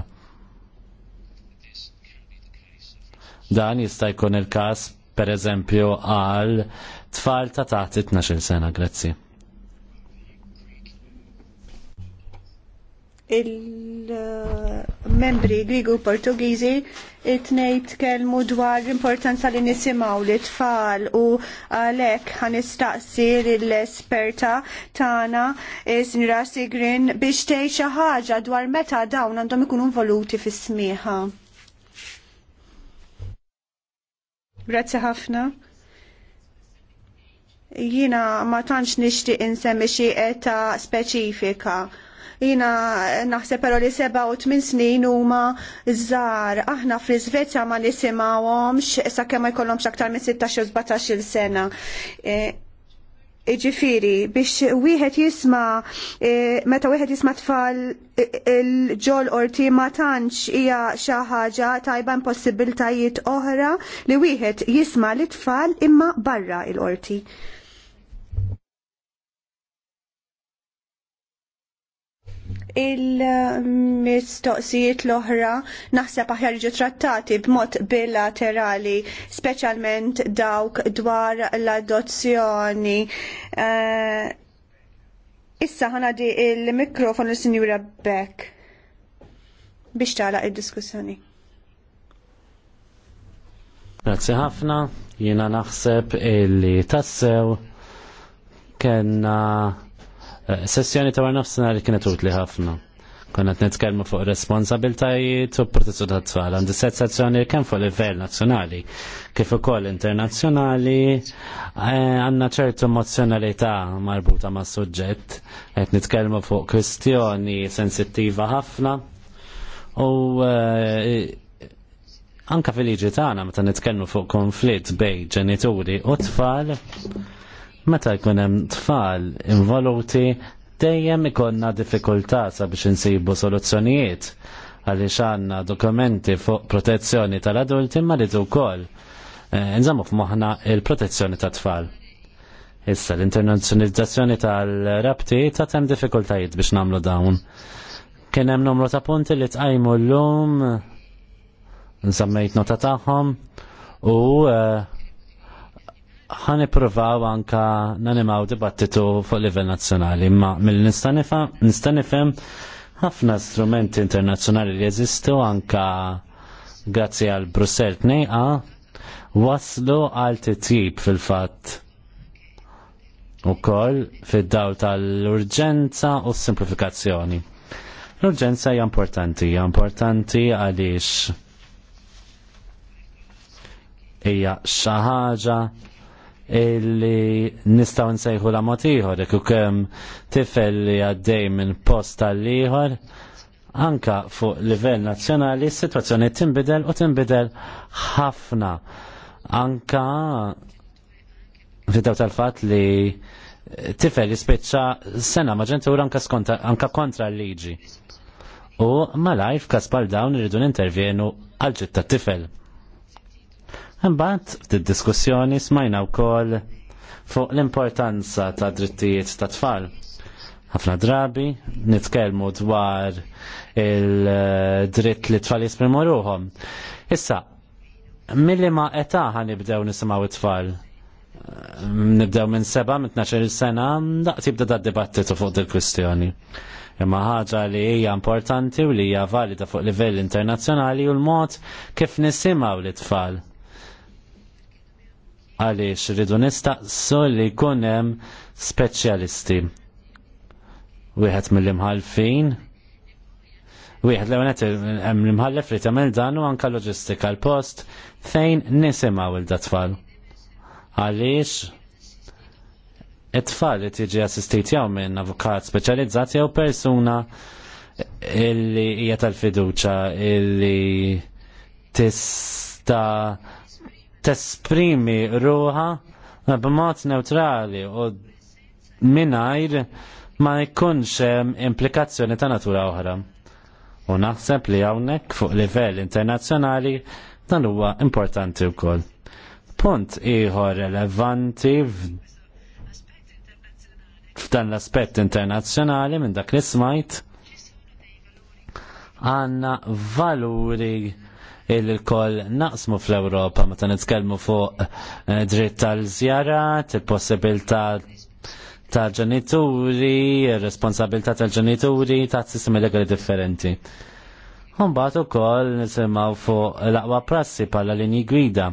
Dan jista' jkun il-każ pereżempju għal tfal ta' taħt 12 sena, grazzi il-membri Grigu Portugizi it nejt tkellmu dwar l-importanza li nisimaw li tfal u għalek ħanistaqsir l-esperta tana eh, Sinra Sigrin biex tgħid xi ħaġa dwar meta dawn għandhom ikunu voluti fis-smieħa. Grazzi ħafna jina ma tantx nixtieq insemmi xi eta speċifika Jina naħseb però li seba' u tmin snin huma żgħar aħna fl-Iżvezja ma nisimgħuhomx sakemm ma jkollhomx aktar minn 16 u 17-il sena. E, iġifiri, biex wieħed jisma, e, meta wieħed jisma tfal e, il-ġol orti ma tantx hija xi ħaġa tajba impossibiltajiet oħra li wieħed jisma li tfal imma barra l-orti. il-mistoqsijiet l-oħra naħseb aħjar ġu trattati b'mod bilaterali, speċjalment dawk dwar l-adozzjoni. Eh, issa ħanadi il-mikrofon l-Sinjura Beck biex tagħlaq id-diskussjoni. Grazzi ħafna, jiena naħseb li tassew Kena Sessjoni ta' nafsina li kienet utli ħafna. Konna t-netkelmu fuq responsabiltajiet u protezzu ta' tfal. Għandi sezzazzjoni kemm fuq livell nazzjonali, kif ukoll internazzjonali, eh, għandna ċertu emozjonalità marbuta ma' suġġett, qed nitkellmu fuq kwistjoni sensittiva ħafna u eh, anka fil-liġi tagħna meta nitkellmu fuq konflitt bejn ġenituri u tfal Meta jkun hemm tfal involuti dejjem ikonna diffikultà sabiex insibu soluzzjonijiet għaliex għandna dokumenti fuq protezzjoni tal-adulti ma ridu wkoll eh, nżammu f'moħħna il-protezzjoni tat tfal. Issa l-internazzjonizzazzjoni tal-rabti ta' tem diffikultajiet biex nagħmlu dawn. Kien hemm numru ta' punti li tqajmu llum nsammejt nota tagħhom u uh, ħani provaw anka nanimaw dibattitu fuq livell nazzjonali, imma mill-nista' ħafna strumenti internazzjonali li jeżistu anka grazzi għal Brussel tnejqa waslu għal titjib fil-fatt u koll fid-dawl tal-urġenza u s-simplifikazzjoni. L-urġenza hija importanti, hija importanti għaliex hija xi ħaġa Illi nistaw nsejħu la motiħor, u kem tifel li għaddej minn post tal-liħor, anka fuq livell nazzjonali s-situazzjoni timbidel u timbidel ħafna. Anka vidaw tal-fat li tifel jispiċċa sena maġentura anka, anka kontra l-liġi. U malajf f'kas pal dawn irridu intervjenu għal ġitta tifel. Imbagħad fid diskussjoni smajna wkoll fuq l-importanza ta' drittijiet ta' tfal. Ħafna drabi nitkellmu dwar il-dritt li tfal jisprimu ruhom. Issa, milli ma' età nibdew nisimgħu it-tfal? nibdew minn seba, minn 12 sena, daqt jibda da dibattitu fuq dil-kwistjoni. Imma ħaġa li hija importanti u li hija valida fuq livell internazzjonali u l-mod kif nisimgħu l-tfal għaliex rridu nistaqsu li jkun hemm speċjalisti. Wieħed mill-imħalfin, wieħed l qed hemm l-imħallef li tagħmel dan u anke loġistika l-post fejn nisimgħu il-datfall. Għaliex it-tfal li tiġi assistit jew minn avukat speċjalizzat jew persuna illi hija tal-fiduċa illi tista' tesprimi ruħa b'mod neutrali u minajr ma jkunx implikazzjoni ta' natura oħra. U naħseb li hawnhekk fuq livell internazzjonali dan huwa importanti wkoll. Punt ieħor relevanti f'dan l-aspett internazzjonali minn dak li smajt għandna valuri il-koll naqsmu fl-Europa meta nitkellmu fuq eh, dritt tal żjara il-possibilità tal-ġenituri, il-responsabilità tal-ġenituri, ta' sistemi legali differenti. Umbat ukoll nisimaw fuq l-aqwa prassi bħala linji gwida.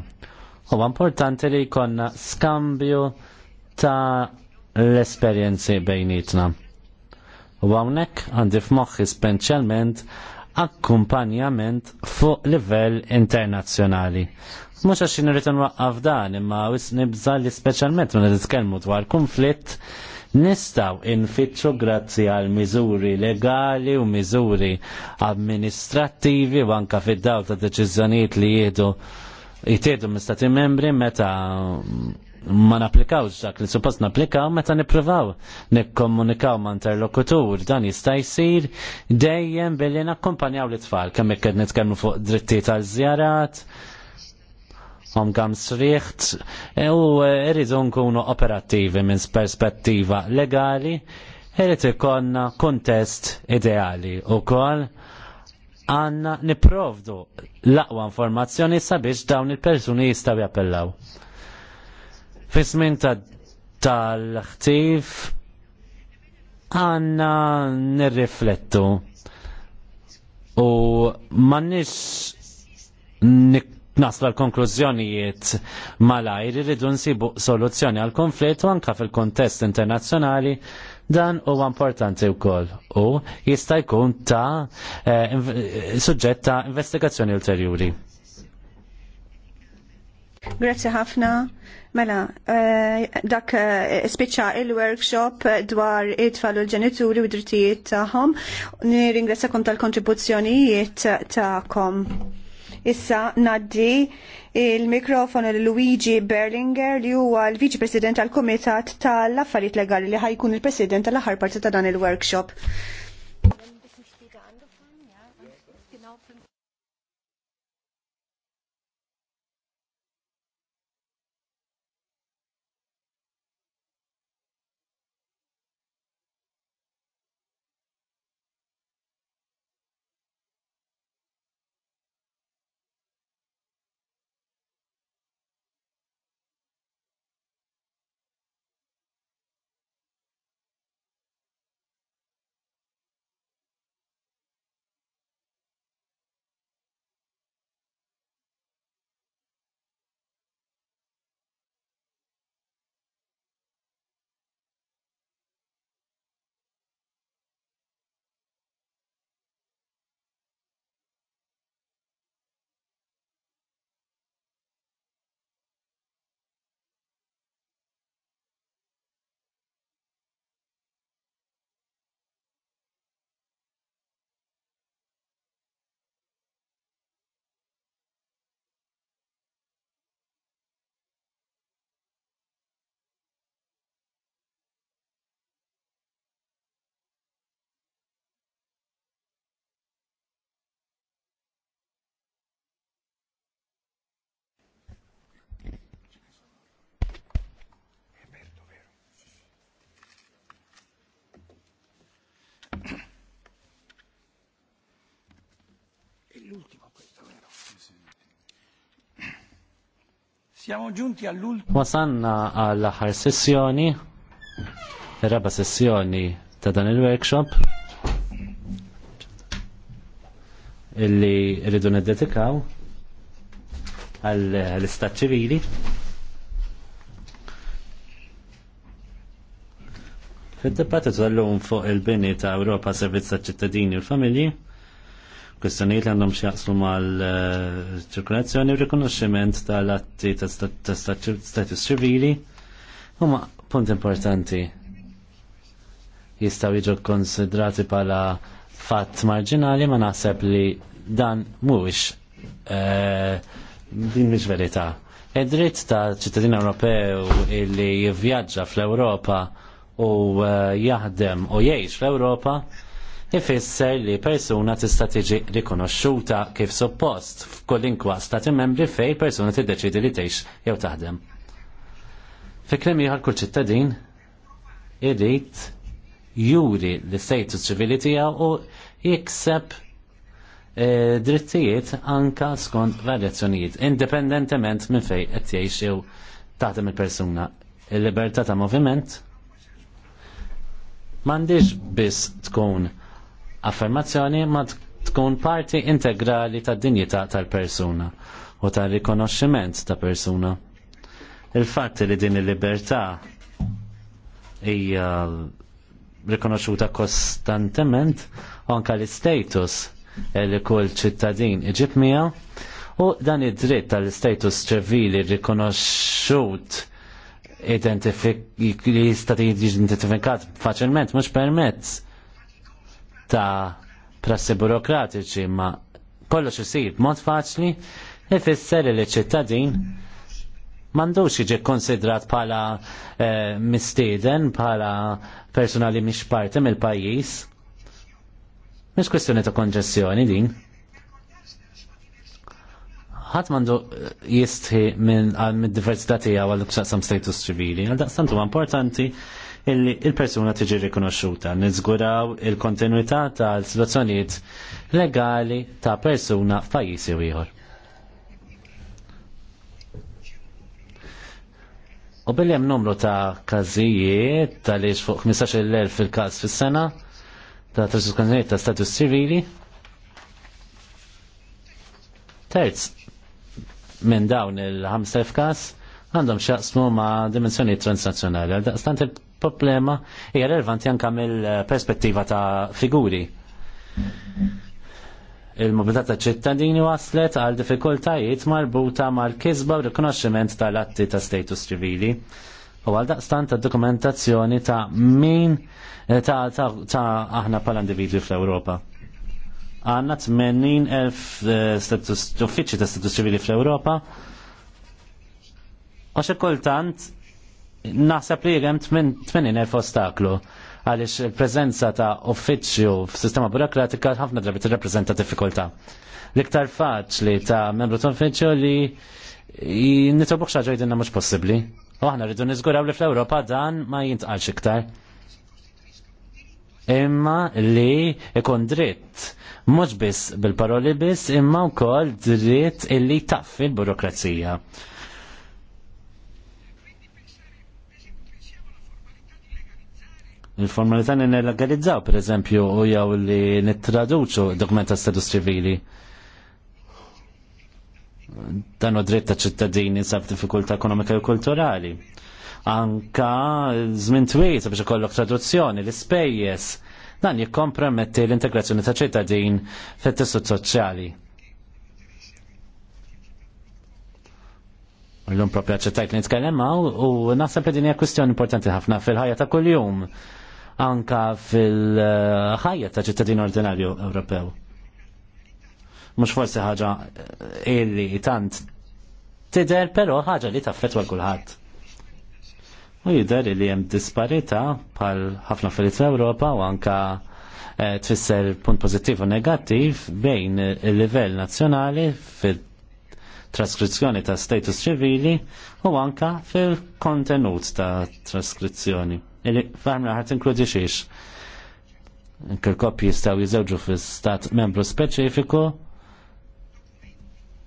Huwa importanti li jkollna skambju ta' l-esperjenzi bejnietna. U hawnhekk għandif' moħħi speċjalment akkumpanjament fuq livell internazzjonali. Mhux għax nirrit nwaqqaf dan, imma wis nibża li speċjalment meta nitkellmu dwar konflitt nistaw infittxu grazzi għal miżuri legali u miżuri amministrattivi u anka fid-dawl ta' deċiżjonijiet li jieħdu jitiedu mistati membri meta ma naplikawx dak li suppost naplikaw meta nippruvaw nikkomunikaw ma' interlokutur dan jista' jsir dejjem billi nakkumpanjaw l-itfal kemm ikked qed nitkellmu fuq drittijiet tal żjarat hom kam sriħt u rridu nkunu operattivi minn perspettiva legali irrid ikonna kontest ideali wkoll għanna niprovdu l-aqwa informazzjoni sabiex dawn il-persuni jistaw jappellaw. Fismin tal-ħtif għanna nirriflettu u mannix nasla l-konklużjonijiet malajr irridu nsibu soluzzjoni għal konflitt u anka fil-kontest internazzjonali dan huwa importanti wkoll u jista' jkun ta' eh, suġġett ta' investigazzjoni ulterjuri. Grazie ħafna. Mela, eh, dak eh, spiċċa il-workshop dwar it-tfal u l-ġenituri u drittijiet tagħhom. Nirringrazzakom tal-kontribuzzjonijiet tagħkom. Issa naddi il-mikrofonu l Luigi Berlinger li huwa l-Viċi President tal-Kumitat tal-Affarijiet Legali li ħajkun il-President tal-aħħar parti ta' dan il-workshop. Wasanna għall-aħħar sessjoni, raba sessjoni ta' dan il-workshop illi rridu neddetikaw għall-istat ċivili. Fid-dibattitu tal-lum fuq il-bini ta' Ewropa Servizz ċittadini u l-familji, kwestjoniet li għandhom xjaqslu mal-ċirkulazzjoni u rikonoxximent tal-atti ta' status ċivili huma punt importanti jistaw jiġu konsidrati pala fatt marġinali ma naħseb li dan mhuwiex eh, din mhix verità. Id-dritt ta' ċittadin Ewropew illi jivvjaġġa fl-Ewropa u eh, jaħdem u jgħix fl-Ewropa ifisser li persuna tista' tiġi rikonoxxuta kif suppost f'kollinkwa stati membri fej persuna tiddeċidi li tgħix jew taħdem. Fi kliem ieħor kull ċittadin irid juri l-status ċivili tiegħu u jikseb eh, drittijiet anka skont varjazzjonijiet, indipendentement minn fej qed jgħix jew taħdem il-persuna. Il-libertà ta' moviment m'għandix biss tkun affermazzjoni ma tkun parti integrali tad dinjità tal-persuna u ta' rikonoxximent ta' persuna. Il-fatt li din il-libertà hija rikonoxxuta kostantement anka l-status e li kull ċittadin iġib miegħu u dan id-dritt tal-status ċivili rikonoxxut identifik li jista' identifikat faċilment mhux permezz ta' prassi burokratiċi ma kollox isir b'mod faċli ifisser li ċittadin mandux jiġi konsidrat bħala eh, mistieden bħala personali mhix parti mill-pajjiż. Mhix kwestjoni ta' konġessjoni din. Ħadd mandu eh, jistħi minn diversità tiegħu għal-bċaqsam status ċivili, għal daqstantu importanti il-persuna tiġi rikonoxxuta. Nizguraw il-kontinuità tal sitwazzjonijiet legali ta' persuna f'pajjiżi ieħor. U billi hemm numru ta' każijiet tal-iex fuq 15,000 fil-każ fis-sena ta' traskuzzjonijiet ta' status ċivili. Terz minn dawn il-5000 każ għandhom xaqsmu ma' dimensjoni transnazzjonali. Għal daqstant problema hija relevanti anke mill-perspettiva ta' figuri. Il-mobilità ta' ċittadini waslet għal diffikultajiet marbuta mal-kisba u rikonoxximent tal-atti ta' status ċivili u għal daqstan ta' dokumentazzjoni ta' min eh, ta' aħna pal-individwi fl-Ewropa għanna 80.000 eh, uffiċi ta' status ċivili fl-Europa. Għaxe kultant Naħseb li hemm 80,000 ostaklu għaliex il-preżenza ta' uffiċċju f'sistema burokratika ħafna drabi tirrappreżenta diffikultà. L-iktar faċli ta' membru ta' uffiċċju li nitobux ħaġa jidinna mhux possibbli. U aħna rridu niżguraw li fl-Ewropa dan ma jintqalx iktar. Imma li ikun dritt mhux biss bil-paroli biss imma wkoll dritt illi taffi l-burokrazija. il-formalità li nelegalizzaw per eżempju u jew li nittraduċu dokumenta status ċivili. Dan u dritta ċittadini sab diffikultà ekonomika u kulturali. Anka żmien twiet biex ikollok traduzzjoni, l-ispejjeż dan jikkomprometti l-integrazzjoni ta' ċittadin fit-tessut soċjali. L-lum propja ċittajt li nitkellem u naħseb li din hija kwistjoni importanti ħafna fil-ħajja ta' kuljum anka fil-ħajja ta' ċittadin ordinarju Ewropew. Mhux forsi ħaġa eh, illi tant tidher però ħaġa li taffetwa kulħadd. U jidher li hemm disparità bħal ħafna fil fl-Ewropa u anka eh, tfisser punt pozittiv u negattiv bejn il-livell nazjonali fil traskrizzjoni ta' status ċivili u anka fil-kontenut ta' traskrizzjoni il-farmra ħat inkludi xiex. Kirkopji jistaw jizewġu fi stat membru speċifiku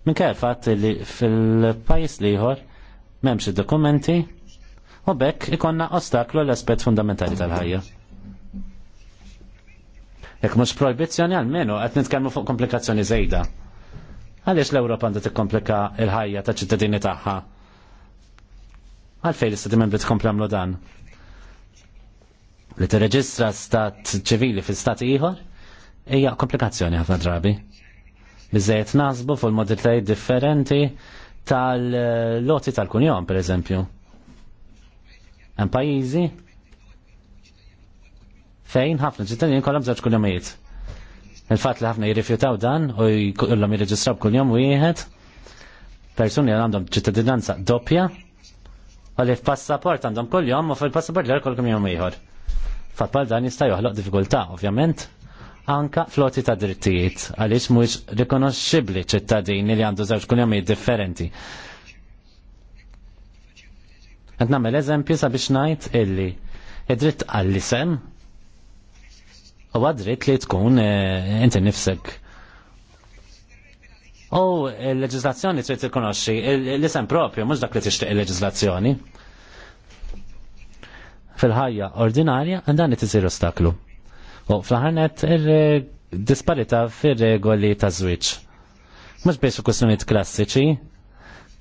minn kif fatt li fil-pajis liħor memx dokumenti u bekk ikonna ostaklu l-aspet fundamentali tal-ħajja. Jek mux proibizjoni għal-menu, għet nitkellmu fuq komplikazzjoni zejda. Għaliex l-Europa għandha tikkomplika il-ħajja ta' ċittadini tagħha? Għalfej l-istati membri tkomplamlu dan? li tirreġistra stat ċivili fi stat ieħor hija komplikazzjoni ħafna drabi. Biżejjed nasbu fuq modilitajiet differenti tal-loti tal-kunjon, per eżempju. Hemm pajjiżi fejn ħafna ċittadini kollha bżewġ kunjomijiet. Il-fatt li ħafna jirrifjutaw dan u jkollhom jirreġistraw kuljom wieħed persuni għandhom ċittadinanza doppja għalli f-passaport għandhom kol-jom u fil-passaport li għal kol-kum jom iħor. Fatbal dan jista' joħloq diffikultà, ovvjament, anka floti ta' drittijiet għaliex mhuwiex rikonoxxibbli ċittadini li għandu żewġ kuljamijiet differenti. Qed nagħmel eżempju sabiex ngħid illi id-dritt għall-isem huwa dritt li tkun eh, inti nifsek U l-leġizlazzjoni trid tikkonoxxi l-isem propju mhux dak li tixtieq il-leġizlazzjoni fil-ħajja ordinarja dan it ostaklu. U fl-ħarnet disparita fil-regoli ta' zwiċ. Mux biex u kussuniet klassiċi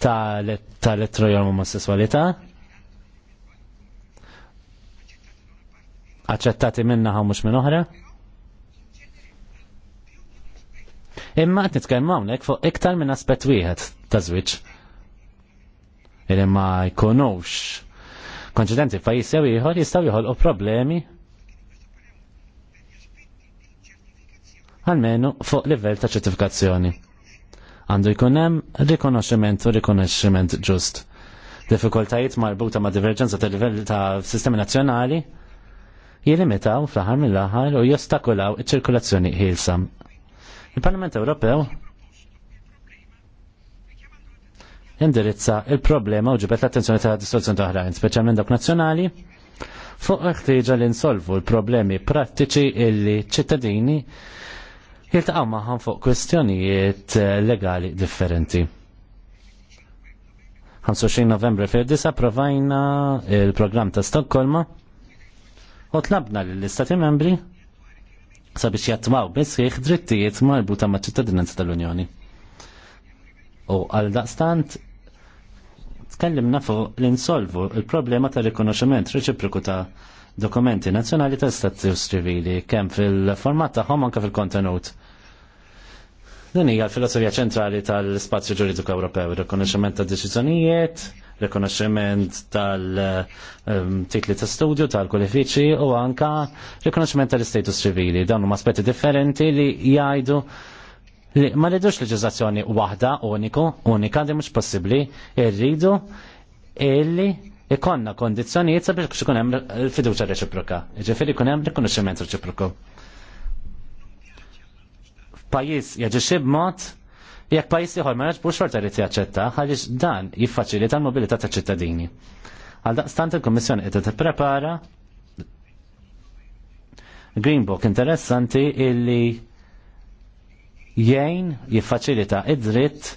ta' l-etrojom omosessualita. Aċċettati minna ħaw mux minn oħra. Imma għat nitkellmu hawnhekk fuq iktar minn aspett wieħed ta' żwieġ. il ma jkunux konċidenti f'pajjiż jew ieħor jistgħu joħolqu problemi Almenu fuq livell ta' ċertifikazzjoni. Għandu jkun hemm rikonoxximent u rikonoxximent ġust. Diffikultajiet marbuta ma' diverġenza ta' livell ta' sistemi nazzjonali jilimitaw fl-aħħar mill-aħħar u jostakolaw iċ-ċirkulazzjoni ħilsam. Il-Parlament Ewropew indirizza il-problema u ġibet l-attenzjoni ta' distorzjoni oħrajn, speċjalment dak nazzjonali, fuq ħtieġa li nsolvu l-problemi prattiċi illi ċittadini jiltaqgħu magħhom fuq kwestjonijiet eh, legali differenti. 25 novembru fir provajna il-programm ta' Stokkolma u tlabna lill-Istati membri sabiex jattmaw bisħiħ drittijiet marbuta ma' ċittadinanza tal-Unjoni. U għal daqstant tkellimna fuq l-insolvu il-problema ta' rikonoxximent reċiproku ta' dokumenti nazzjonali ta' status ċivili kemm fil-format tagħhom anke fil-kontenut. Din hija l-filosofija ċentrali tal-spazju ġuridiku Ewropew, rikonoxximent ta' deċiżjonijiet, rikonoxximent tal-titli ta' studju, tal-kwalifiċi u anka rikonoxximent tal-istatus ċivili. Dawn huma aspetti differenti li jgħidu li ma rridux leġizazzjoni waħda uniku, unika di mhux possibbli, rridu illi ikonna kondizzjonijiet sabiex ikun hemm il-fiduċja reċiproka. Ġifieri jkun hemm rikonoxximent reċiproku. Pajjiż jaġixxi b'mod jekk pajjiż ieħor ma jaġbux xorta rrid jaċċetta għaliex dan jiffaċilita l-mobilità taċ ċittadini. Għal daqstant il-Kommissjoni qed tipprepara Green Book interessanti illi jgħin jiffaċilita id-dritt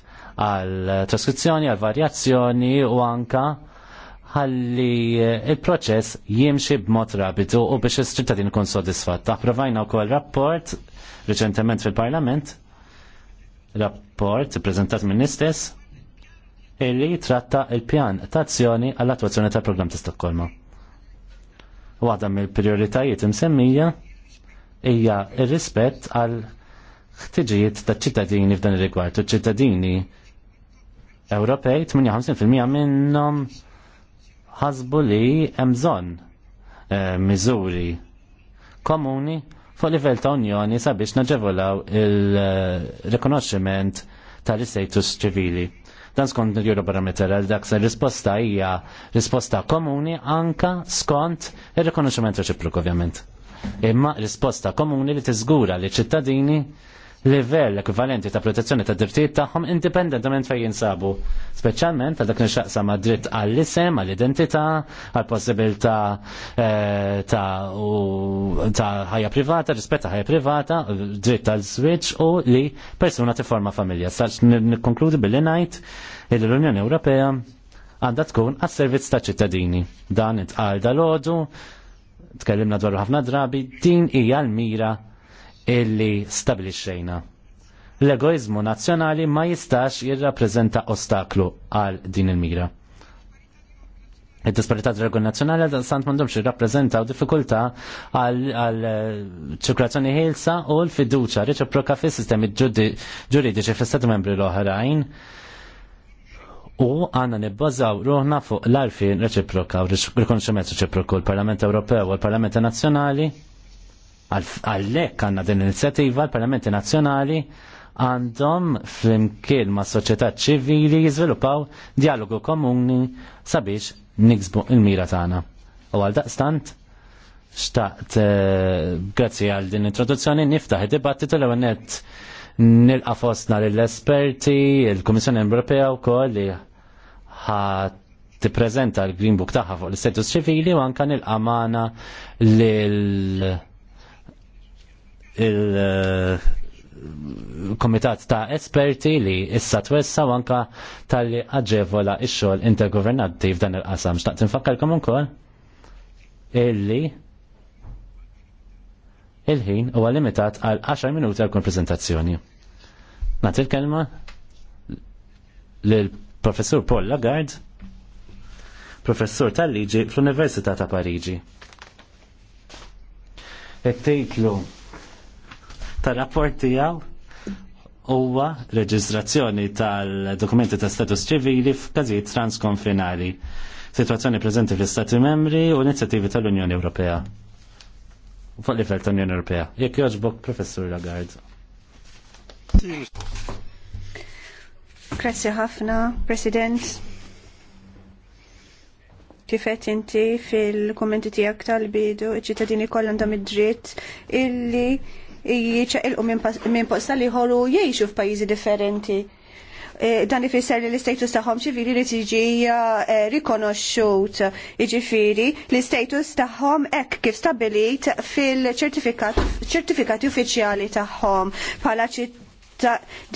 għal traskrizzjoni, għal varjazzjoni u anka ħalli il-proċess jimxi b'mod rabitu u biex il-ċittadin kun sodisfatt. Approvajna u kol rapport reċentement fil-parlament, rapport prezentat minn istess, illi tratta il-pjan ta' azzjoni għall-attuazzjoni tal-programm ta' Stokkolma. Waħda mill-prioritajiet imsemmija hija ir-rispett għal ħtiġijiet ta' ċittadini f'dan ir-rigward u ċittadini Ewropej 58% minnhom ħasbu li hemm bżonn eh, miżuri komuni fuq livell ta' Unjoni sabiex naġevolaw il-rikonoxximent tal-istatus ċivili. Dan skont il-Eurobarometer għal dak se risposta hija risposta komuni anka skont ir-rikonoxximent reċiproku ovvjament. Imma risposta komuni li tiżgura li ċittadini livell ekvivalenti ta' protezzjoni ta' drittijiet tagħhom indipendentament fejn jinsabu. Speċjalment għal dak nixaqsa ma' dritt għall-isem, għall-identità, għall-possibilità eh, ta' ħajja privata, rispetta ħajja privata, dritt għal switch u li persuna tiforma familja. Sarx nikkonkludi billi ngħid li l-Unjoni Ewropea għandha tkun għas-servizz ta' ċittadini. Dan itqal dal-għodu, tkellimna dwar ħafna drabi, din hija l-mira illi stabilixxejna. L-egoizmu nazzjonali ma jistax jirrappreżenta ostaklu għal din il-mira. Id-disparità tal regoli nazzjonali għal sant mandomx u diffikultà għal ċirkulazzjoni ħilsa u l-fiduċa reċiproka fis sistemi ġuridiċi fl-Stati membri l-oħrajn u għanna nibbażaw ruħna fuq l arfi reċiproka u rikonxement reċiproku l-Parlament Ewropew u l-Parlament Nazzjonali Għallek għanna din l inizjativa l-Parlamenti Nazzjonali għandhom flimkien ma' soċjetà ċivili jizviluppaw dialogu komuni sabiex niksbu il-mira tagħna. U għal daqstant, xtaqt eh, grazzi għal din introduzzjoni niftaħ id-dibattitu l għonet nilqa fostna l-esperti, il-Komissjoni Ewropea u koll li ħat tippreżenta l-Green Book tagħha fuq l-istatus ċivili u anka nilqa' magħna lil il-komitat ta' esperti li issa twessa anka tal-li aġevola ix-xogħol intergovernattiv dan il-qasam. Xtaqt infakkarkom ukoll illi il-ħin huwa limitat għal 10 minuti għal kun prezentazzjoni. Nagħti l-kelma lill-Professur Paul Lagarde, professur tal-liġi fl-Università ta' Pariġi. il tar rapport tiegħu huwa reġistrazzjoni tal-dokumenti ta' status ċivili f'każijiet transkonfinali, situazzjoni preżenti fl-Istati membri u inizjattivi tal-Unjoni Ewropea. Fuq livell tal-Unjoni Ewropea. Jekk jogħġbok, Professur Lagarde. Grazie ħafna, President kifet inti fil-kommenti tijak tal-bidu, iċ-ċittadini kollan dam id-dritt illi jiċaqilqu minn posta li ħolu jiexu f'pajjiżi differenti. E, dan ifisser li l-istatus tagħhom ċivili li tiġi e, rikonoxxut. Jiġifieri l-istatus tagħhom hekk kif stabilit fil-ċertifikati uffiċjali tagħhom bħala ċitt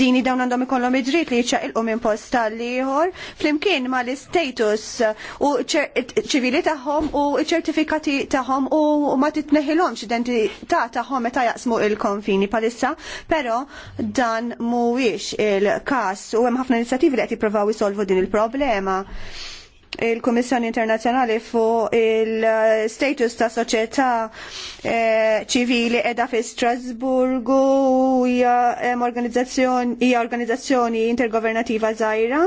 dini dawn għandhom ikollhom id-dritt li jiċċaqilqu minn post tal-ieħor flimkien ma l-istatus u ċivili tagħhom u ċertifikati tagħhom u ma titneħilhomx identità tagħhom meta jaqsmu il-konfini palissa, però dan mhuwiex il-każ u hemm ħafna inizjattivi li qed jippruvaw isolvu din il-problema il-Kummissjoni Internazzjonali fuq il-status ta' soċjetà eh, ċivili edha fi Strasburgu hija organizzazzjoni intergovernativa żgħira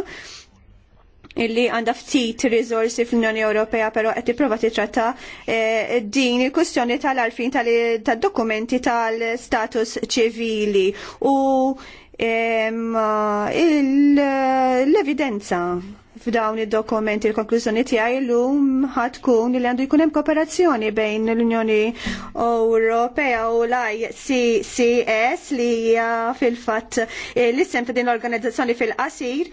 illi għandha ftit rizorsi fl-Unjoni Ewropea però qed tipprova titratta eh, din il-kwestjoni tal-arfin tad-dokumenti tal-status ċivili u l-evidenza f'dawn id-dokumenti l-konklużjoni tiegħi llum tkun li għandu jkun hemm kooperazzjoni bejn l-Unjoni Ewropea u l-ICCS li hija fil-fatt eh, l-isem ta' din l-organizzazzjoni fil-qasir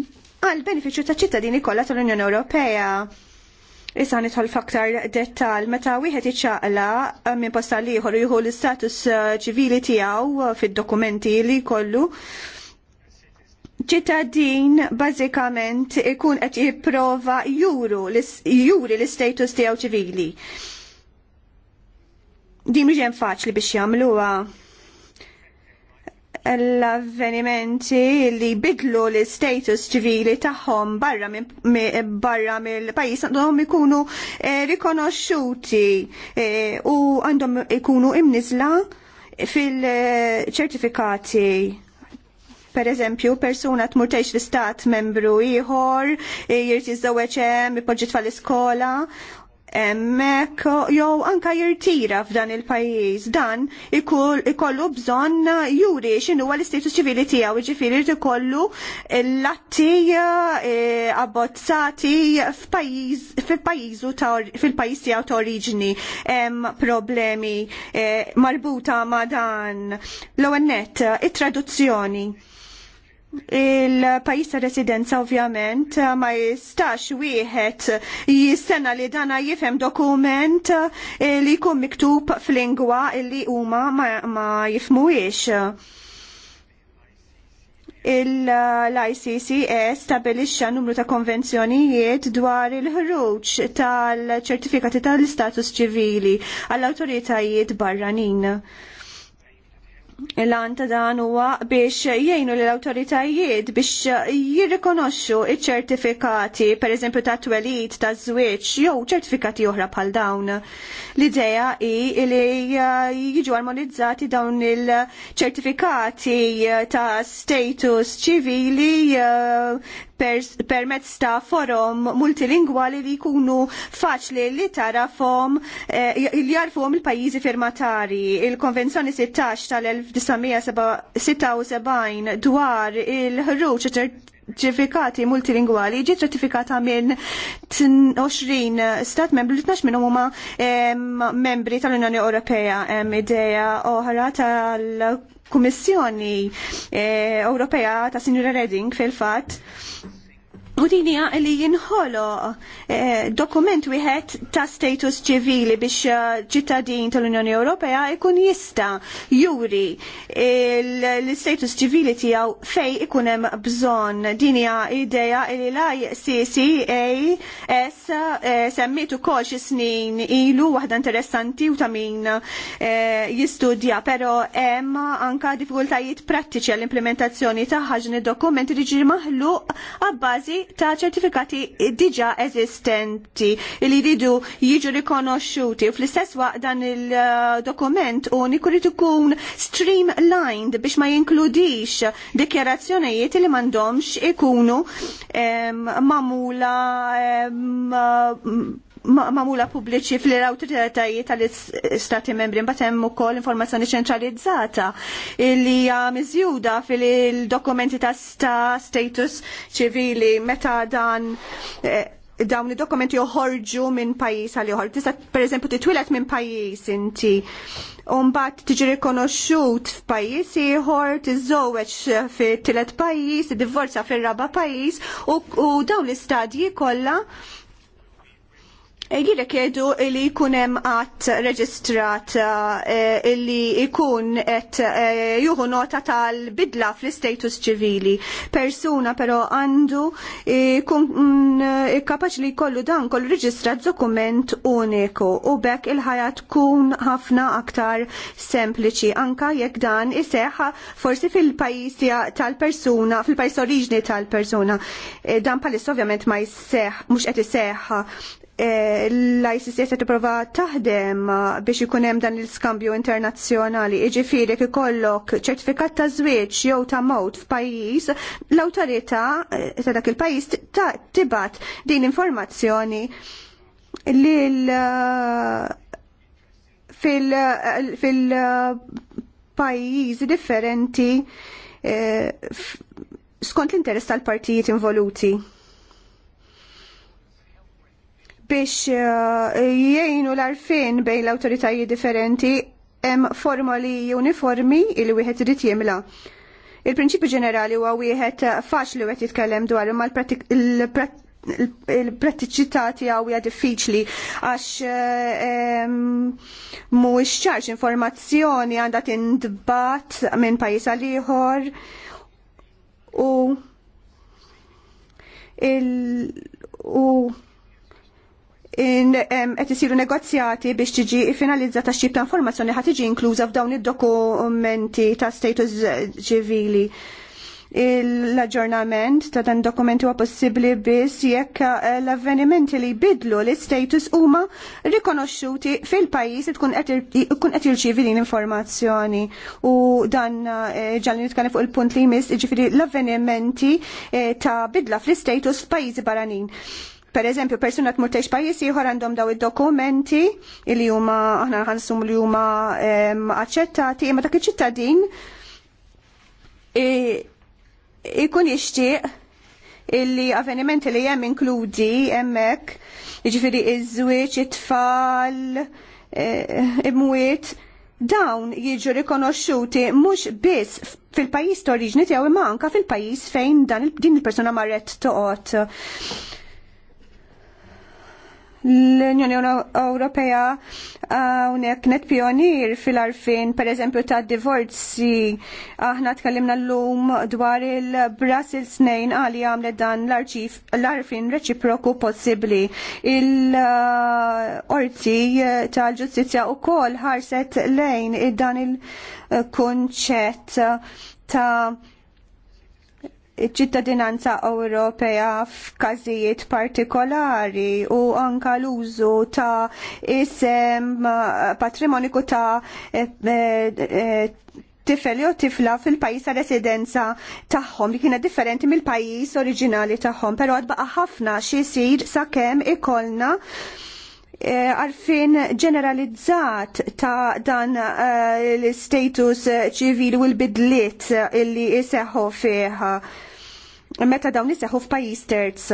għal benefiċċju ta' ċittadini kollha tal-Unjoni Ewropea. Issa nidħol faktar dettal meta wieħed iċċaqla eh, minn posta liħor jieħu l-istatus eh, ċivili tiegħu fid-dokumenti li jkollu ċittadin bażikament ikun qed jipprova juru juri l-istatus tiegħu ċivili. Din mhux hemm faċli biex jagħmluha l-avvenimenti li bidlu l-status ċivili tagħhom barra barra mill-pajjiż għandhom ikunu eh, rikonoxxuti eh, u għandhom ikunu imniżla fil-ċertifikati eh, per eżempju, persuna tmurtejx l-istat membru ieħor, jirti z hemm, ipoġġi fal iskola, emmek jew anka jirtira f'dan il-pajjiż dan ikollu bżonn juri xinu għal l-istatus ċivili tiegħu, ġifiri jirti ikollu l-atti eh, abbozzati fil-pajjiżu fil-pajjiż tiegħu ta' oriġni hemm problemi eh, marbuta ma' dan l-ewwel net it-traduzzjoni il-pajis ta' residenza ovvjament ma jistax wieħed jistenna li dana jifhem dokument eh, li jkun miktub f'lingwa li huma ma jifmuwiex il-ICCS stabilixxa numru ta' konvenzjonijiet dwar il-ħruġ tal-ċertifikati tal-istatus ċivili għall-awtoritajiet barranin l-għan ta' dan huwa biex jgħinu l awtoritajiet biex jirrikonoxxu iċ-ċertifikati, per eżempju ta' twelid, ta' żwieġ, jew ċertifikati oħra bħal dawn. L-idea hi li jiġu armonizzati dawn il-ċertifikati ta' status ċivili permezz ta' forom multilingwali li jkunu faċli li tarafhom eh, li jarfuhom il-pajjiżi firmatari. Il-Konvenzjoni 16 tal-1976 dwar il-ħruġ ċertifikati multilingwali ġiet ratifikata minn 20 stat membri li 12 minnhom huma membri tal-Unjoni Ewropea hemm idea oħra tal kummissjoni eh, Ewropea ta' Sinjura Reding fil-fatt U din hija li jinħolo eh, dokument wieħed ta' status ċivili biex eh, ċittadin tal-Unjoni Ewropea jkun jista' juri eh, l-status ċivili tiegħu fej ikun hemm bżonn. Din hija idea li l-ICCAS S semmiet ukoll xi snin ilu waħda interessanti u ta' min jistudja, però hemm anka diffikultajiet prattiċi għall-implementazzjoni tagħha ħaġni dokumenti li ġiri maħluq għabbażi ta' ċertifikati diġa eżistenti li jridu jiġu rikonoxxuti. Fl-istess waqt dan il-dokument uniku rrid ikun streamlined biex ma jinkludix dikjarazzjonijiet li m'għandhomx ikunu mamula mamula pubbliċi fl-awtoritajiet tal-istati membri mbagħad hemm ukoll informazzjoni ċentralizzata li hija miżjuda fil-dokumenti ta' sta status ċivili meta dan eh, dawn id-dokumenti joħorġu minn pajjiż għal ieħor. Tista' pereżempju titwilet minn pajjiż inti u mbagħad tiġi rikonoxxut f'pajjiż ieħor, tiżżewweġ fit-tielet pajjiż, tiddivorza fir-raba' pajjiż u dawn l-istadji kollha Għilek jedu li kunem għat reġistrat eh, illi li jkun et eh, juhu nota tal-bidla fl-status ċivili. Persuna pero għandu jkun e, mm, kapax li kollu dan kollu reġistrat dokument uniku u bekk il-ħajja tkun ħafna aktar sempliċi anka jekk dan iseħħa forsi fil-pajis tal-persuna, fil-pajis oriġni tal-persuna. Eh, dan palis ovvjament ma jseħ, mux qed iseħħa l-ICC se tipprova taħdem biex ikun hemm dan l-iskambju internazzjonali. Jiġifieri jekk ikollok ċertifikat ta' żwieġ jew ta' mowt f'pajjiż, l-awtorità ta' dak il-pajjiż tibat din informazzjoni lil fil-pajjiżi differenti eh, skont l-interess tal-partijiet involuti biex eh, jgħinu l-arfin bejn l autoritajji differenti hemm formali uniformi il wieħed irid jimla. Il-prinċipju ġenerali huwa wieħed faċli wieħed jitkellem dwar imma il-prattiċità tiegħu hija diffiċli għax ehm, mhuwiex ċarx informazzjoni għandha tindbat minn pajjiż għal ieħor u il u In qed isiru negozjati biex tiġi finalizzata xi ta' informazzjoni ħad tiġi inkluża f'dawn id-dokumenti ta' status ċivili. L-aġġornament ta' dan dokumenti huwa possibbli biss jekk eh, l-avvenimenti li jbidlu l-istatus huma rikonoxxuti fil-pajjiż li tkun qed jirċivi din informazzjoni. U dan eh, ġalli nitkellem fuq il-punt li jmiss jiġifieri l-avvenimenti eh, ta' bidla fl-istatus f'pajjiżi barranin per eżempju, persuna tmur tex pajis ieħor għandhom daw id-dokumenti li huma aħna għansum li huma aċċettati, imma dak iċ-ċittadin ikun jixtieq illi avvenimenti li hemm inkludi hemmhekk, jiġifieri iż-żwieġ, it-tfal, e, imwiet, dawn jiġu rikonoxxuti mhux biss fil-pajjiż t-oriġni tiegħu imma anka fil-pajjiż fejn dan din il-persuna marret toqgħod l-Unjoni Ewropea hawnhekk net pionier fil-arfin, pereżempju ta' divorzi. Aħna tkellimna llum dwar il-Brasil snejn għali għamlet dan l-arfin reċiproku possibbli. Il-orti tal-ġustizzja wkoll ħarset lejn id-dan il-kunċett ta' ċittadinanza Ewropea f'każijiet partikolari u anka l-użu ta' isem patrimoniku ta' e, e, e, tifel jew tifla fil pajjiż ta' residenza tagħhom li kienet differenti mill pajjiż oriġinali tagħhom, però għad baqa' ħafna xi jsir sakemm ikollna għarfin ġeneralizzat ta' dan l-status ċivili u l-bidliet illi jiseħħu fih meta dawn iseħħu f'pajjiż terz.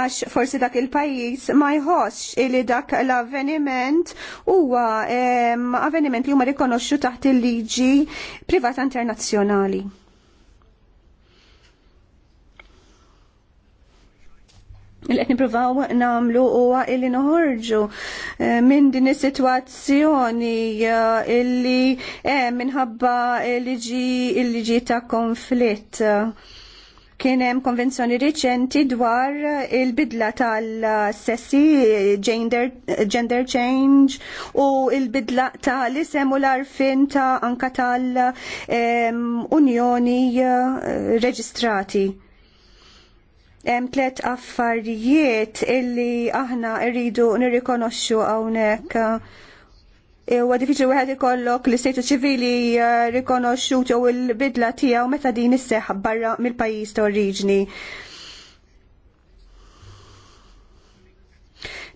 għax forsi dak il-pajis ma jħossx li dak l-avveniment huwa avveniment li huma rikonoxxu taħt il-liġi privata internazzjonali. il qed nippruvaw nagħmlu huwa illi noħorġu eh, minn din is-sitwazzjoni eh, illi eh, minħabba liġi ta' konflitt kien hemm konvenzjoni riċenti dwar il-bidla tal-sessi gender, gender change u il-bidla tal-isem u l-arfin ta' anka tal-unjoni reġistrati hemm tliet affarijiet illi aħna rridu nirrikonoxxu hawnhekk. E, huwa diffiċli wieħed ikollok l-istatu ċivili eh, rikonoxxut jew il-bidla tiegħu meta din isseħħ barra mill-pajjiż ta' oriġni.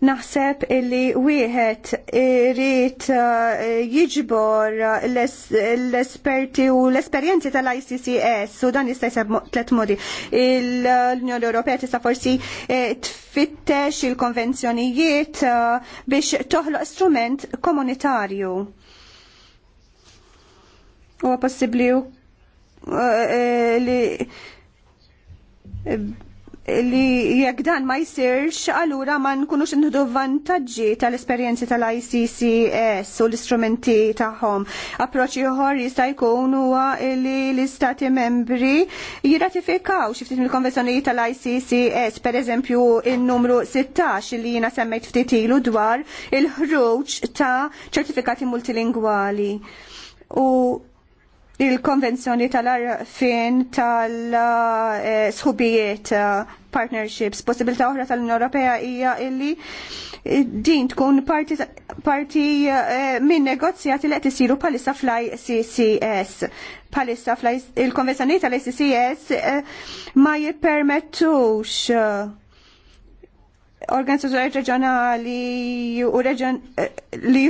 Naħseb illi wieħed irid uh, jiġbor uh, l-esperti u l-esperjenzi tal-ICCS u dan jista' jseb tliet modi. L-Unjoni Ewropea tista' forsi eh, tfittex il-konvenzjonijiet uh, biex toħloq strument komunitarju. Huwa possibbli eh, eh, li li jekk dan ma jsirx, allura ma nkunux nħdu vantaġġi tal-esperjenzi tal-ICCS u l-istrumenti tagħhom. Approċċ ieħor jista' jkun huwa li l-istati membri jirratifikaw xi ftit mill-konvenzjonijiet tal-ICCS, pereżempju in-numru 16 li jiena semmejt ftit ilu dwar il-ħruġ ta' ċertifikati multilingwali. U il-konvenzjoni tal-arfin tal-sħubijiet eh, partnerships, possibilità oħra tal-Unjoni Ewropea hija illi din tkun parti, eh, minn negozjati li qed isiru bħalissa fl-ICCS. Bħalissa il-konvenzjoni tal-ICCS eh, ma jippermettux organizzazzjoni reġjonali u reġjon li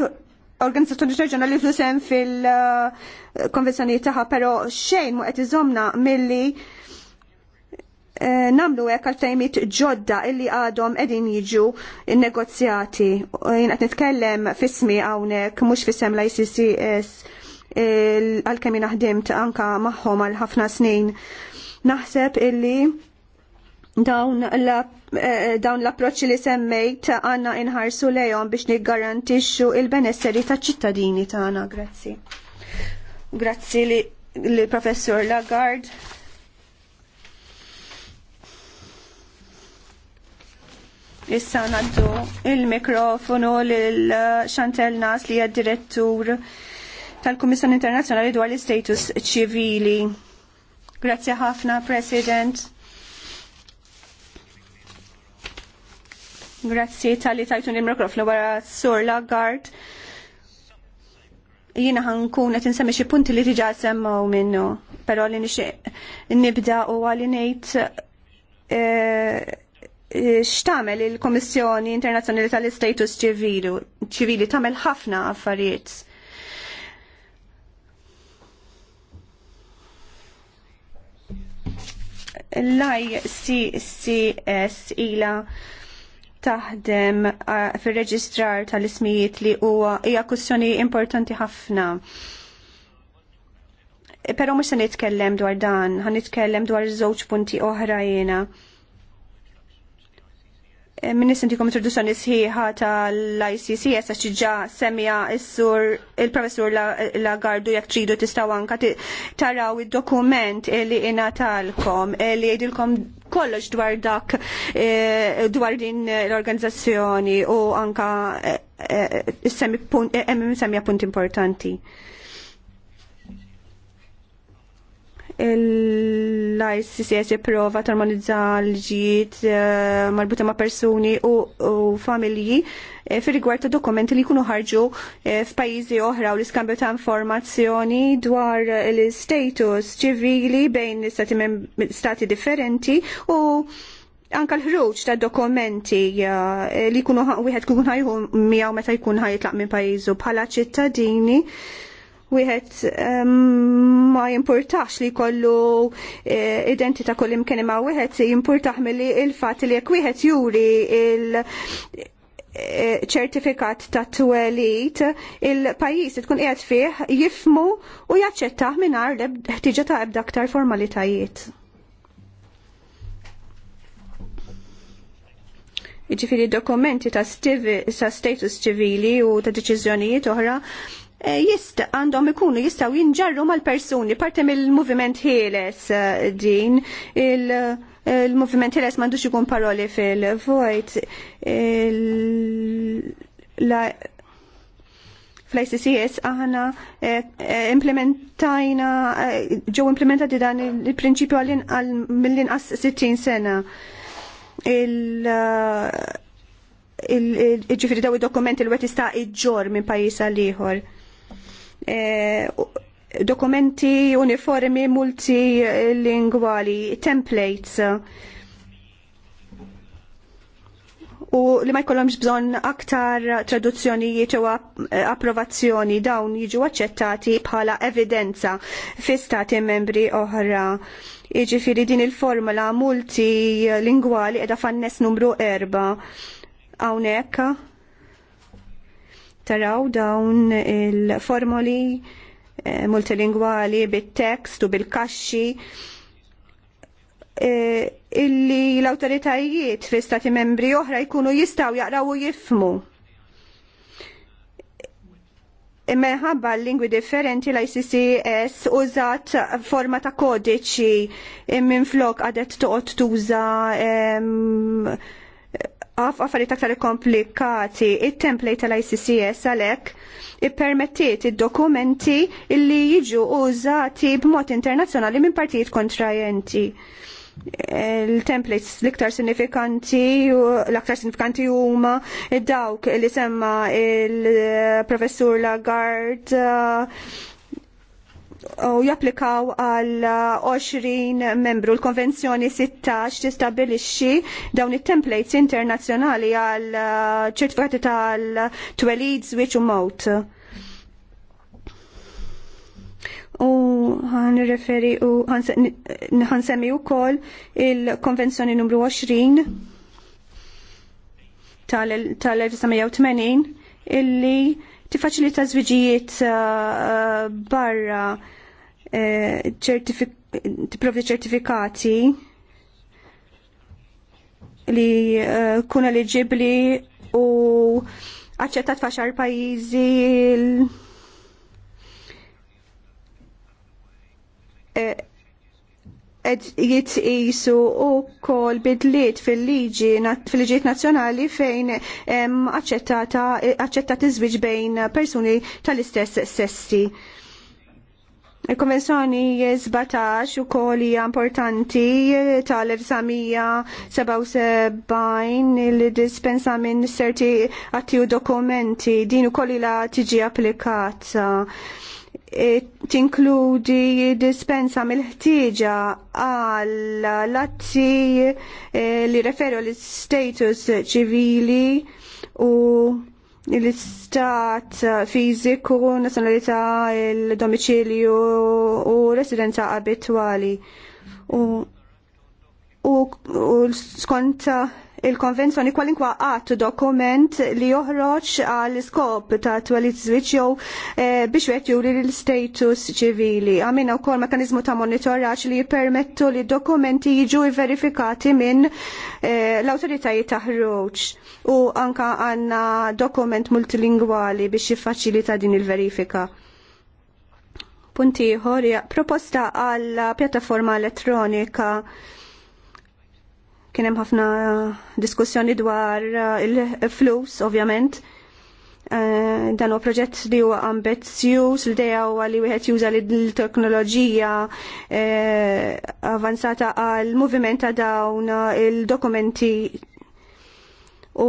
organizzazzjoni reġjonali fl fil-konvenzjoni taħħa, pero xejn mu qed iżomna milli eh, namlu hekk għal tajmit ġodda illi għadhom qegħdin jiġu negozjati. Jien qed nitkellem fismi hawnhekk mhux fissem l-ICCS għalkemm jien ħdimt anka magħhom għal ħafna snin. Naħseb illi dawn l Eh, eh, dawn l-approċċi li semmejt għandna inħarsu lejon biex niggarantixxu il-benesseri taċ-ċittadini tagħna. Grazzi. Grazzi li, li professor Lagarde. Issa naddu il-mikrofonu lil Chantel Nas li għad direttur tal-Kummissjoni Internazzjonali dwar l-Istatus Ċivili. Grazzi ħafna, President. Grazzi tal-li tajtun il-mikrofonu wara Sur Lagarde. Jiena ħankun qed insemmi xi punti li diġà semmaw minnu, però li nixtieq nibda u għalli ngħid eh, eh, x'tagħmel il-Kommissjoni Internazzjonali tal-Istatus Ċivili tagħmel ħafna affarijiet. l-ICCS ila taħdem fir-reġistrar tal-ismijiet li huwa hija kwestjoni importanti ħafna. Però mhux se nitkellem dwar dan, ħanitkellem dwar żewġ punti oħra jiena. Ministru dikom introduzzjoni sħiħa tal-ICC, jessa ċiġa semija il-professur La Gardu jek tridu tistaw anka taraw il-dokument li jina talkom eh, li jgħidilkom kollox dwar dak eh, dwar din l-organizzazzjoni u anka eh, semja punt importanti. l-ICCS prova tarmonizza l-ġiet eh, marbuta ma' persuni u familji eh, fil rigward ta' dokumenti li jkunu ħarġu eh, f'pajjiżi oħra u l-iskambju ta' informazzjoni dwar l-status ċivili bejn stati differenti u anka l-ħruġ ta' dokumenti li jkunu wieħed kun ħajħu miegħu meta jkun ħajtlaq minn pajjiżu bħala ċittadini wieħed ehm, ma jimpurtax li kollu e, identità kull imkien ma wieħed jimpurtax milli il-fatt li jekk wieħed juri il- e, ċertifikat ta' twelit il-pajis tkun qiegħed fih jifmu u jaċċettaħ mingħajr ħtiġa ta' ebda aktar formalitajiet. Jiġifieri dokumenti ta' status ċivili u ta' deċiżjonijiet oħra Eh, jist għandhom ikunu jistaw jinġarru mal-persuni parte mill-moviment Heles eh, din il- eh, il-moviment Heles mandux ikun paroli fil-vojt fl-ICCS aħna implementajna, ġew implementati dan il-prinċipju għal mill-inqas 60 sena. Il-ġifiri daw id dokumenti l-wet ista' iġġor minn pajis għal ieħor. Eh, dokumenti uniformi multilingwali, templates u li ma jkollhomx bżonn aktar traduzzjonijiet u approvazzjoni dawn jiġu aċċettati bħala evidenza fi stati membri oħra. Jiġifieri din il-formula multilingwali qiegħda fannes numru erba' hawnhekk taraw dawn il-formoli eh, multilingwali bit-tekst u bil-kaxxi eh, illi l-autoritajiet fi stati membri oħra jkunu jistaw jaqraw u jifmu. Imma ħabba l-lingwi differenti l-ICCS użat forma ta' kodiċi eh, minn flok għadet toqgħod tuża għaf għafari aktar komplikati, il-template tal-ICCS għalek i-permettiet il-dokumenti illi jiġu użati b'mod internazzjonali minn partijiet kontrajenti. Il-templates l-iktar sinifikanti, l-aktar sinifikanti huma dawk li semma il-professur Lagarde, u japplikaw għal 20 membru l-konvenzjoni 16 tistabilixxi dawn it-templates internazzjonali għal uh, ċertifikati tal-twelid, switch u mot. U għan referi u għan semmi u kol il-konvenzjoni numru 20 tal-1980 illi tifaċilita żwiġijiet uh, uh, barra tipprovdi ċertifikati li eh, kun eligibli u aċċettat faċar pajizi eh, ed jitqisu u kol bidliet fil-liġiet nazjonali fejn aċċettat iż-żwieġ bejn persuni tal-istess sessi. Il-Konvenzjoni 17 u kol hija importanti tal-1977 il-dispensa minn serti atti u dokumenti din u kol tiġi applikata. E tinkludi dispensa mill-ħtieġa għal atti e, li referu l-status ċivili u l-istat eh, fiżiku, nazzjonalità, il-domiċilju u residenza abitwali. U, u, u skont il-konvenzjoni kwalinkwa għat dokument li joħroġ għal skop ta' twelit zwiċ jew eh, biex wet l-status ċivili. Għamina u kol mekanizmu ta' monitoraċ li jipermettu li dokumenti jiġu verifikati minn eh, l-autoritajiet ħroġ u anka għanna dokument multilingwali biex jiffaċilita din il-verifika punti ħorja proposta għal pjattaforma elettronika Kien hemm ħafna diskussjoni dwar eh, il-flus, ovvjament. Eh, dan huwa proġett li huwa ambizzjuż li dejja huwa li wieħed juża l-teknoloġija eh, avanzata għal moviment ta' dawn il-dokumenti u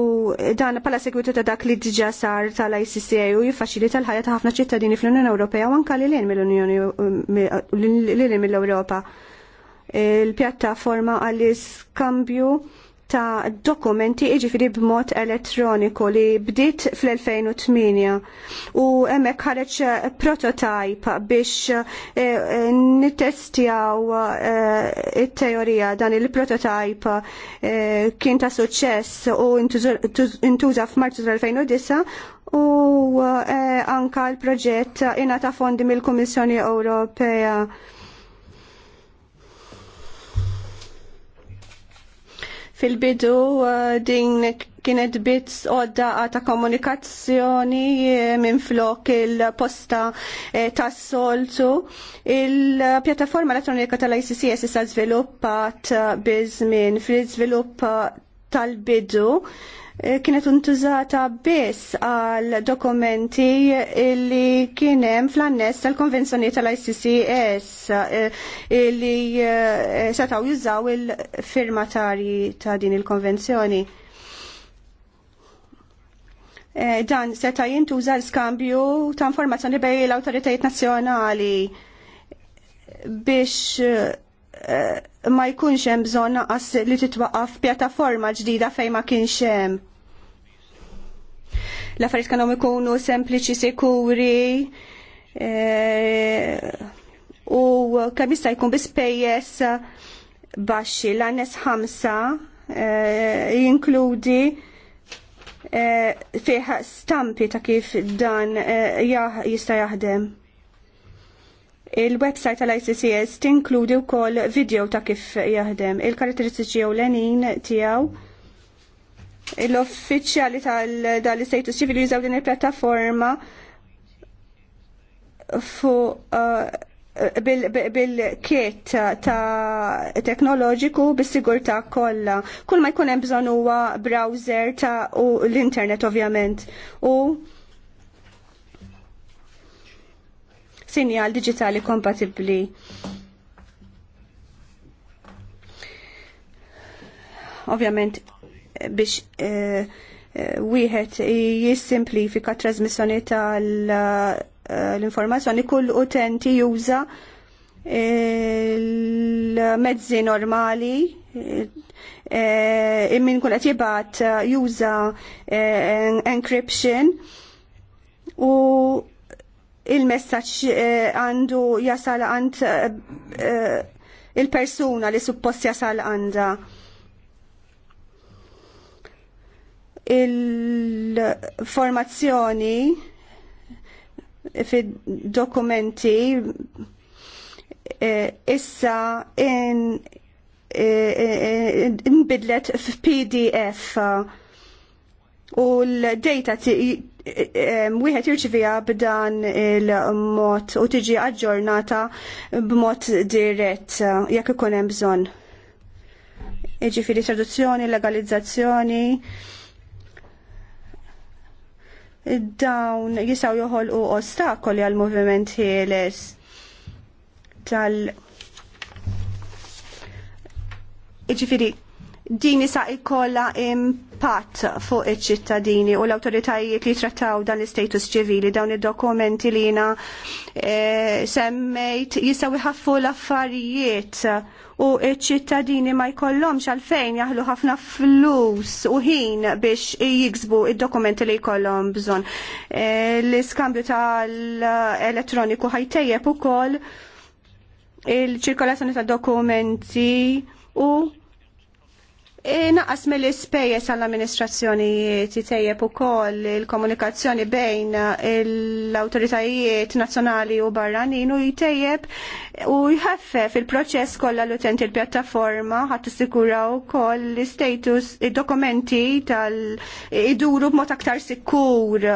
dan pala segwitu ta' dak li diġa sar tal-ICCA u jiffaċili tal-ħajja ta' ħafna ċittadini fl-Unjoni Ewropea u anka li l-in mill-Unjoni mill-Ewropa il-pjattaforma għall-iskambju ta' dokumenti iġifiri b'mod elettroniku li bdiet fl-2008 u hemmhekk ħareġ prototype biex e, nittestjaw eh, it-teorija dan il-prototype kien ta' suċċess u intuża f'Marzu tal-2009 u anka l-proġett ingħata fondi mill-Kummissjoni Ewropea fil-bidu uh, din kienet bits odda ta' komunikazzjoni eh, minn flok il-posta eh, tas-soltu. Il-pjattaforma elettronika tal-ICCS sa żviluppat eh, bizmin fil zvilupp tal-bidu kienet untużata biss għal dokumenti li kienem fl-annes tal-konvenzjoni tal-ICCS eh, li eh, setaw jużaw il-firmatari ta' din il-konvenzjoni eh, dan seta jintuża l-skambju ta' informazzjoni bej l-autoritajiet nazzjonali biex ma jkunx hemm bżonn naqas li titwaqaf pjattaforma ġdida fejn ma kienx hemm. L-affarijiet kanhom ikunu sempliċi sikuri e, u kemm jista' jkun bi spejjeż baxxi l-annes ħamsa e, jinkludi e, fih stampi ta' kif dan jista' jaħdem. Il-website tal-ICCS tinkludi wkoll video ta' kif jaħdem. Il-karatteristiċi l-enin tiegħu l-uffiċjali tal-istatus ċivili jużaw din il-pjattaforma fu eh, bil-kiet ta' teknoloġiku bis-sigurtà kollha. Kull ma jkun hemm bżonn huwa browser ta' u l-internet ovvjament. U sinjal digitali kompatibbli. Ovvjament biex eh, eh, wieħed jissimplifika trasmissjoni tal-informazzjoni eh, kull utenti juża il-mezzi normali immin kun qed jibgħat juża encryption u il-messaċ eh, għandu jasal għand eh, eh, il-persuna li suppost jasal għanda. Il-formazzjoni fid-dokumenti issa in, in, in, in, in, in, in, in, in, u l-data wieħed jirċivija b'dan il-mod u tiġi aġġornata b'mod dirett jekk ikun hemm bżonn. Jiġifieri traduzzjoni, legalizzazzjoni dawn jisaw joħolqu ostakoli għal moviment ħieles tal Iġifiri, din sa ikolla impatt fuq iċ-ċittadini u l-autoritajiet li trattaw dan l-istatus ċivili dawn id-dokumenti li jina eh, semmejt jisaw iħaffu l-affarijiet u iċ-ċittadini ma jkollhomx għalfejn jaħlu ħafna flus u ħin biex jiksbu id-dokumenti li jkollhom bżonn. Eh, l-iskambju tal-elettroniku ħajtejjeb ukoll il-ċirkolazzjoni tad dokumenti u E, naqas mill-ispejjeż għall amministrazzjoni jitejjeb ukoll il-komunikazzjoni bejn l-awtoritajiet nazzjonali u barranin u jitejjeb u jħaffef il-proċess kollha l-utenti l-pjattaforma ħadd tissikura wkoll l istatus id-dokumenti tal-iduru b'mod aktar sikur.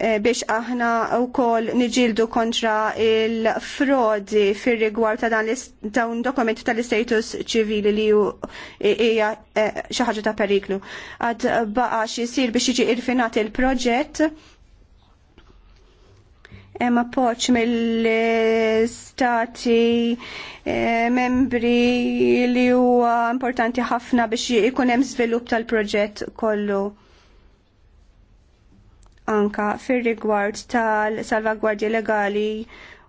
Eh, biex aħna u kol niġildu kontra il-frodi fir rigward ta' dan dawn dokument tal-istatus ċivili li hija eh, xi ħaġa ta' periklu. Għad baqa xisir biex jiġi irfinat il-proġett hemm appoġġ mill-stati eh, membri li huwa importanti ħafna biex ikun hemm żvilupp tal-proġett kollu anka fir-rigward tal-salvagwardji legali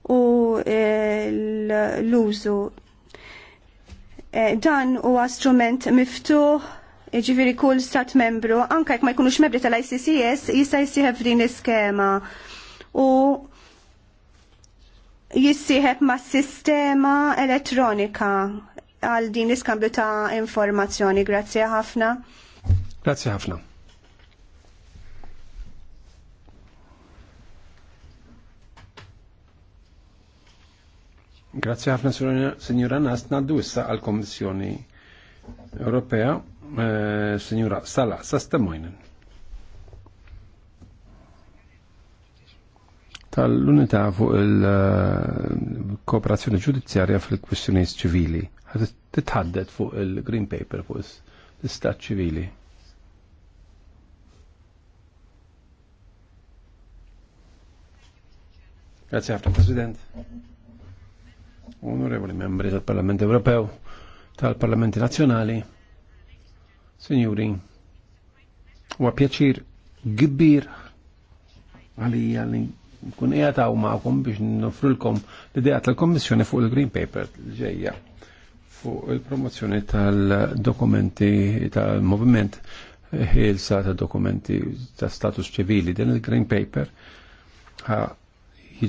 u eh, l-użu. Eh, dan huwa strument miftuħ ġifiri kull stat membru, anka jekk ma jkunux membri tal-ICCS, jista jissieħeb din iskema. U jissiħeb ma' sistema elettronika għal din iskambju ta' informazzjoni. Grazzi ħafna. Grazzi ħafna. Grazie ħafna Signora Nast, naddu issa għal-Kommissjoni Ewropea, eh, Signora Sala, sastemojnen. Tal-unità fuq il-kooperazzjoni eh, ġudizzjarja fil-kwistjonijiet ċivili. Titħaddet fuq il-Green Paper fuq l-istat ċivili. Grazie ħafna, President onorevoli membri tal-Parlament Ewropew, tal-Parlamenti Nazzjonali, Sinjuri, u pjaċir kbir għalija li kun qiegħed hawn magħkom biex nofrulkom l-idea tal-Kommissjoni fuq il-Green Paper ġeja fuq il-promozzjoni tal-dokumenti tal movement ħilsa ta' dokumenti ta' status ċivili din il-Green Paper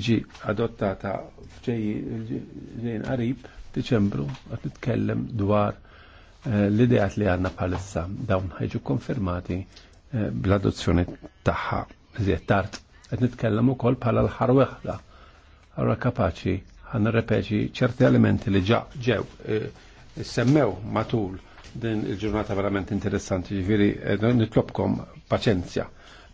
jiġi adottata fċeji ġejn qarib Diċembru għat nitkellem dwar eh, l idejat li għanna palissa dawn ħajġu konfermati eh, bl-adozzjoni tagħha iżjed tard. Qed nitkellem kol pala l-ħar Għarra Allura kapaċi ħan repeċi ċerti elementi li ġa ġew eh, semmew matul din il-ġurnata verament interessanti ġifiri nitlobkom paċenzja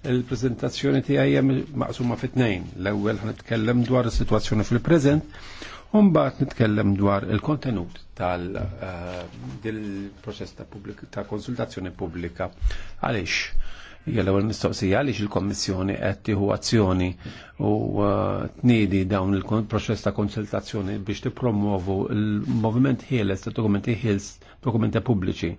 il-prezentazzjoni tiegħi hemm maqsuma fit-tnejn. L-ewwel ħnitkellem dwar is-sitwazzjoni fil-preżent, u mbagħad nitkellem dwar il-kontenut tal-proċess eh, ta' ta' konsultazzjoni pubblika. Għaliex? hija l-ewwel mistoqsija għaliex il-Kommissjoni qed tieħu azzjoni u eh, tniedi dawn il-proċess ta' konsultazzjoni biex tippromuovu l-moviment ħieles ta' dokumenti ħieles dokumenti pubbliċi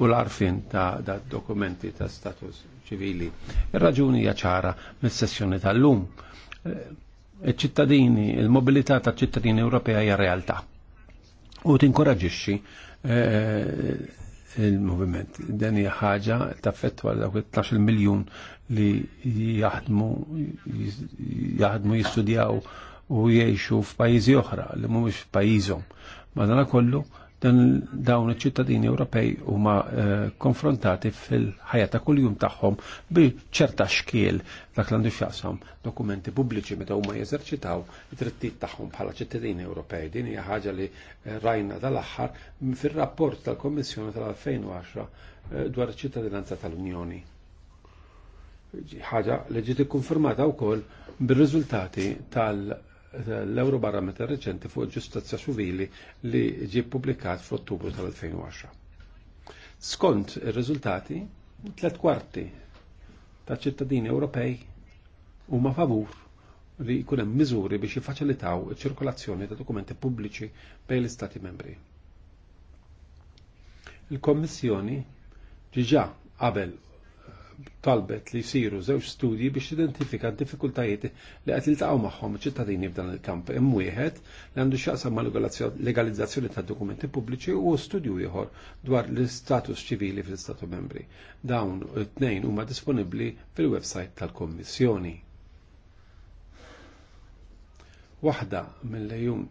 u l-arfin ta' dokumenti ta' status ċivili. Ir-raġuni hija ċara mis-sessjoni tal-lum. Iċ-ċittadini, il-mobilità tal-ċittadini Ewropea hija realtà. U tinkoraġixxi eh, il-moviment. Dan hija ħaġa taffettwa dawk 12 miljun li jaħdmu jaħdmu jistudjaw u jgħixu f'pajjiżi oħra li mhumiex f'pajjiżhom. Madanakollu. kollu Dan dawn iċ-ċittadini Ewropej huma eh, konfrontati fil-ħajja ta' kuljum tagħhom bi ċerta xkiel dak l-għandu xjaqsam dokumenti pubbliċi meta huma jeżerċitaw id-drittijiet tagħhom bħala ċittadini Ewropej. Din hija ħaġa li eh, rajna dal-aħħar fir-rapport tal-Kommissjoni tal-2010 eh, dwar iċ-ċittadinanza tal-Unjoni ħaġa li ġiet ikkonfermata wkoll bir-riżultati tal- l-Eurobarometer reċenti fuq il-ġustizja ċivili li ġie publikat fl-Ottubru tal-2010. Skont il riżultati tlet kwarti ta' ċittadini Ewropej huma favur li jkun hemm miżuri biex jiffaċilitaw iċ-ċirkolazzjoni ta' dokumenti pubbliċi bejn l-Istati membri. Il-Kommissjoni ġiġa qabel talbet li jsiru żewġ studji biex identifika d-diffikultajiet li qed jiltaqgħu magħhom ċittadini f'dan il-kamp. Hemm wieħed li għandu x'jaqsam ma' legalizzazzjoni ta' dokumenti pubbliċi u studju ieħor dwar l-istatus ċivili fl-Istatu membri. Dawn it-tnejn huma disponibbli fil-website tal-Kommissjoni. Waħda mill lejum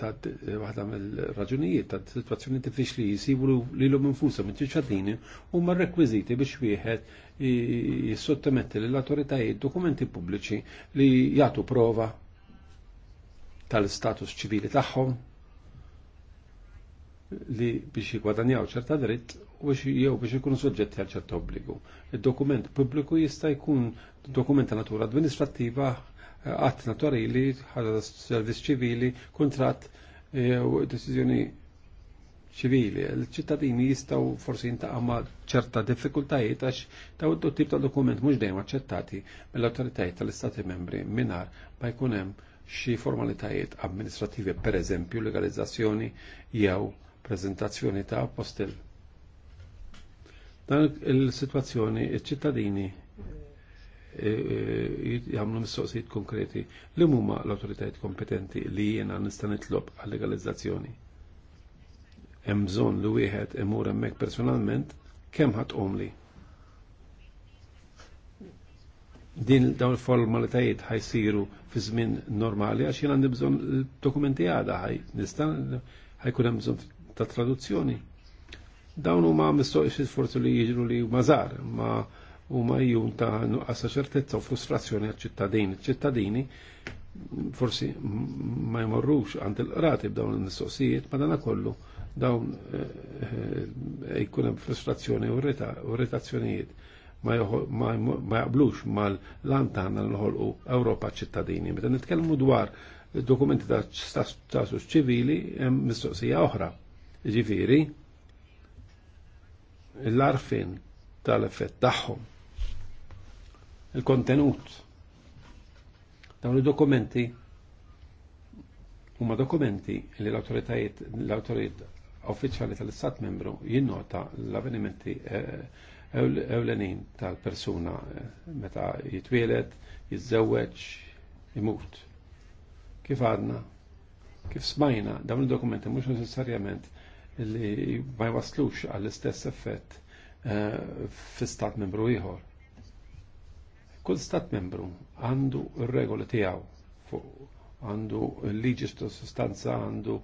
ta' waħda mill-raġunijiet ta' situazzjoni diffiċli jisibu lilhom minn ċiċadini u huma rekwiżiti biex wieħed jissottometti lill autoritajiet dokumenti pubbliċi li jagħtu prova tal-status ċivili tagħhom li biex jigwadanjaw ċerta dritt u jew biex ikunu soġġetti għal ċerta obbligu. Id-dokument pubbliku jista' jkun dokument ta' natura administrattiva att naturali, ħaġa servizz ċivili, kuntratt e, u deċiżjoni ċivili. L-ċittadini jistaw forsi jinta għamma ċerta diffikultajiet għax daw tip ta' dokument mhux dejjem aċċettati mill autoritajiet tal-Istati membri mingħajr ma jkun hemm xi formalitajiet amministrativi, pereżempju legalizzazzjoni jew preżentazzjoni ta' apostil. Dan il-sitwazzjoni iċ-ċittadini il sitwazzjoni iċ ċittadini Eh, eh, jagħmlu mistoqsijiet konkreti li huma l-awtoritajiet kompetenti li jiena nista' nitlob għal legalizzazzjoni. Hemm bżonn li wieħed imur hemmhekk personalment kemm ħatqom li. Din dawn il-formalitajiet ħajsiru fi żmien normali għax jien għandi bżonn dokumenti għada ħaj nista' ħajkun hemm bżonn ta' traduzzjoni. Dawn huma mistoqsijiet forsi li jiġru li mażar ma' u ma jun ta' nuqqasa ċertezza u frustrazzjoni għal ċittadini. ċittadini forsi ma jmorrux għand il-qrati b'dawn il-mistoqsijiet, ma dana kollu dawn eh, eh, jkunem hemm frustrazzjoni u retazzjonijiet ma jaqblux mal lantana tagħna nħolqu Europa ċittadini. Meta nitkellmu dwar dokumenti ta' status ċivili hemm mistoqsija oħra. Ġifiri, l-arfin tal-effett tagħhom il-kontenut. Dawn il-dokumenti huma dokumenti li l-autoritajiet l-autoritajiet uffiċjali tal-Istat membru jinnota l-avvenimenti eh, ewlenin tal-persuna eh, meta jitwielet, jizzewweġ, imut. Kif għadna? Kif smajna dawn il-dokumenti mhux neċessarjament li ma jwaslux għall-istess effett eh, fi stat membru ieħor Kull stat membru għandu r-regoli tiegħu għandu liġi sostanza, għandu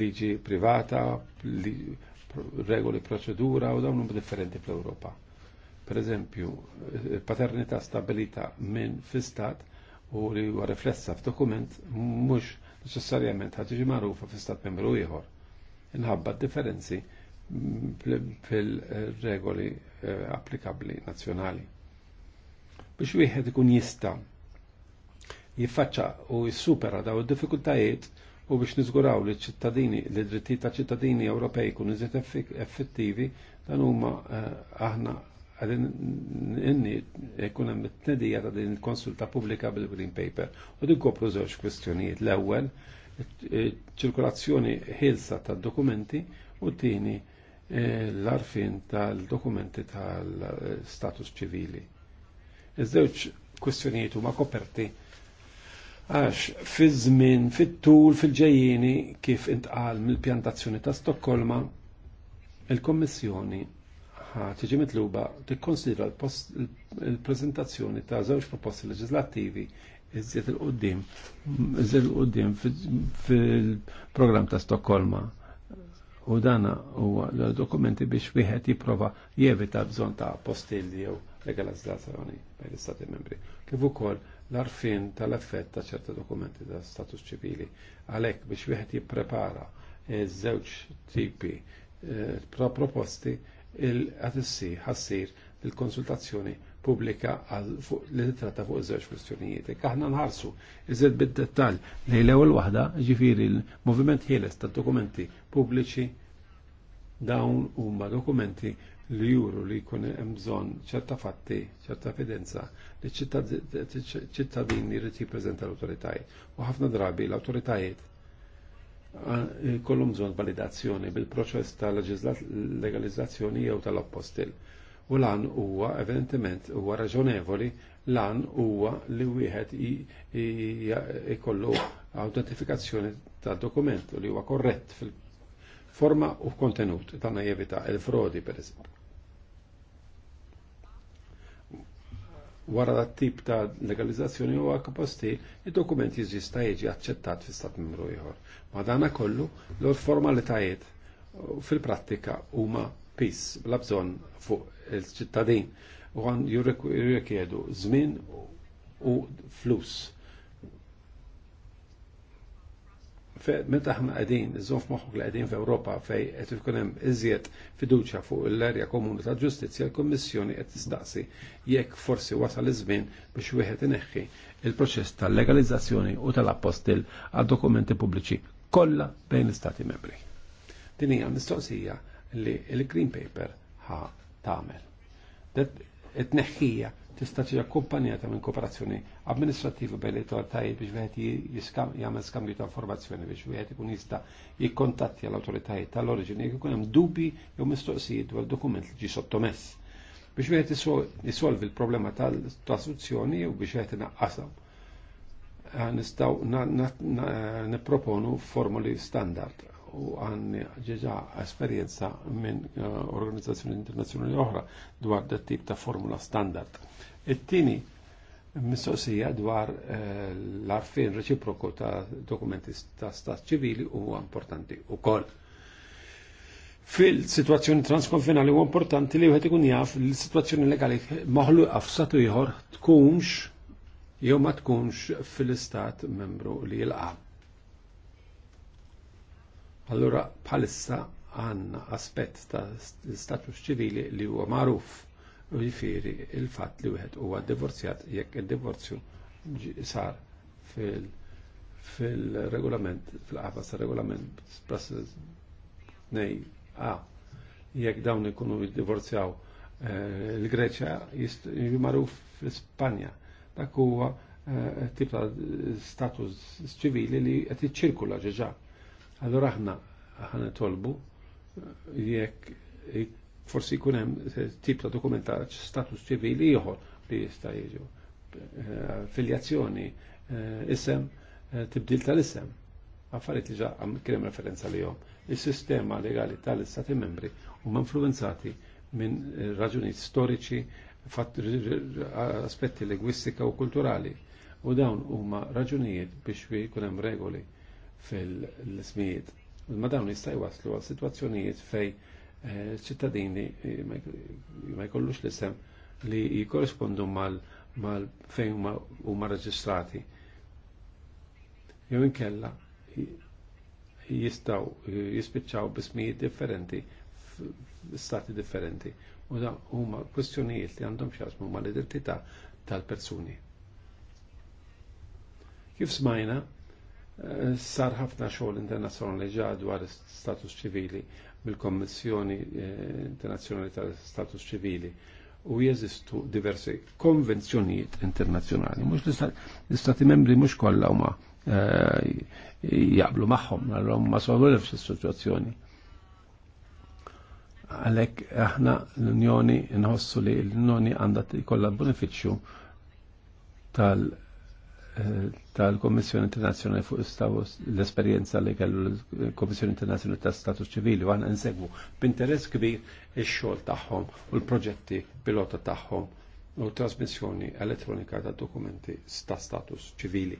liġi privata, li, regoli proċedura u dawn differenti fl-Ewropa. Per eżempju, paternità stabilita minn fistat u li huwa riflessa f'dokument mhux neċessarjament ħad tiġi magħrufa fl-istat membru ieħor. Inħabba differenzi fil-regoli eh, applikabbli nazzjonali biex wieħed ikun jista' jiffaċċa u jissupera daw id-diffikultajiet u biex niżguraw li ċittadini li drittijiet ta' ċittadini Ewropej jkunu iżjed effettivi dan huma eh, aħna għadin inni jkun hemm it-tnedija ta' din il-konsulta pubblika bil-Green Paper u din kopru żewġ kwistjonijiet. L-ewwel ċirkolazzjoni ħilsa tad-dokumenti u t-tieni eh, l-arfin tal-dokumenti tal-status eh, ċivili. Iż-żewġ kwistjonijiet huma koperti għax fiż-żmien, fit-tul, fil-ġejjieni kif intqal mill-pjantazzjoni ta' Stokkolma, il-Kommissjoni tiġi mitluba tikkonsidra l preżentazzjoni ta' żewġ proposti leġislattivi iżjed il-qoddim, iżjed il-qoddim fil-programm ta' Stokkolma. U dana huwa dokumenti biex wieħed jipprova jevita bżonn ta' postilli jew legalizzazzjoni bejn l-Istati membri, kif ukoll l-arfin tal-effett ta' ċerta dokumenti ta' status ċivili. Għalhekk biex wieħed jipprepara żewġ tipi eh, proposti il-għatissi ħassir il-konsultazzjoni pubblika li titratta fuq iż-żewġ kwistjonijiet. Aħna nħarsu iżed bid-dettall li l-ewwel waħda ġifieri l-moviment ħieles tad-dokumenti pubbliċi dawn huma dokumenti li juru li jkun hemm bżonn ċerta fatti, ċerta evidenza li ċittadini li jippreżenta l-awtoritajiet. U ħafna drabi l-awtoritajiet ah, eh, kollhom bżonn validazzjoni bil-proċess ta' legalizzazzjoni jew tal-oppostil. U lan huwa evidentement huwa raġonevoli lan huwa li wieħed ikollu autentifikazzjoni ta' dokument li huwa korrett fil-forma u kontenut tagħna jevita l frodi per esempio. wara dat tip ta' legalizzazzjoni huwa kapasti id-dokument jista' jiġi aċċettat fi stat membru ieħor. Ma dana kollu l formalitajiet uh, fil-prattika huma pis bla bżonn fuq il-ċittadin u għan jirrikjedu żmien u flus meta aħna qegħdin iżżomm f'moħħok li qegħdin f'Ewropa fej qed ikun hemm iżjed fiduċja fuq l-erja komuni ta' ġustizzja, l kummissjoni qed tistaqsi jekk forsi wasal iż-żmien biex wieħed ineħħi il-proċess tal-legalizzazzjoni u tal-appostil għad dokumenti pubbliċi kollha bejn l-Istati membri. Din hija mistoqsija li l-Green Paper ħa tagħmel. It-tneħħija tista' tiġi akkumpanjata minn kooperazzjoni amministrattiva bejn l-autoritajiet biex wieħed jagħmel skambju ta' informazzjoni biex wieħed ikun jista' jikkontatti l-awtoritajiet tal-oriġini jekk ikun hemm dubi jew mistoqsijiet dwar dokument li ġi sottomess. Biex wieħed isolvi l-problema tal-trasuzzjoni u biex wieħed inaqqasam. Eh, Nistgħu nipproponu formuli standard u għanni ġeġa esperienza minn eh, organizzazzjoni internazzjonali oħra dwar dat tip ta' formula standard It-tieni mistoqsija dwar eh, l-arfin reċiproku ta' dokumenti ta' stat ċivili huwa importanti wkoll. Fil-situazzjoni transkonfinali huwa importanti li għet ikun jaf li l-situazzjoni legali maħlu għafsatu ieħor tkunx jew ma tkunx fil-istat membru li jilqa. Allura bħalissa għandna aspett ta' status ċivili li huwa magħruf u jifiri il-fat li wieħed huwa divorzjat jekk id-divorzju sar fil- fil-regolament, fil-qafas regolament process nej, a, jekk dawn ikunu divorzjaw eh, l-Greċja jimaruf fl-Spanja. Dak huwa eh, tip ta' status ċivili li qed iċċirkula ġeġa. Allura aħna ħana tolbu eh, jekk forsi jkun hemm eh, tip ta' dokumentaġġ status ċivili ieħor li jista' jiġu eh, affiljazzjoni, eh, isem, tibdil tal-isem. Affarijiet li ġa kien hemm referenza lihom. Is-sistema legali tal-istati membri huma influenzati minn raġunijiet storiċi, aspetti lingwistika u kulturali. U dawn huma raġunijiet biex jkun hemm regoli fil-ismijiet. Ma dawn jista' jwaslu għal sitwazzjonijiet fej ċittadini eh, ma jkollux l-isem li jikorrespondu mal fejn u ma reġistrati. Jew inkella jistaw jispiċċaw bismijiet differenti stati differenti. U da huma kwestjonijiet li għandhom x'jasmu mal-identità tal-persuni. Kif smajna, eh, sar ħafna xogħol internazzjonali ġadwar status ċivili mill-Kommissjoni eh, Internazzjonali tal-Status Ċivili u jeżistu diversi konvenzjonijiet internazzjonali. Mux l-Istati membri mux kollha huma eh, jaqblu magħhom, għalhom ma solvulefx is situazzjoni. Għalhekk aħna l-Unjoni nħossu li l-Unjoni għandha jkollha benefiċċju tal- Eh, tal-Kommissjoni Internazzjonali fuq l-esperjenza li kellu l-Kommissjoni Internazzjonali ta' Status Ċivili u għanna nsegwu b'interess kbir ix-xogħol tagħhom u l-proġetti pilota tagħhom u trasmissjoni elettronika ta' dokumenti ta' status ċivili.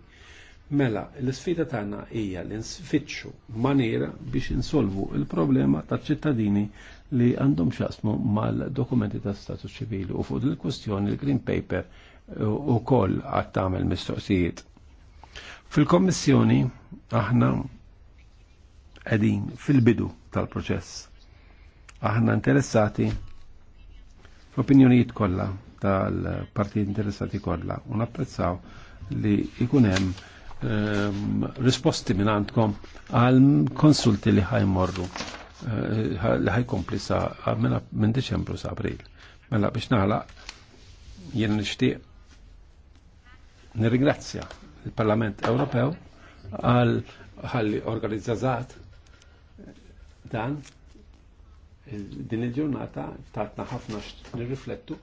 Mela, l-sfida tagħna hija li nsfittxu maniera biex insolvu il-problema taċ ċittadini li għandhom x'asmu mal-dokumenti ta' status ċivili u fuq il-kwestjoni il-Green Paper u koll għat tamel mistoqsijiet. Fil-Kommissjoni aħna qegħdin fil-bidu tal-proċess. Aħna interessati fl-opinjonijiet kollha tal-partijiet interessati kollha u napprezzaw li ikun hemm ehm, risposti minn għandkom għal konsulti li ħajmorru morru eh, li ħajkompli sa minn Deċembru sa April. Mela biex naħla jien nixtieq nirringrazzja il-Parlament Ewropew għal ħalli organizzazat dan din il-ġurnata tatna ħafna nirriflettu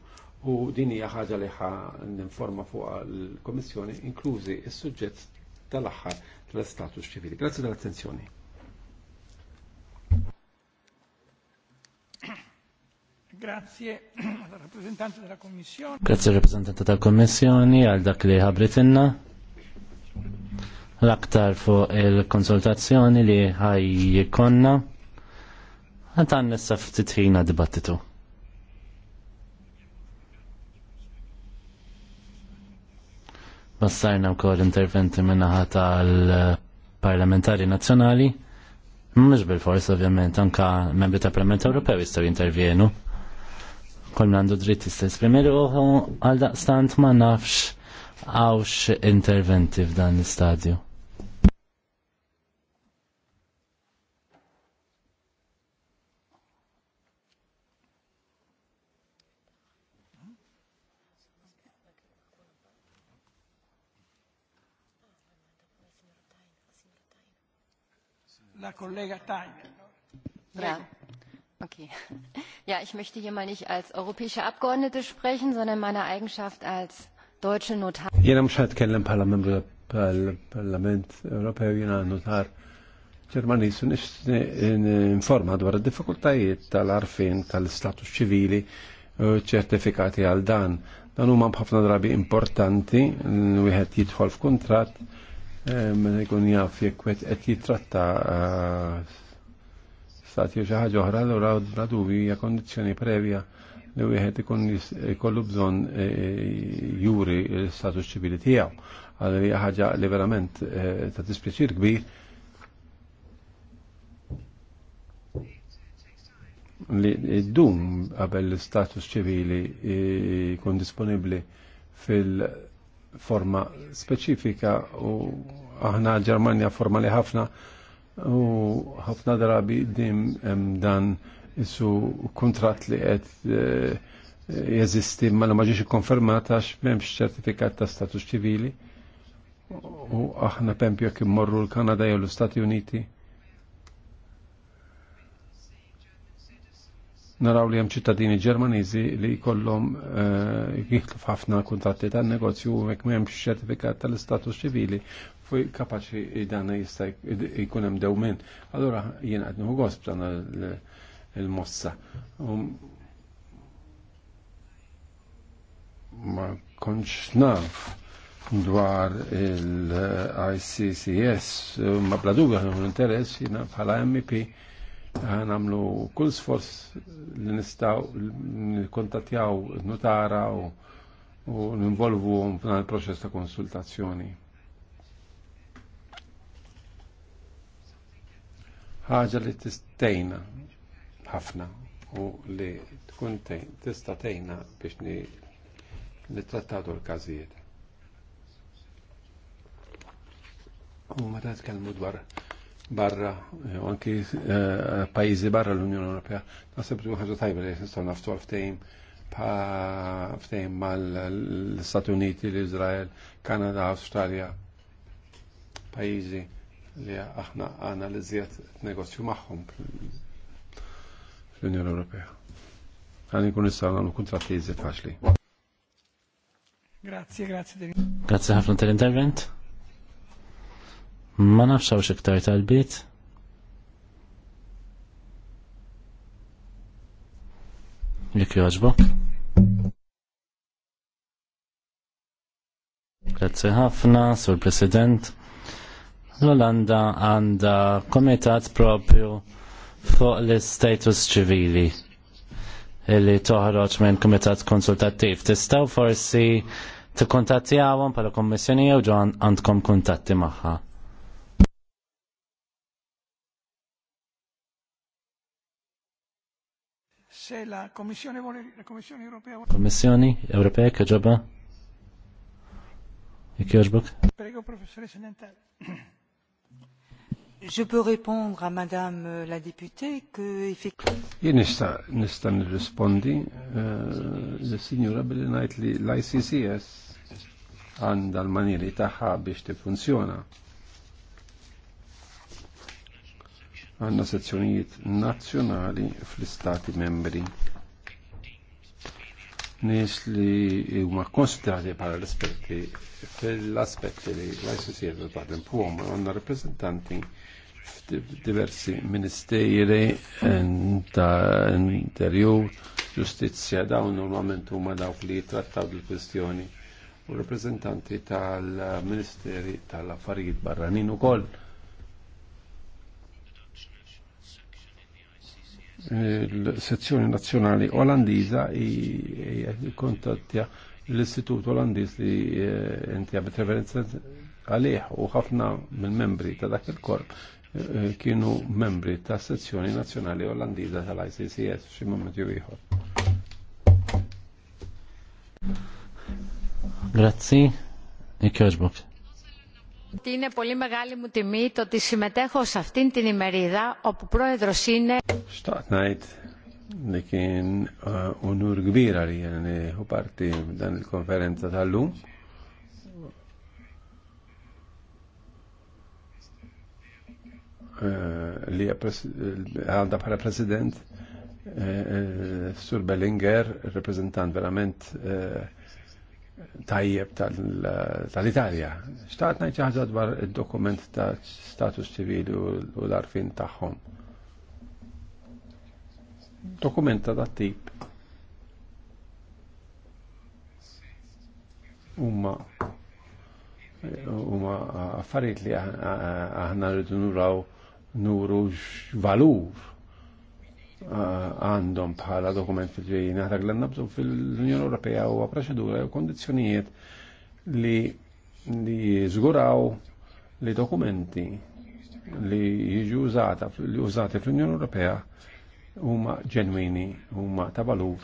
u din hija ħaġa li ħa ninforma fuq l-Komissjoni inklużi s-suġġett tal-aħħar tal-istatus ċivili. Grazzi tal-attenzjoni. Grazie al rappresentante della Commissione. Grazie al rappresentante della Commissione għal dak li ħabritinna. L-aktar fuq il-konsultazzjoni li ħaj konna. Għatan nessa ftit ħina dibattitu. Bassarna wkoll interventi minnaħa tal-parlamentari nazzjonali. Mhux bil-fors ovvjament anka membri tal-Parlament Ewropew jistgħu jintervjenu kol għandu dritt istess primeru uħu għal daqstant ma nafx għawx interventi f'dan l-istadju. La collega Taglia. Prego. Yeah. Okay. Ja, ich möchte hier mal nicht als europäische Abgeordnete sprechen, sondern in meiner Eigenschaft als deutsche Notar. Jena mux ħatkellem bħala membru parlament europeo jena notar Ġermani sun informa dwar id-diffikultajiet tal-arfin tal-status ċivili ċertifikati għal dan. Dan huma bħafna drabi importanti, wieħed jidħol f'kuntratt, eh, meta jkun jaf jekk qed jitratta eh, stati jew xi ħaġa oħra allura dadu hija kondizzjoni previa li wieħed ikun jkollu bżonn e, e, juri l istatus ċivili tiegħu. Għalli hija ħaġa li verament e, ta' dispjaċir kbir li d dum qabel l istatus ċivili jkun disponibbli fil-forma speċifika u aħna Ġermanja formali ħafna u ħafna drabi dim dan issu kontrat li qed eh, jeżisti ma ma ġiex ikkonfermatax għax m'hemmx ċertifikat ta' status ċivili u aħna pempju jekk immorru l-Kanada jew l-Istati Uniti naraw li hemm ċittadini Ġermaniżi li jkollhom eh, jitlu ħafna kuntatti tan-negozju hekk m'hemmx ċertifikat tal-istatus ċivili fuq kapaċi dan jista' jkun hemm dewmin. Allura jien qed nieħu gosb dan il-mossa. Um, ma konċ naf dwar il-ICCS ma bladuga interess jina bħala MEP għanamlu kull sforz li nistaw kontatjaw notara u, u ninvolvu f'dan il-proċess ta' konsultazzjoni. ħaġa li tistejna ħafna u li tkun tista' tejna biex ni trattatu l-każijiet. U meta tkellmu dwar barra, u anki pajizi barra l-Unjoni Ewropea, nasib li ħagġa tajba li nistgħu naftu ftehim ftehim mal-Stati Uniti, l-Izrael, Kanada, Awstralja, pajizi li aħna għana li zjed negozju magħhom fl-Unjoni Ewropea. Għan ikun nistgħu nagħmlu kuntratti iżjed faċli. Grazie, grazie. Grazie ħafna tal-intervent. Ma nafxaw xiktar tal-bit. Jek joġbok. Grazie ħafna, sur President. L-Olanda għanda komitat propju fuq l-status ċivili li toħroġ minn komitat konsultattiv. Tistaw forsi tikkontattjawhom bħala kommissjoni jew ġo għandkom kuntatti magħha. Se la Commissione vuole, la Commissione Europea vuole... Commissioni Europee, che giobba? E che osbuk? Prego, professoressa Nental. Je peux répondre à madame la députée que effectivement... Jien nista, nista nirrispondi eh, l-signora uh, billi najt li l maniri taħħa biex tiffunzjona. funzjona għanna sezzjonijiet nazzjonali fl-istati membri. Nis li huma konsiderati bħala l-aspetti fil-aspetti li l-ICCR tal-Baden Puom għanna rappresentanti f'diversi ministeri ta' interjur, ġustizja, dawn normalment huma dawk li trattaw il-kwistjoni u rappresentanti tal-Ministeri tal-Affarijiet Barranin ukoll l-sezzjoni nazzjonali olandiza kontattja l-Istitut Olandiz li eh, inti għabet referenza għalih u ħafna mill-membri ta' dak il-korp eh, kienu membri ta' sezzjoni nazzjonali olandiza tal-ICCS xi moment jew ieħor. Grazzi, ikjoġbok. Είναι πολύ μεγάλη μου τιμή το ότι συμμετέχω σε αυτήν την ημερίδα όπου πρόεδρος είναι... Στατνάιτ, li kien unur kbira li jena u parti dan il-konferenza tal-lum. Uh, li għanda bħala president uh, uh, Sur tajjeb tal-Italja. Xtaqt najt ħaġa dwar il-dokument ta' status ċivili u l-arfin taħħom. Dokument ta' dat tip Umma. Umma affarijiet li aħna rridu nuraw nuru x valur għandhom bħala dokument fil-ġejjin. Aħna għandna fil-Unjoni Ewropea huwa proċedura u kondizzjonijiet li li żguraw li dokumenti li jiġu użata li użati fl-Unjoni Ewropea huma ġenwini, huma ta' valur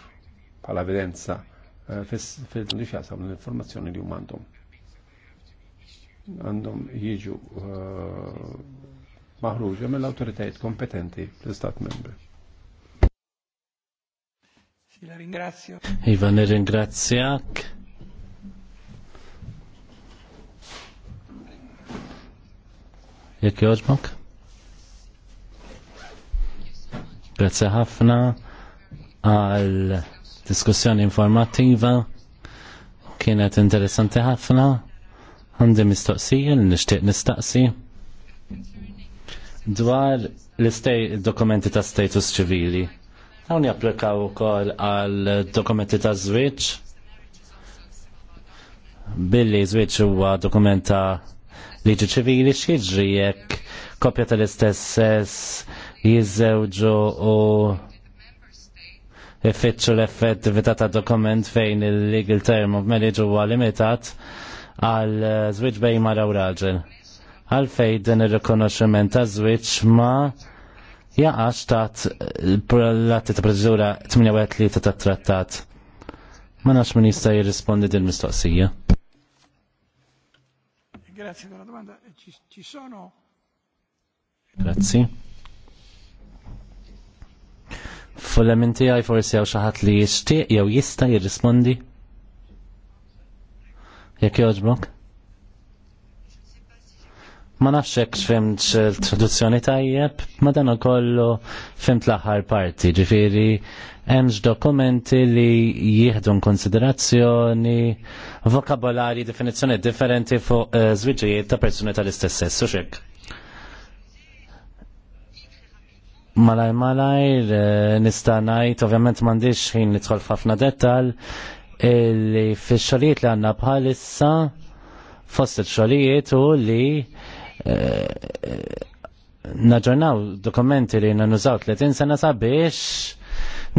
bħala evidenza eh, fil-nixjasam l-informazzjoni li huma għandhom. Għandhom jiġu eh, maħruġa mill-autoritajiet kompetenti fl-Istat membri. La ringrazio. Iva, nirringrazzjak. Jek joġbok? Grazie ħafna għal diskussjoni informattiva. Kienet interessanti ħafna. Għandi mistoqsija, nishtiq nistaqsi. Dwar l-dokumenti istej ta' status ċivili Għawni applikaw kol għal dokumenti ta' Zwitx. Billi Zwitx huwa dokumenta liġi ċivili xieġri jekk kopja tal-istess jizzewġu u iffittxu l-effettività ta' dokument fejn il-legal term of marriage huwa limitat għal zwitx bej mara u raġel. Għalfej din ir-rikonoxximent ta' Zwitx ma' jaqax taħt eh, l-atti ta' prezzura 38 ta' trattat. Ma nafx min jista' jirrispondi din mistoqsija. Grazie per la domanda. Eh, ci, sono... Grazie. Fulamenti għaj forsi għaw xaħat li jishtiq jew jista jirrispondi? Jek joġbok? Ma nafxek fimt traduzzjoni tajjeb, ma dan kollu fimt l-aħħar parti, ġifiri, hemmx dokumenti li jieħdu konsiderazzjoni vokabolari, definizzjoni differenti fuq uh, eh, zwiġijiet ta' persuni tal-istess sess, u xek. Malaj malajr, eh, nista' ngħid, ovvjament m'għandix ħin nidħol f'ħafna dettal, illi fix-xogħlijiet li għandna bħalissa fost il-xogħlijiet u li naġġornaw dokumenti li nanużaw 30 sena sabiex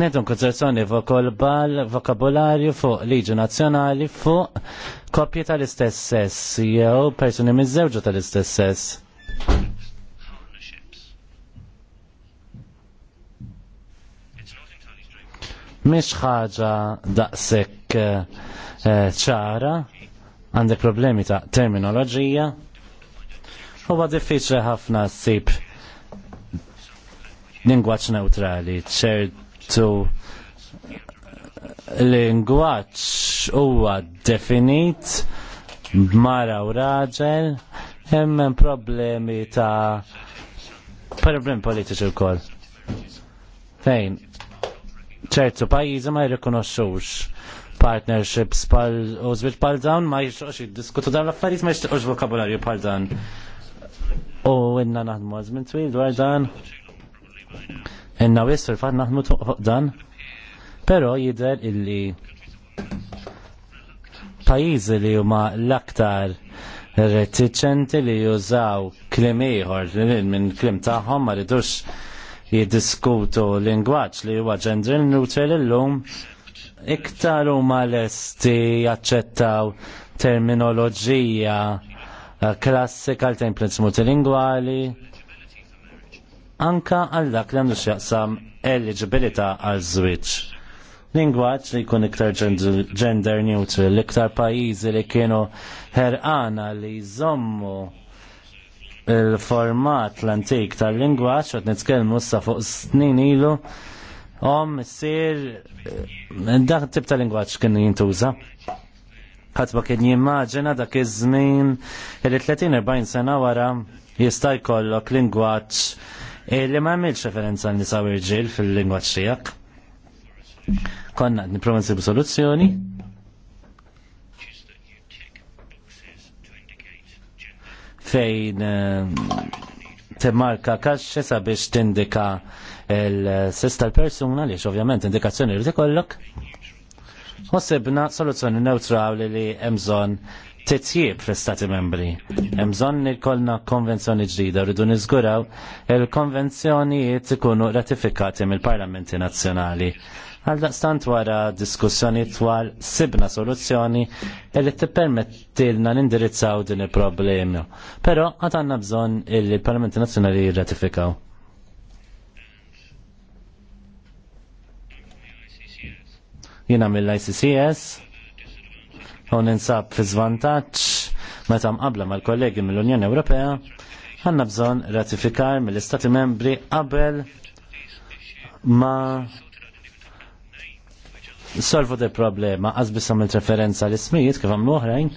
nedun konzerzjoni vokolbal vokabolarju fuq liġi nazzjonali fuq kopji tal-istess sess jew persuni miż tal-istess sess. Mish ħaġa daqsek eh, ċara, għandek problemi ta' terminoloġija, huwa diffiċli ħafna ssib lingwaġġ neutrali, ċertu lingwaġġ huwa definit mara u raġel, hemm problemi ta' problemi politiċi wkoll. Fejn, ċertu pajjiżi ma jirrikonoxxux partnerships pal użbit pal dawn ma jixxoqx jiddiskutu dawn l-affarijiet ma jixtiequx vokabularju pal dan. U inna naħdmu għazmin twil dwar dan. Inna wissur fat naħdmu fuq dan. Pero jider illi pajiz li huma l-aktar reticenti li jużaw klim ieħor minn klim tagħhom ma ridux jiddiskutu lingwaġġ li huwa gender neutral illum iktar huma lesti jaċċettaw terminoloġija Eh, klassika għal templates multilingwali anka għal dak li għandu xjaqsam eligibilita għal żwieġ. Lingwaġġ li jkun iktar gender neutral, l-iktar pajjiżi li kienu herqana li jżommu il-format l-antik tal-lingwaġġ qed nitkellmu sa fuq snin ilu om sir eh, dak tip tal-lingwaġġ kien jintuża ħadd ma kien jimmaġina dak iż-żmien li 30-40 sena wara jista' jkollok lingwaġġ li ma għamilx referenza għal nisa irġiel fil-lingwaġġ tiegħek. Konna nipprova nsibu soluzzjoni. Fejn eh, timmarka kaxxe sabiex tindika il-sista l-persuna li ovvjament indikazzjoni li tikollok. kollok Ħossibna soluzzjoni neutrali li hemm bżonn titjib fl-Stati membri. li kolna konvenzjoni ġdida rridu nizguraw il-konvenzjonijiet ikunu ratifikati mill-Parlamenti Nazzjonali. stant wara diskussjoni twal sibna soluzzjoni illi tippermettilna nindirizzaw din il-problemi. Però għatanna bżon il-Parlamenti Nazzjonali jirratifikaw. Jina mill-ICCS u ninsab fi zvantaġġ meta mqabla mal-kollegi mill-Unjoni Ewropea għanna bżon ratifikar mill-Istati membri qabel ma solvu de problema għazbis għamil referenza l-ismijiet kif għamlu oħrajn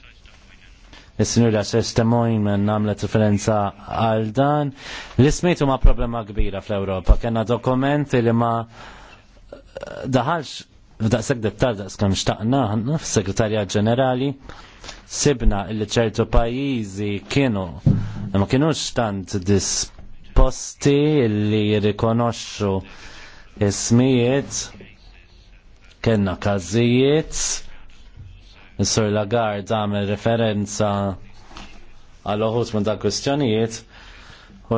il-sinjura s-testemojn minn namlet referenza għal dan. L-ismitu ma problema kbira fl-Europa. Kena dokumenti li ma daħalx f'daqshekk dettal daqs kemm xtaqna f'Segretarja segretarja Ġenerali sibna li ċertu pajjiżi kienu ma kienux tant disposti li jirrikonoxxu ismijiet kienna każijiet Sur Lagard għamel referenza għal uħut minn dak u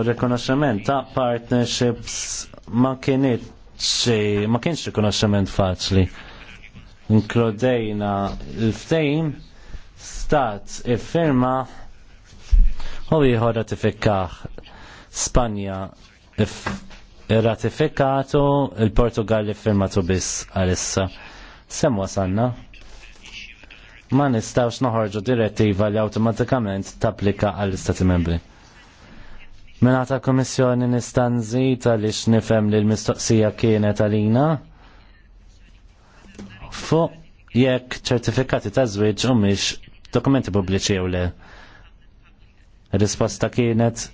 r ta' partnerships ma kienet Si, ma kienx rikonoxximent faċli. Inkludejna l-ftejn stat iffirma u ieħor ratifikah Spanja ratifikatu il-Portugal iffirmatu biss għalissa. Semwa sanna ma nistawx noħorġu direttiva li awtomatikament tapplika għall istati membri. Mela ta' komissjoni nistanzi tal-ix nifem li l-mistoqsija kienet għalina fuq jekk ċertifikati ta' żwieġ u miex dokumenti pubbliċi jew le. Risposta kienet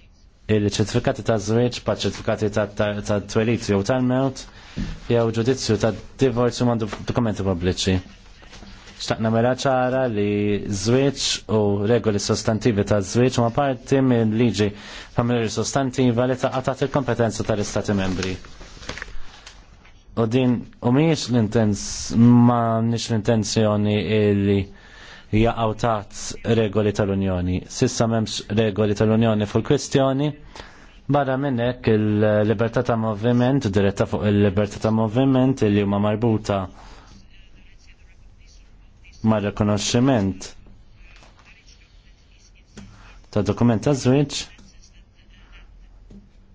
il-ċertifikati ta' żwieġ pa' ċertifikati ta' twelit jew tal-mewt jew ġudizzju ta' divorzju ma' dokumenti pubbliċi staqna mela ċara li żwieġ u regoli sostantivi ta' żwieġ ma' parti minn liġi familjari sostantiva li ta' għatat il-kompetenza tal-Istati membri. U din, u miex l intenz ma' nix l-intenzjoni illi jaqaw taħt regoli tal-Unjoni. Sissa memx regoli tal-Unjoni fil-kwestjoni, Barra minnek il-libertà ta' moviment, diretta fuq il-libertà ta' moviment, il-li huma marbuta ma' rikonoxximent ta' dokument ta' żwieġ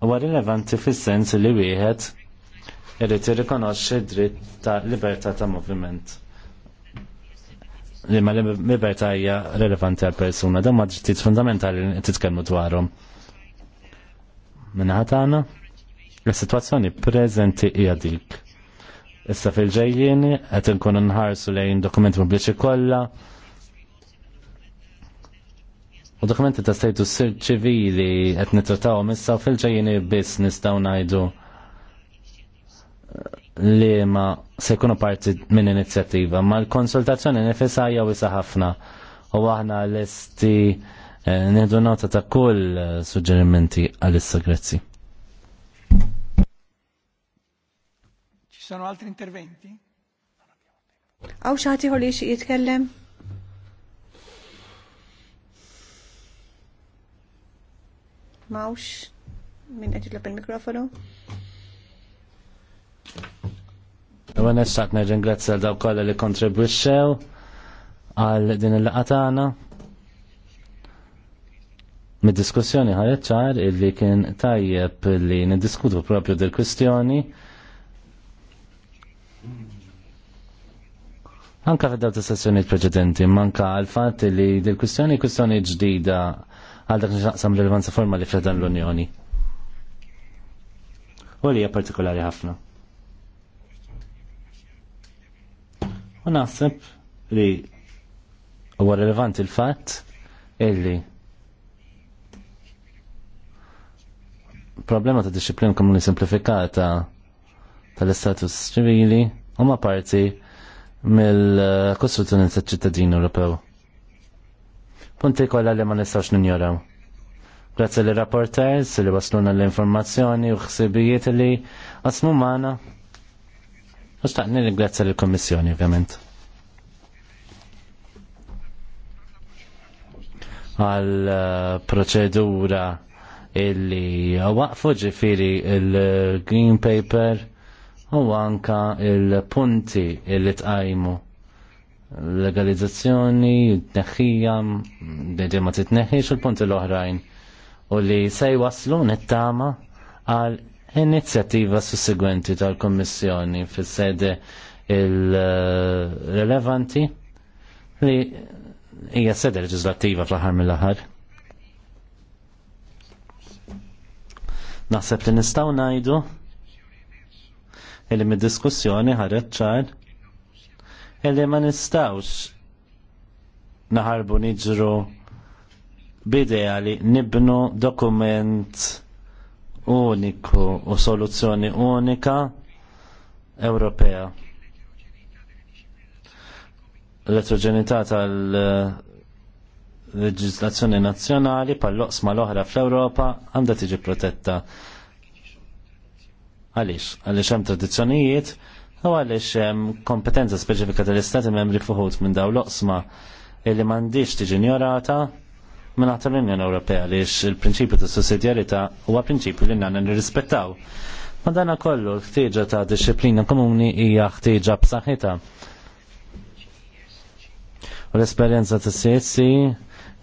huwa rilevanti fis-sens li wieħed irid irrikonoxxi dritt ta' libertà ta' moviment. Li ma' libertà hija rilevanti għal persuna, dan ma' drittijiet fundamentali li titkellmu dwarhom. Minnaħa tagħna, l sitwazzjoni preżenti hija dik Issa fil-ġejjieni qed nkun nħarsu lejn dokumenti pubbliċi kollha. U dokumenti ta' stajtu ċivili qed nitrataw issa fil-ġejjieni biss nistgħu ngħidu li ma se jkunu parti minn inizjattiva, ma l-konsultazzjoni nifisa jgħu issa ħafna. U aħna l-esti eh, nħedu nota ta' kull suġġerimenti għal-issa grazzi. sono altri interventi? Għaw xaħti li xie jitkellem? Mawx, minn għedġi l-mikrofonu? Ma nessaqt nirringrazzja l-daw kolla li kontribwixxew għal din il-laqa Mid-diskussjoni ħareċ ċar il kien tajjeb li niddiskutu propju dil-kwistjoni Anka f'daw ta' sessjoniet preċedenti, manka għal-fat li dil-kwistjoni kwistjoni ġdida għal dak relevanza rilevanza formali f'dan l-Unjoni. U li hija partikolari ħafna. U naħseb li huwa rilevanti il-fatt illi problema ta' disciplina komuni simplifikata tal-istatus ċivili huma parti mill-Kostruzzjoni ta' ċittadin Ewropew. Punti kollha li ma nistax ninjoraw. Grazzi li rapporters li wasluna l-informazzjoni u ħsibijiet li qasmu magħna. U staqni ringrazzja lill komissjoni ovvjament. għal eh, proċedura illi waqfu ġifiri il-green paper Huwa anka il-punti li tqajmu legalizzazzjoni, t-neħħija, deġa ma titneħħiex il-punti l-oħrajn u li se waslu nittama għal inizjattiva sussegwenti tal-Kommissjoni fis sede il-relevanti li hija sede leġislattiva fl-aħħar mill-aħħar. Naħseb li nistgħu ngħidu illi mid-diskussjoni ħaret ċar illi ma nistawx naħarbu niġru bidea li nibnu dokument uniku u soluzzjoni unika Ewropea. L-etroġenità tal- leġislazzjoni nazzjonali pal-loqsma l-oħra fl-Ewropa għandha tiġi protetta. Għaliex? Għaliex hemm tradizzjonijiet u għaliex hemm kompetenza speċifika tal-Istati membri fuħut minn dawn l-oqsma illi m'għandix tiġi ignorata minn għata l-Unjoni Ewropea għaliex il-prinċipju ta' sussidjarità huwa prinċipju li nagħna nirrispettaw. Ma dana kollu l-ħtieġa ta' disċiplina komuni hija ħtieġa b'saħħitha. U l-esperjenza ta' CSC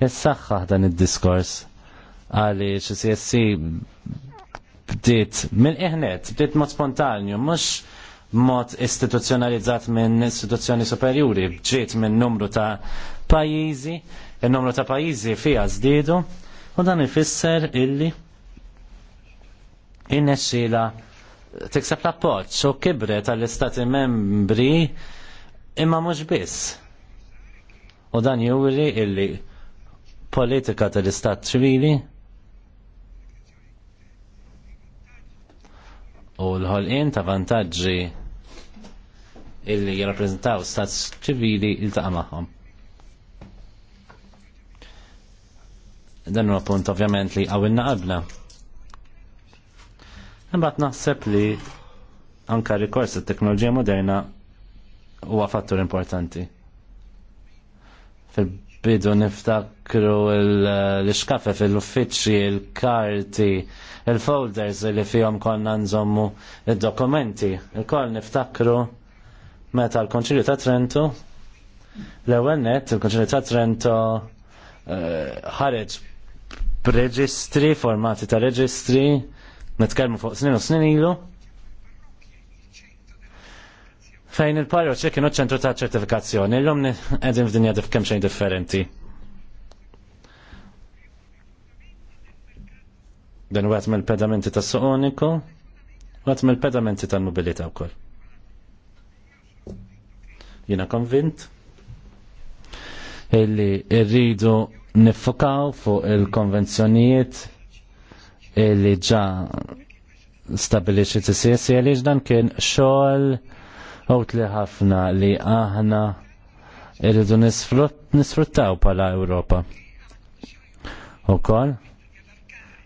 jessaħħaħ dan id-diskors għaliex CSC bdiet mill-iħnet, bdiet mod spontanju, mhux mod istituzzjonalizzat minn istituzzjoni superjuri, bġiet minn numru ta' pajjiżi, il-numru ta' pajjiżi fiha żdiedu, u dan ifisser illi innexxila tikseb l-appoġġ u kibret tal istati membri imma mhux biss. U dan juri illi politika tal-istat ċivili u l-ħolqien ta' vantaġġi illi jirrappreżentaw stat ċivili il-taqa magħhom. Dan huwa punt ovvjament li għawilna qabla. Imbagħad naħseb li anka rikors it-teknoloġija moderna huwa fattur importanti. Fil-bidu niftak niftakru eh, l-iskafe fil-uffiċċji, il-karti, il-folders li fihom konna nżommu id-dokumenti. Il koll niftakru meta l-Konċilju ta' Trento, l-ewwel net, il-Konċilju ta' Trento eh, ħareġ b'reġistri, formati ta' reġistri, nitkellmu fuq snin u snin ilu, fejn il-parroċċi kienu ċentru ta' ċertifikazzjoni, l-lum edin f'dinja kemm xejn differenti. Dan u għatmel pedamenti tas soqoniku u pedamenti tal-mobilita wkoll. Jiena konvint illi rridu nifokaw fuq il-konvenzjonijiet illi ġa stabilixi t sessi għalli dan kien xogħol għot li ħafna li aħna irridu nisfruttaw pala Ewropa. U koll,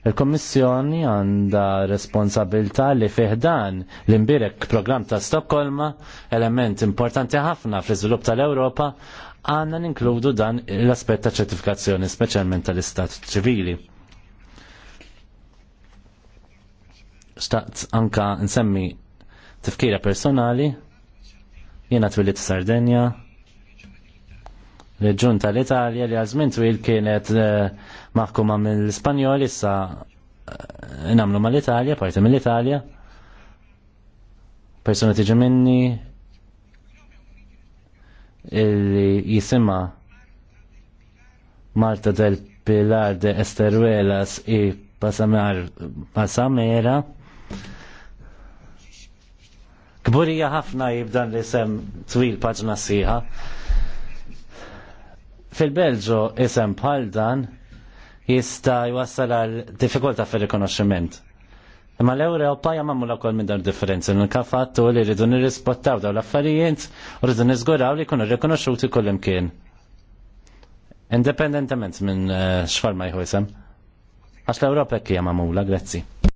Il-Kommissjoni għandha responsabilta li fiħdan l-imbirek program ta' Stokkolma, element importanti ħafna fl-iżvilupp tal-Ewropa, għanna ninkludu dan l-aspett ta' ċertifikazzjoni, speċjalment tal-istat ċivili. Staqt anka nsemmi tifkira personali, jiena twilit Sardenja, reġun tal-Italja li għazmin twil kienet uh, maħkuma l spanjol issa eh, namlu mal-Italja, parti mill-Italja. Persuna tiġi minni illi jisima Malta del Pilar de Esteruelas i Pasamar Pasamera Kburija ħafna jibdan li sem twil paġna siħa. Fil-Belġo isem bħal dan jista jwassal għal diffikulta fil-rikonoxximent. Imma l-Ewropa jamammu la kol minn dawn differenzi. Nkafattu li rridu nirrispottaw daw l-affarijiet u rridu nizguraw li kunu rikonoxxuti kullim kien. Independentement minn eh, xfarma jħu jisem. Għax l-Ewropa kija mamula, grazzi.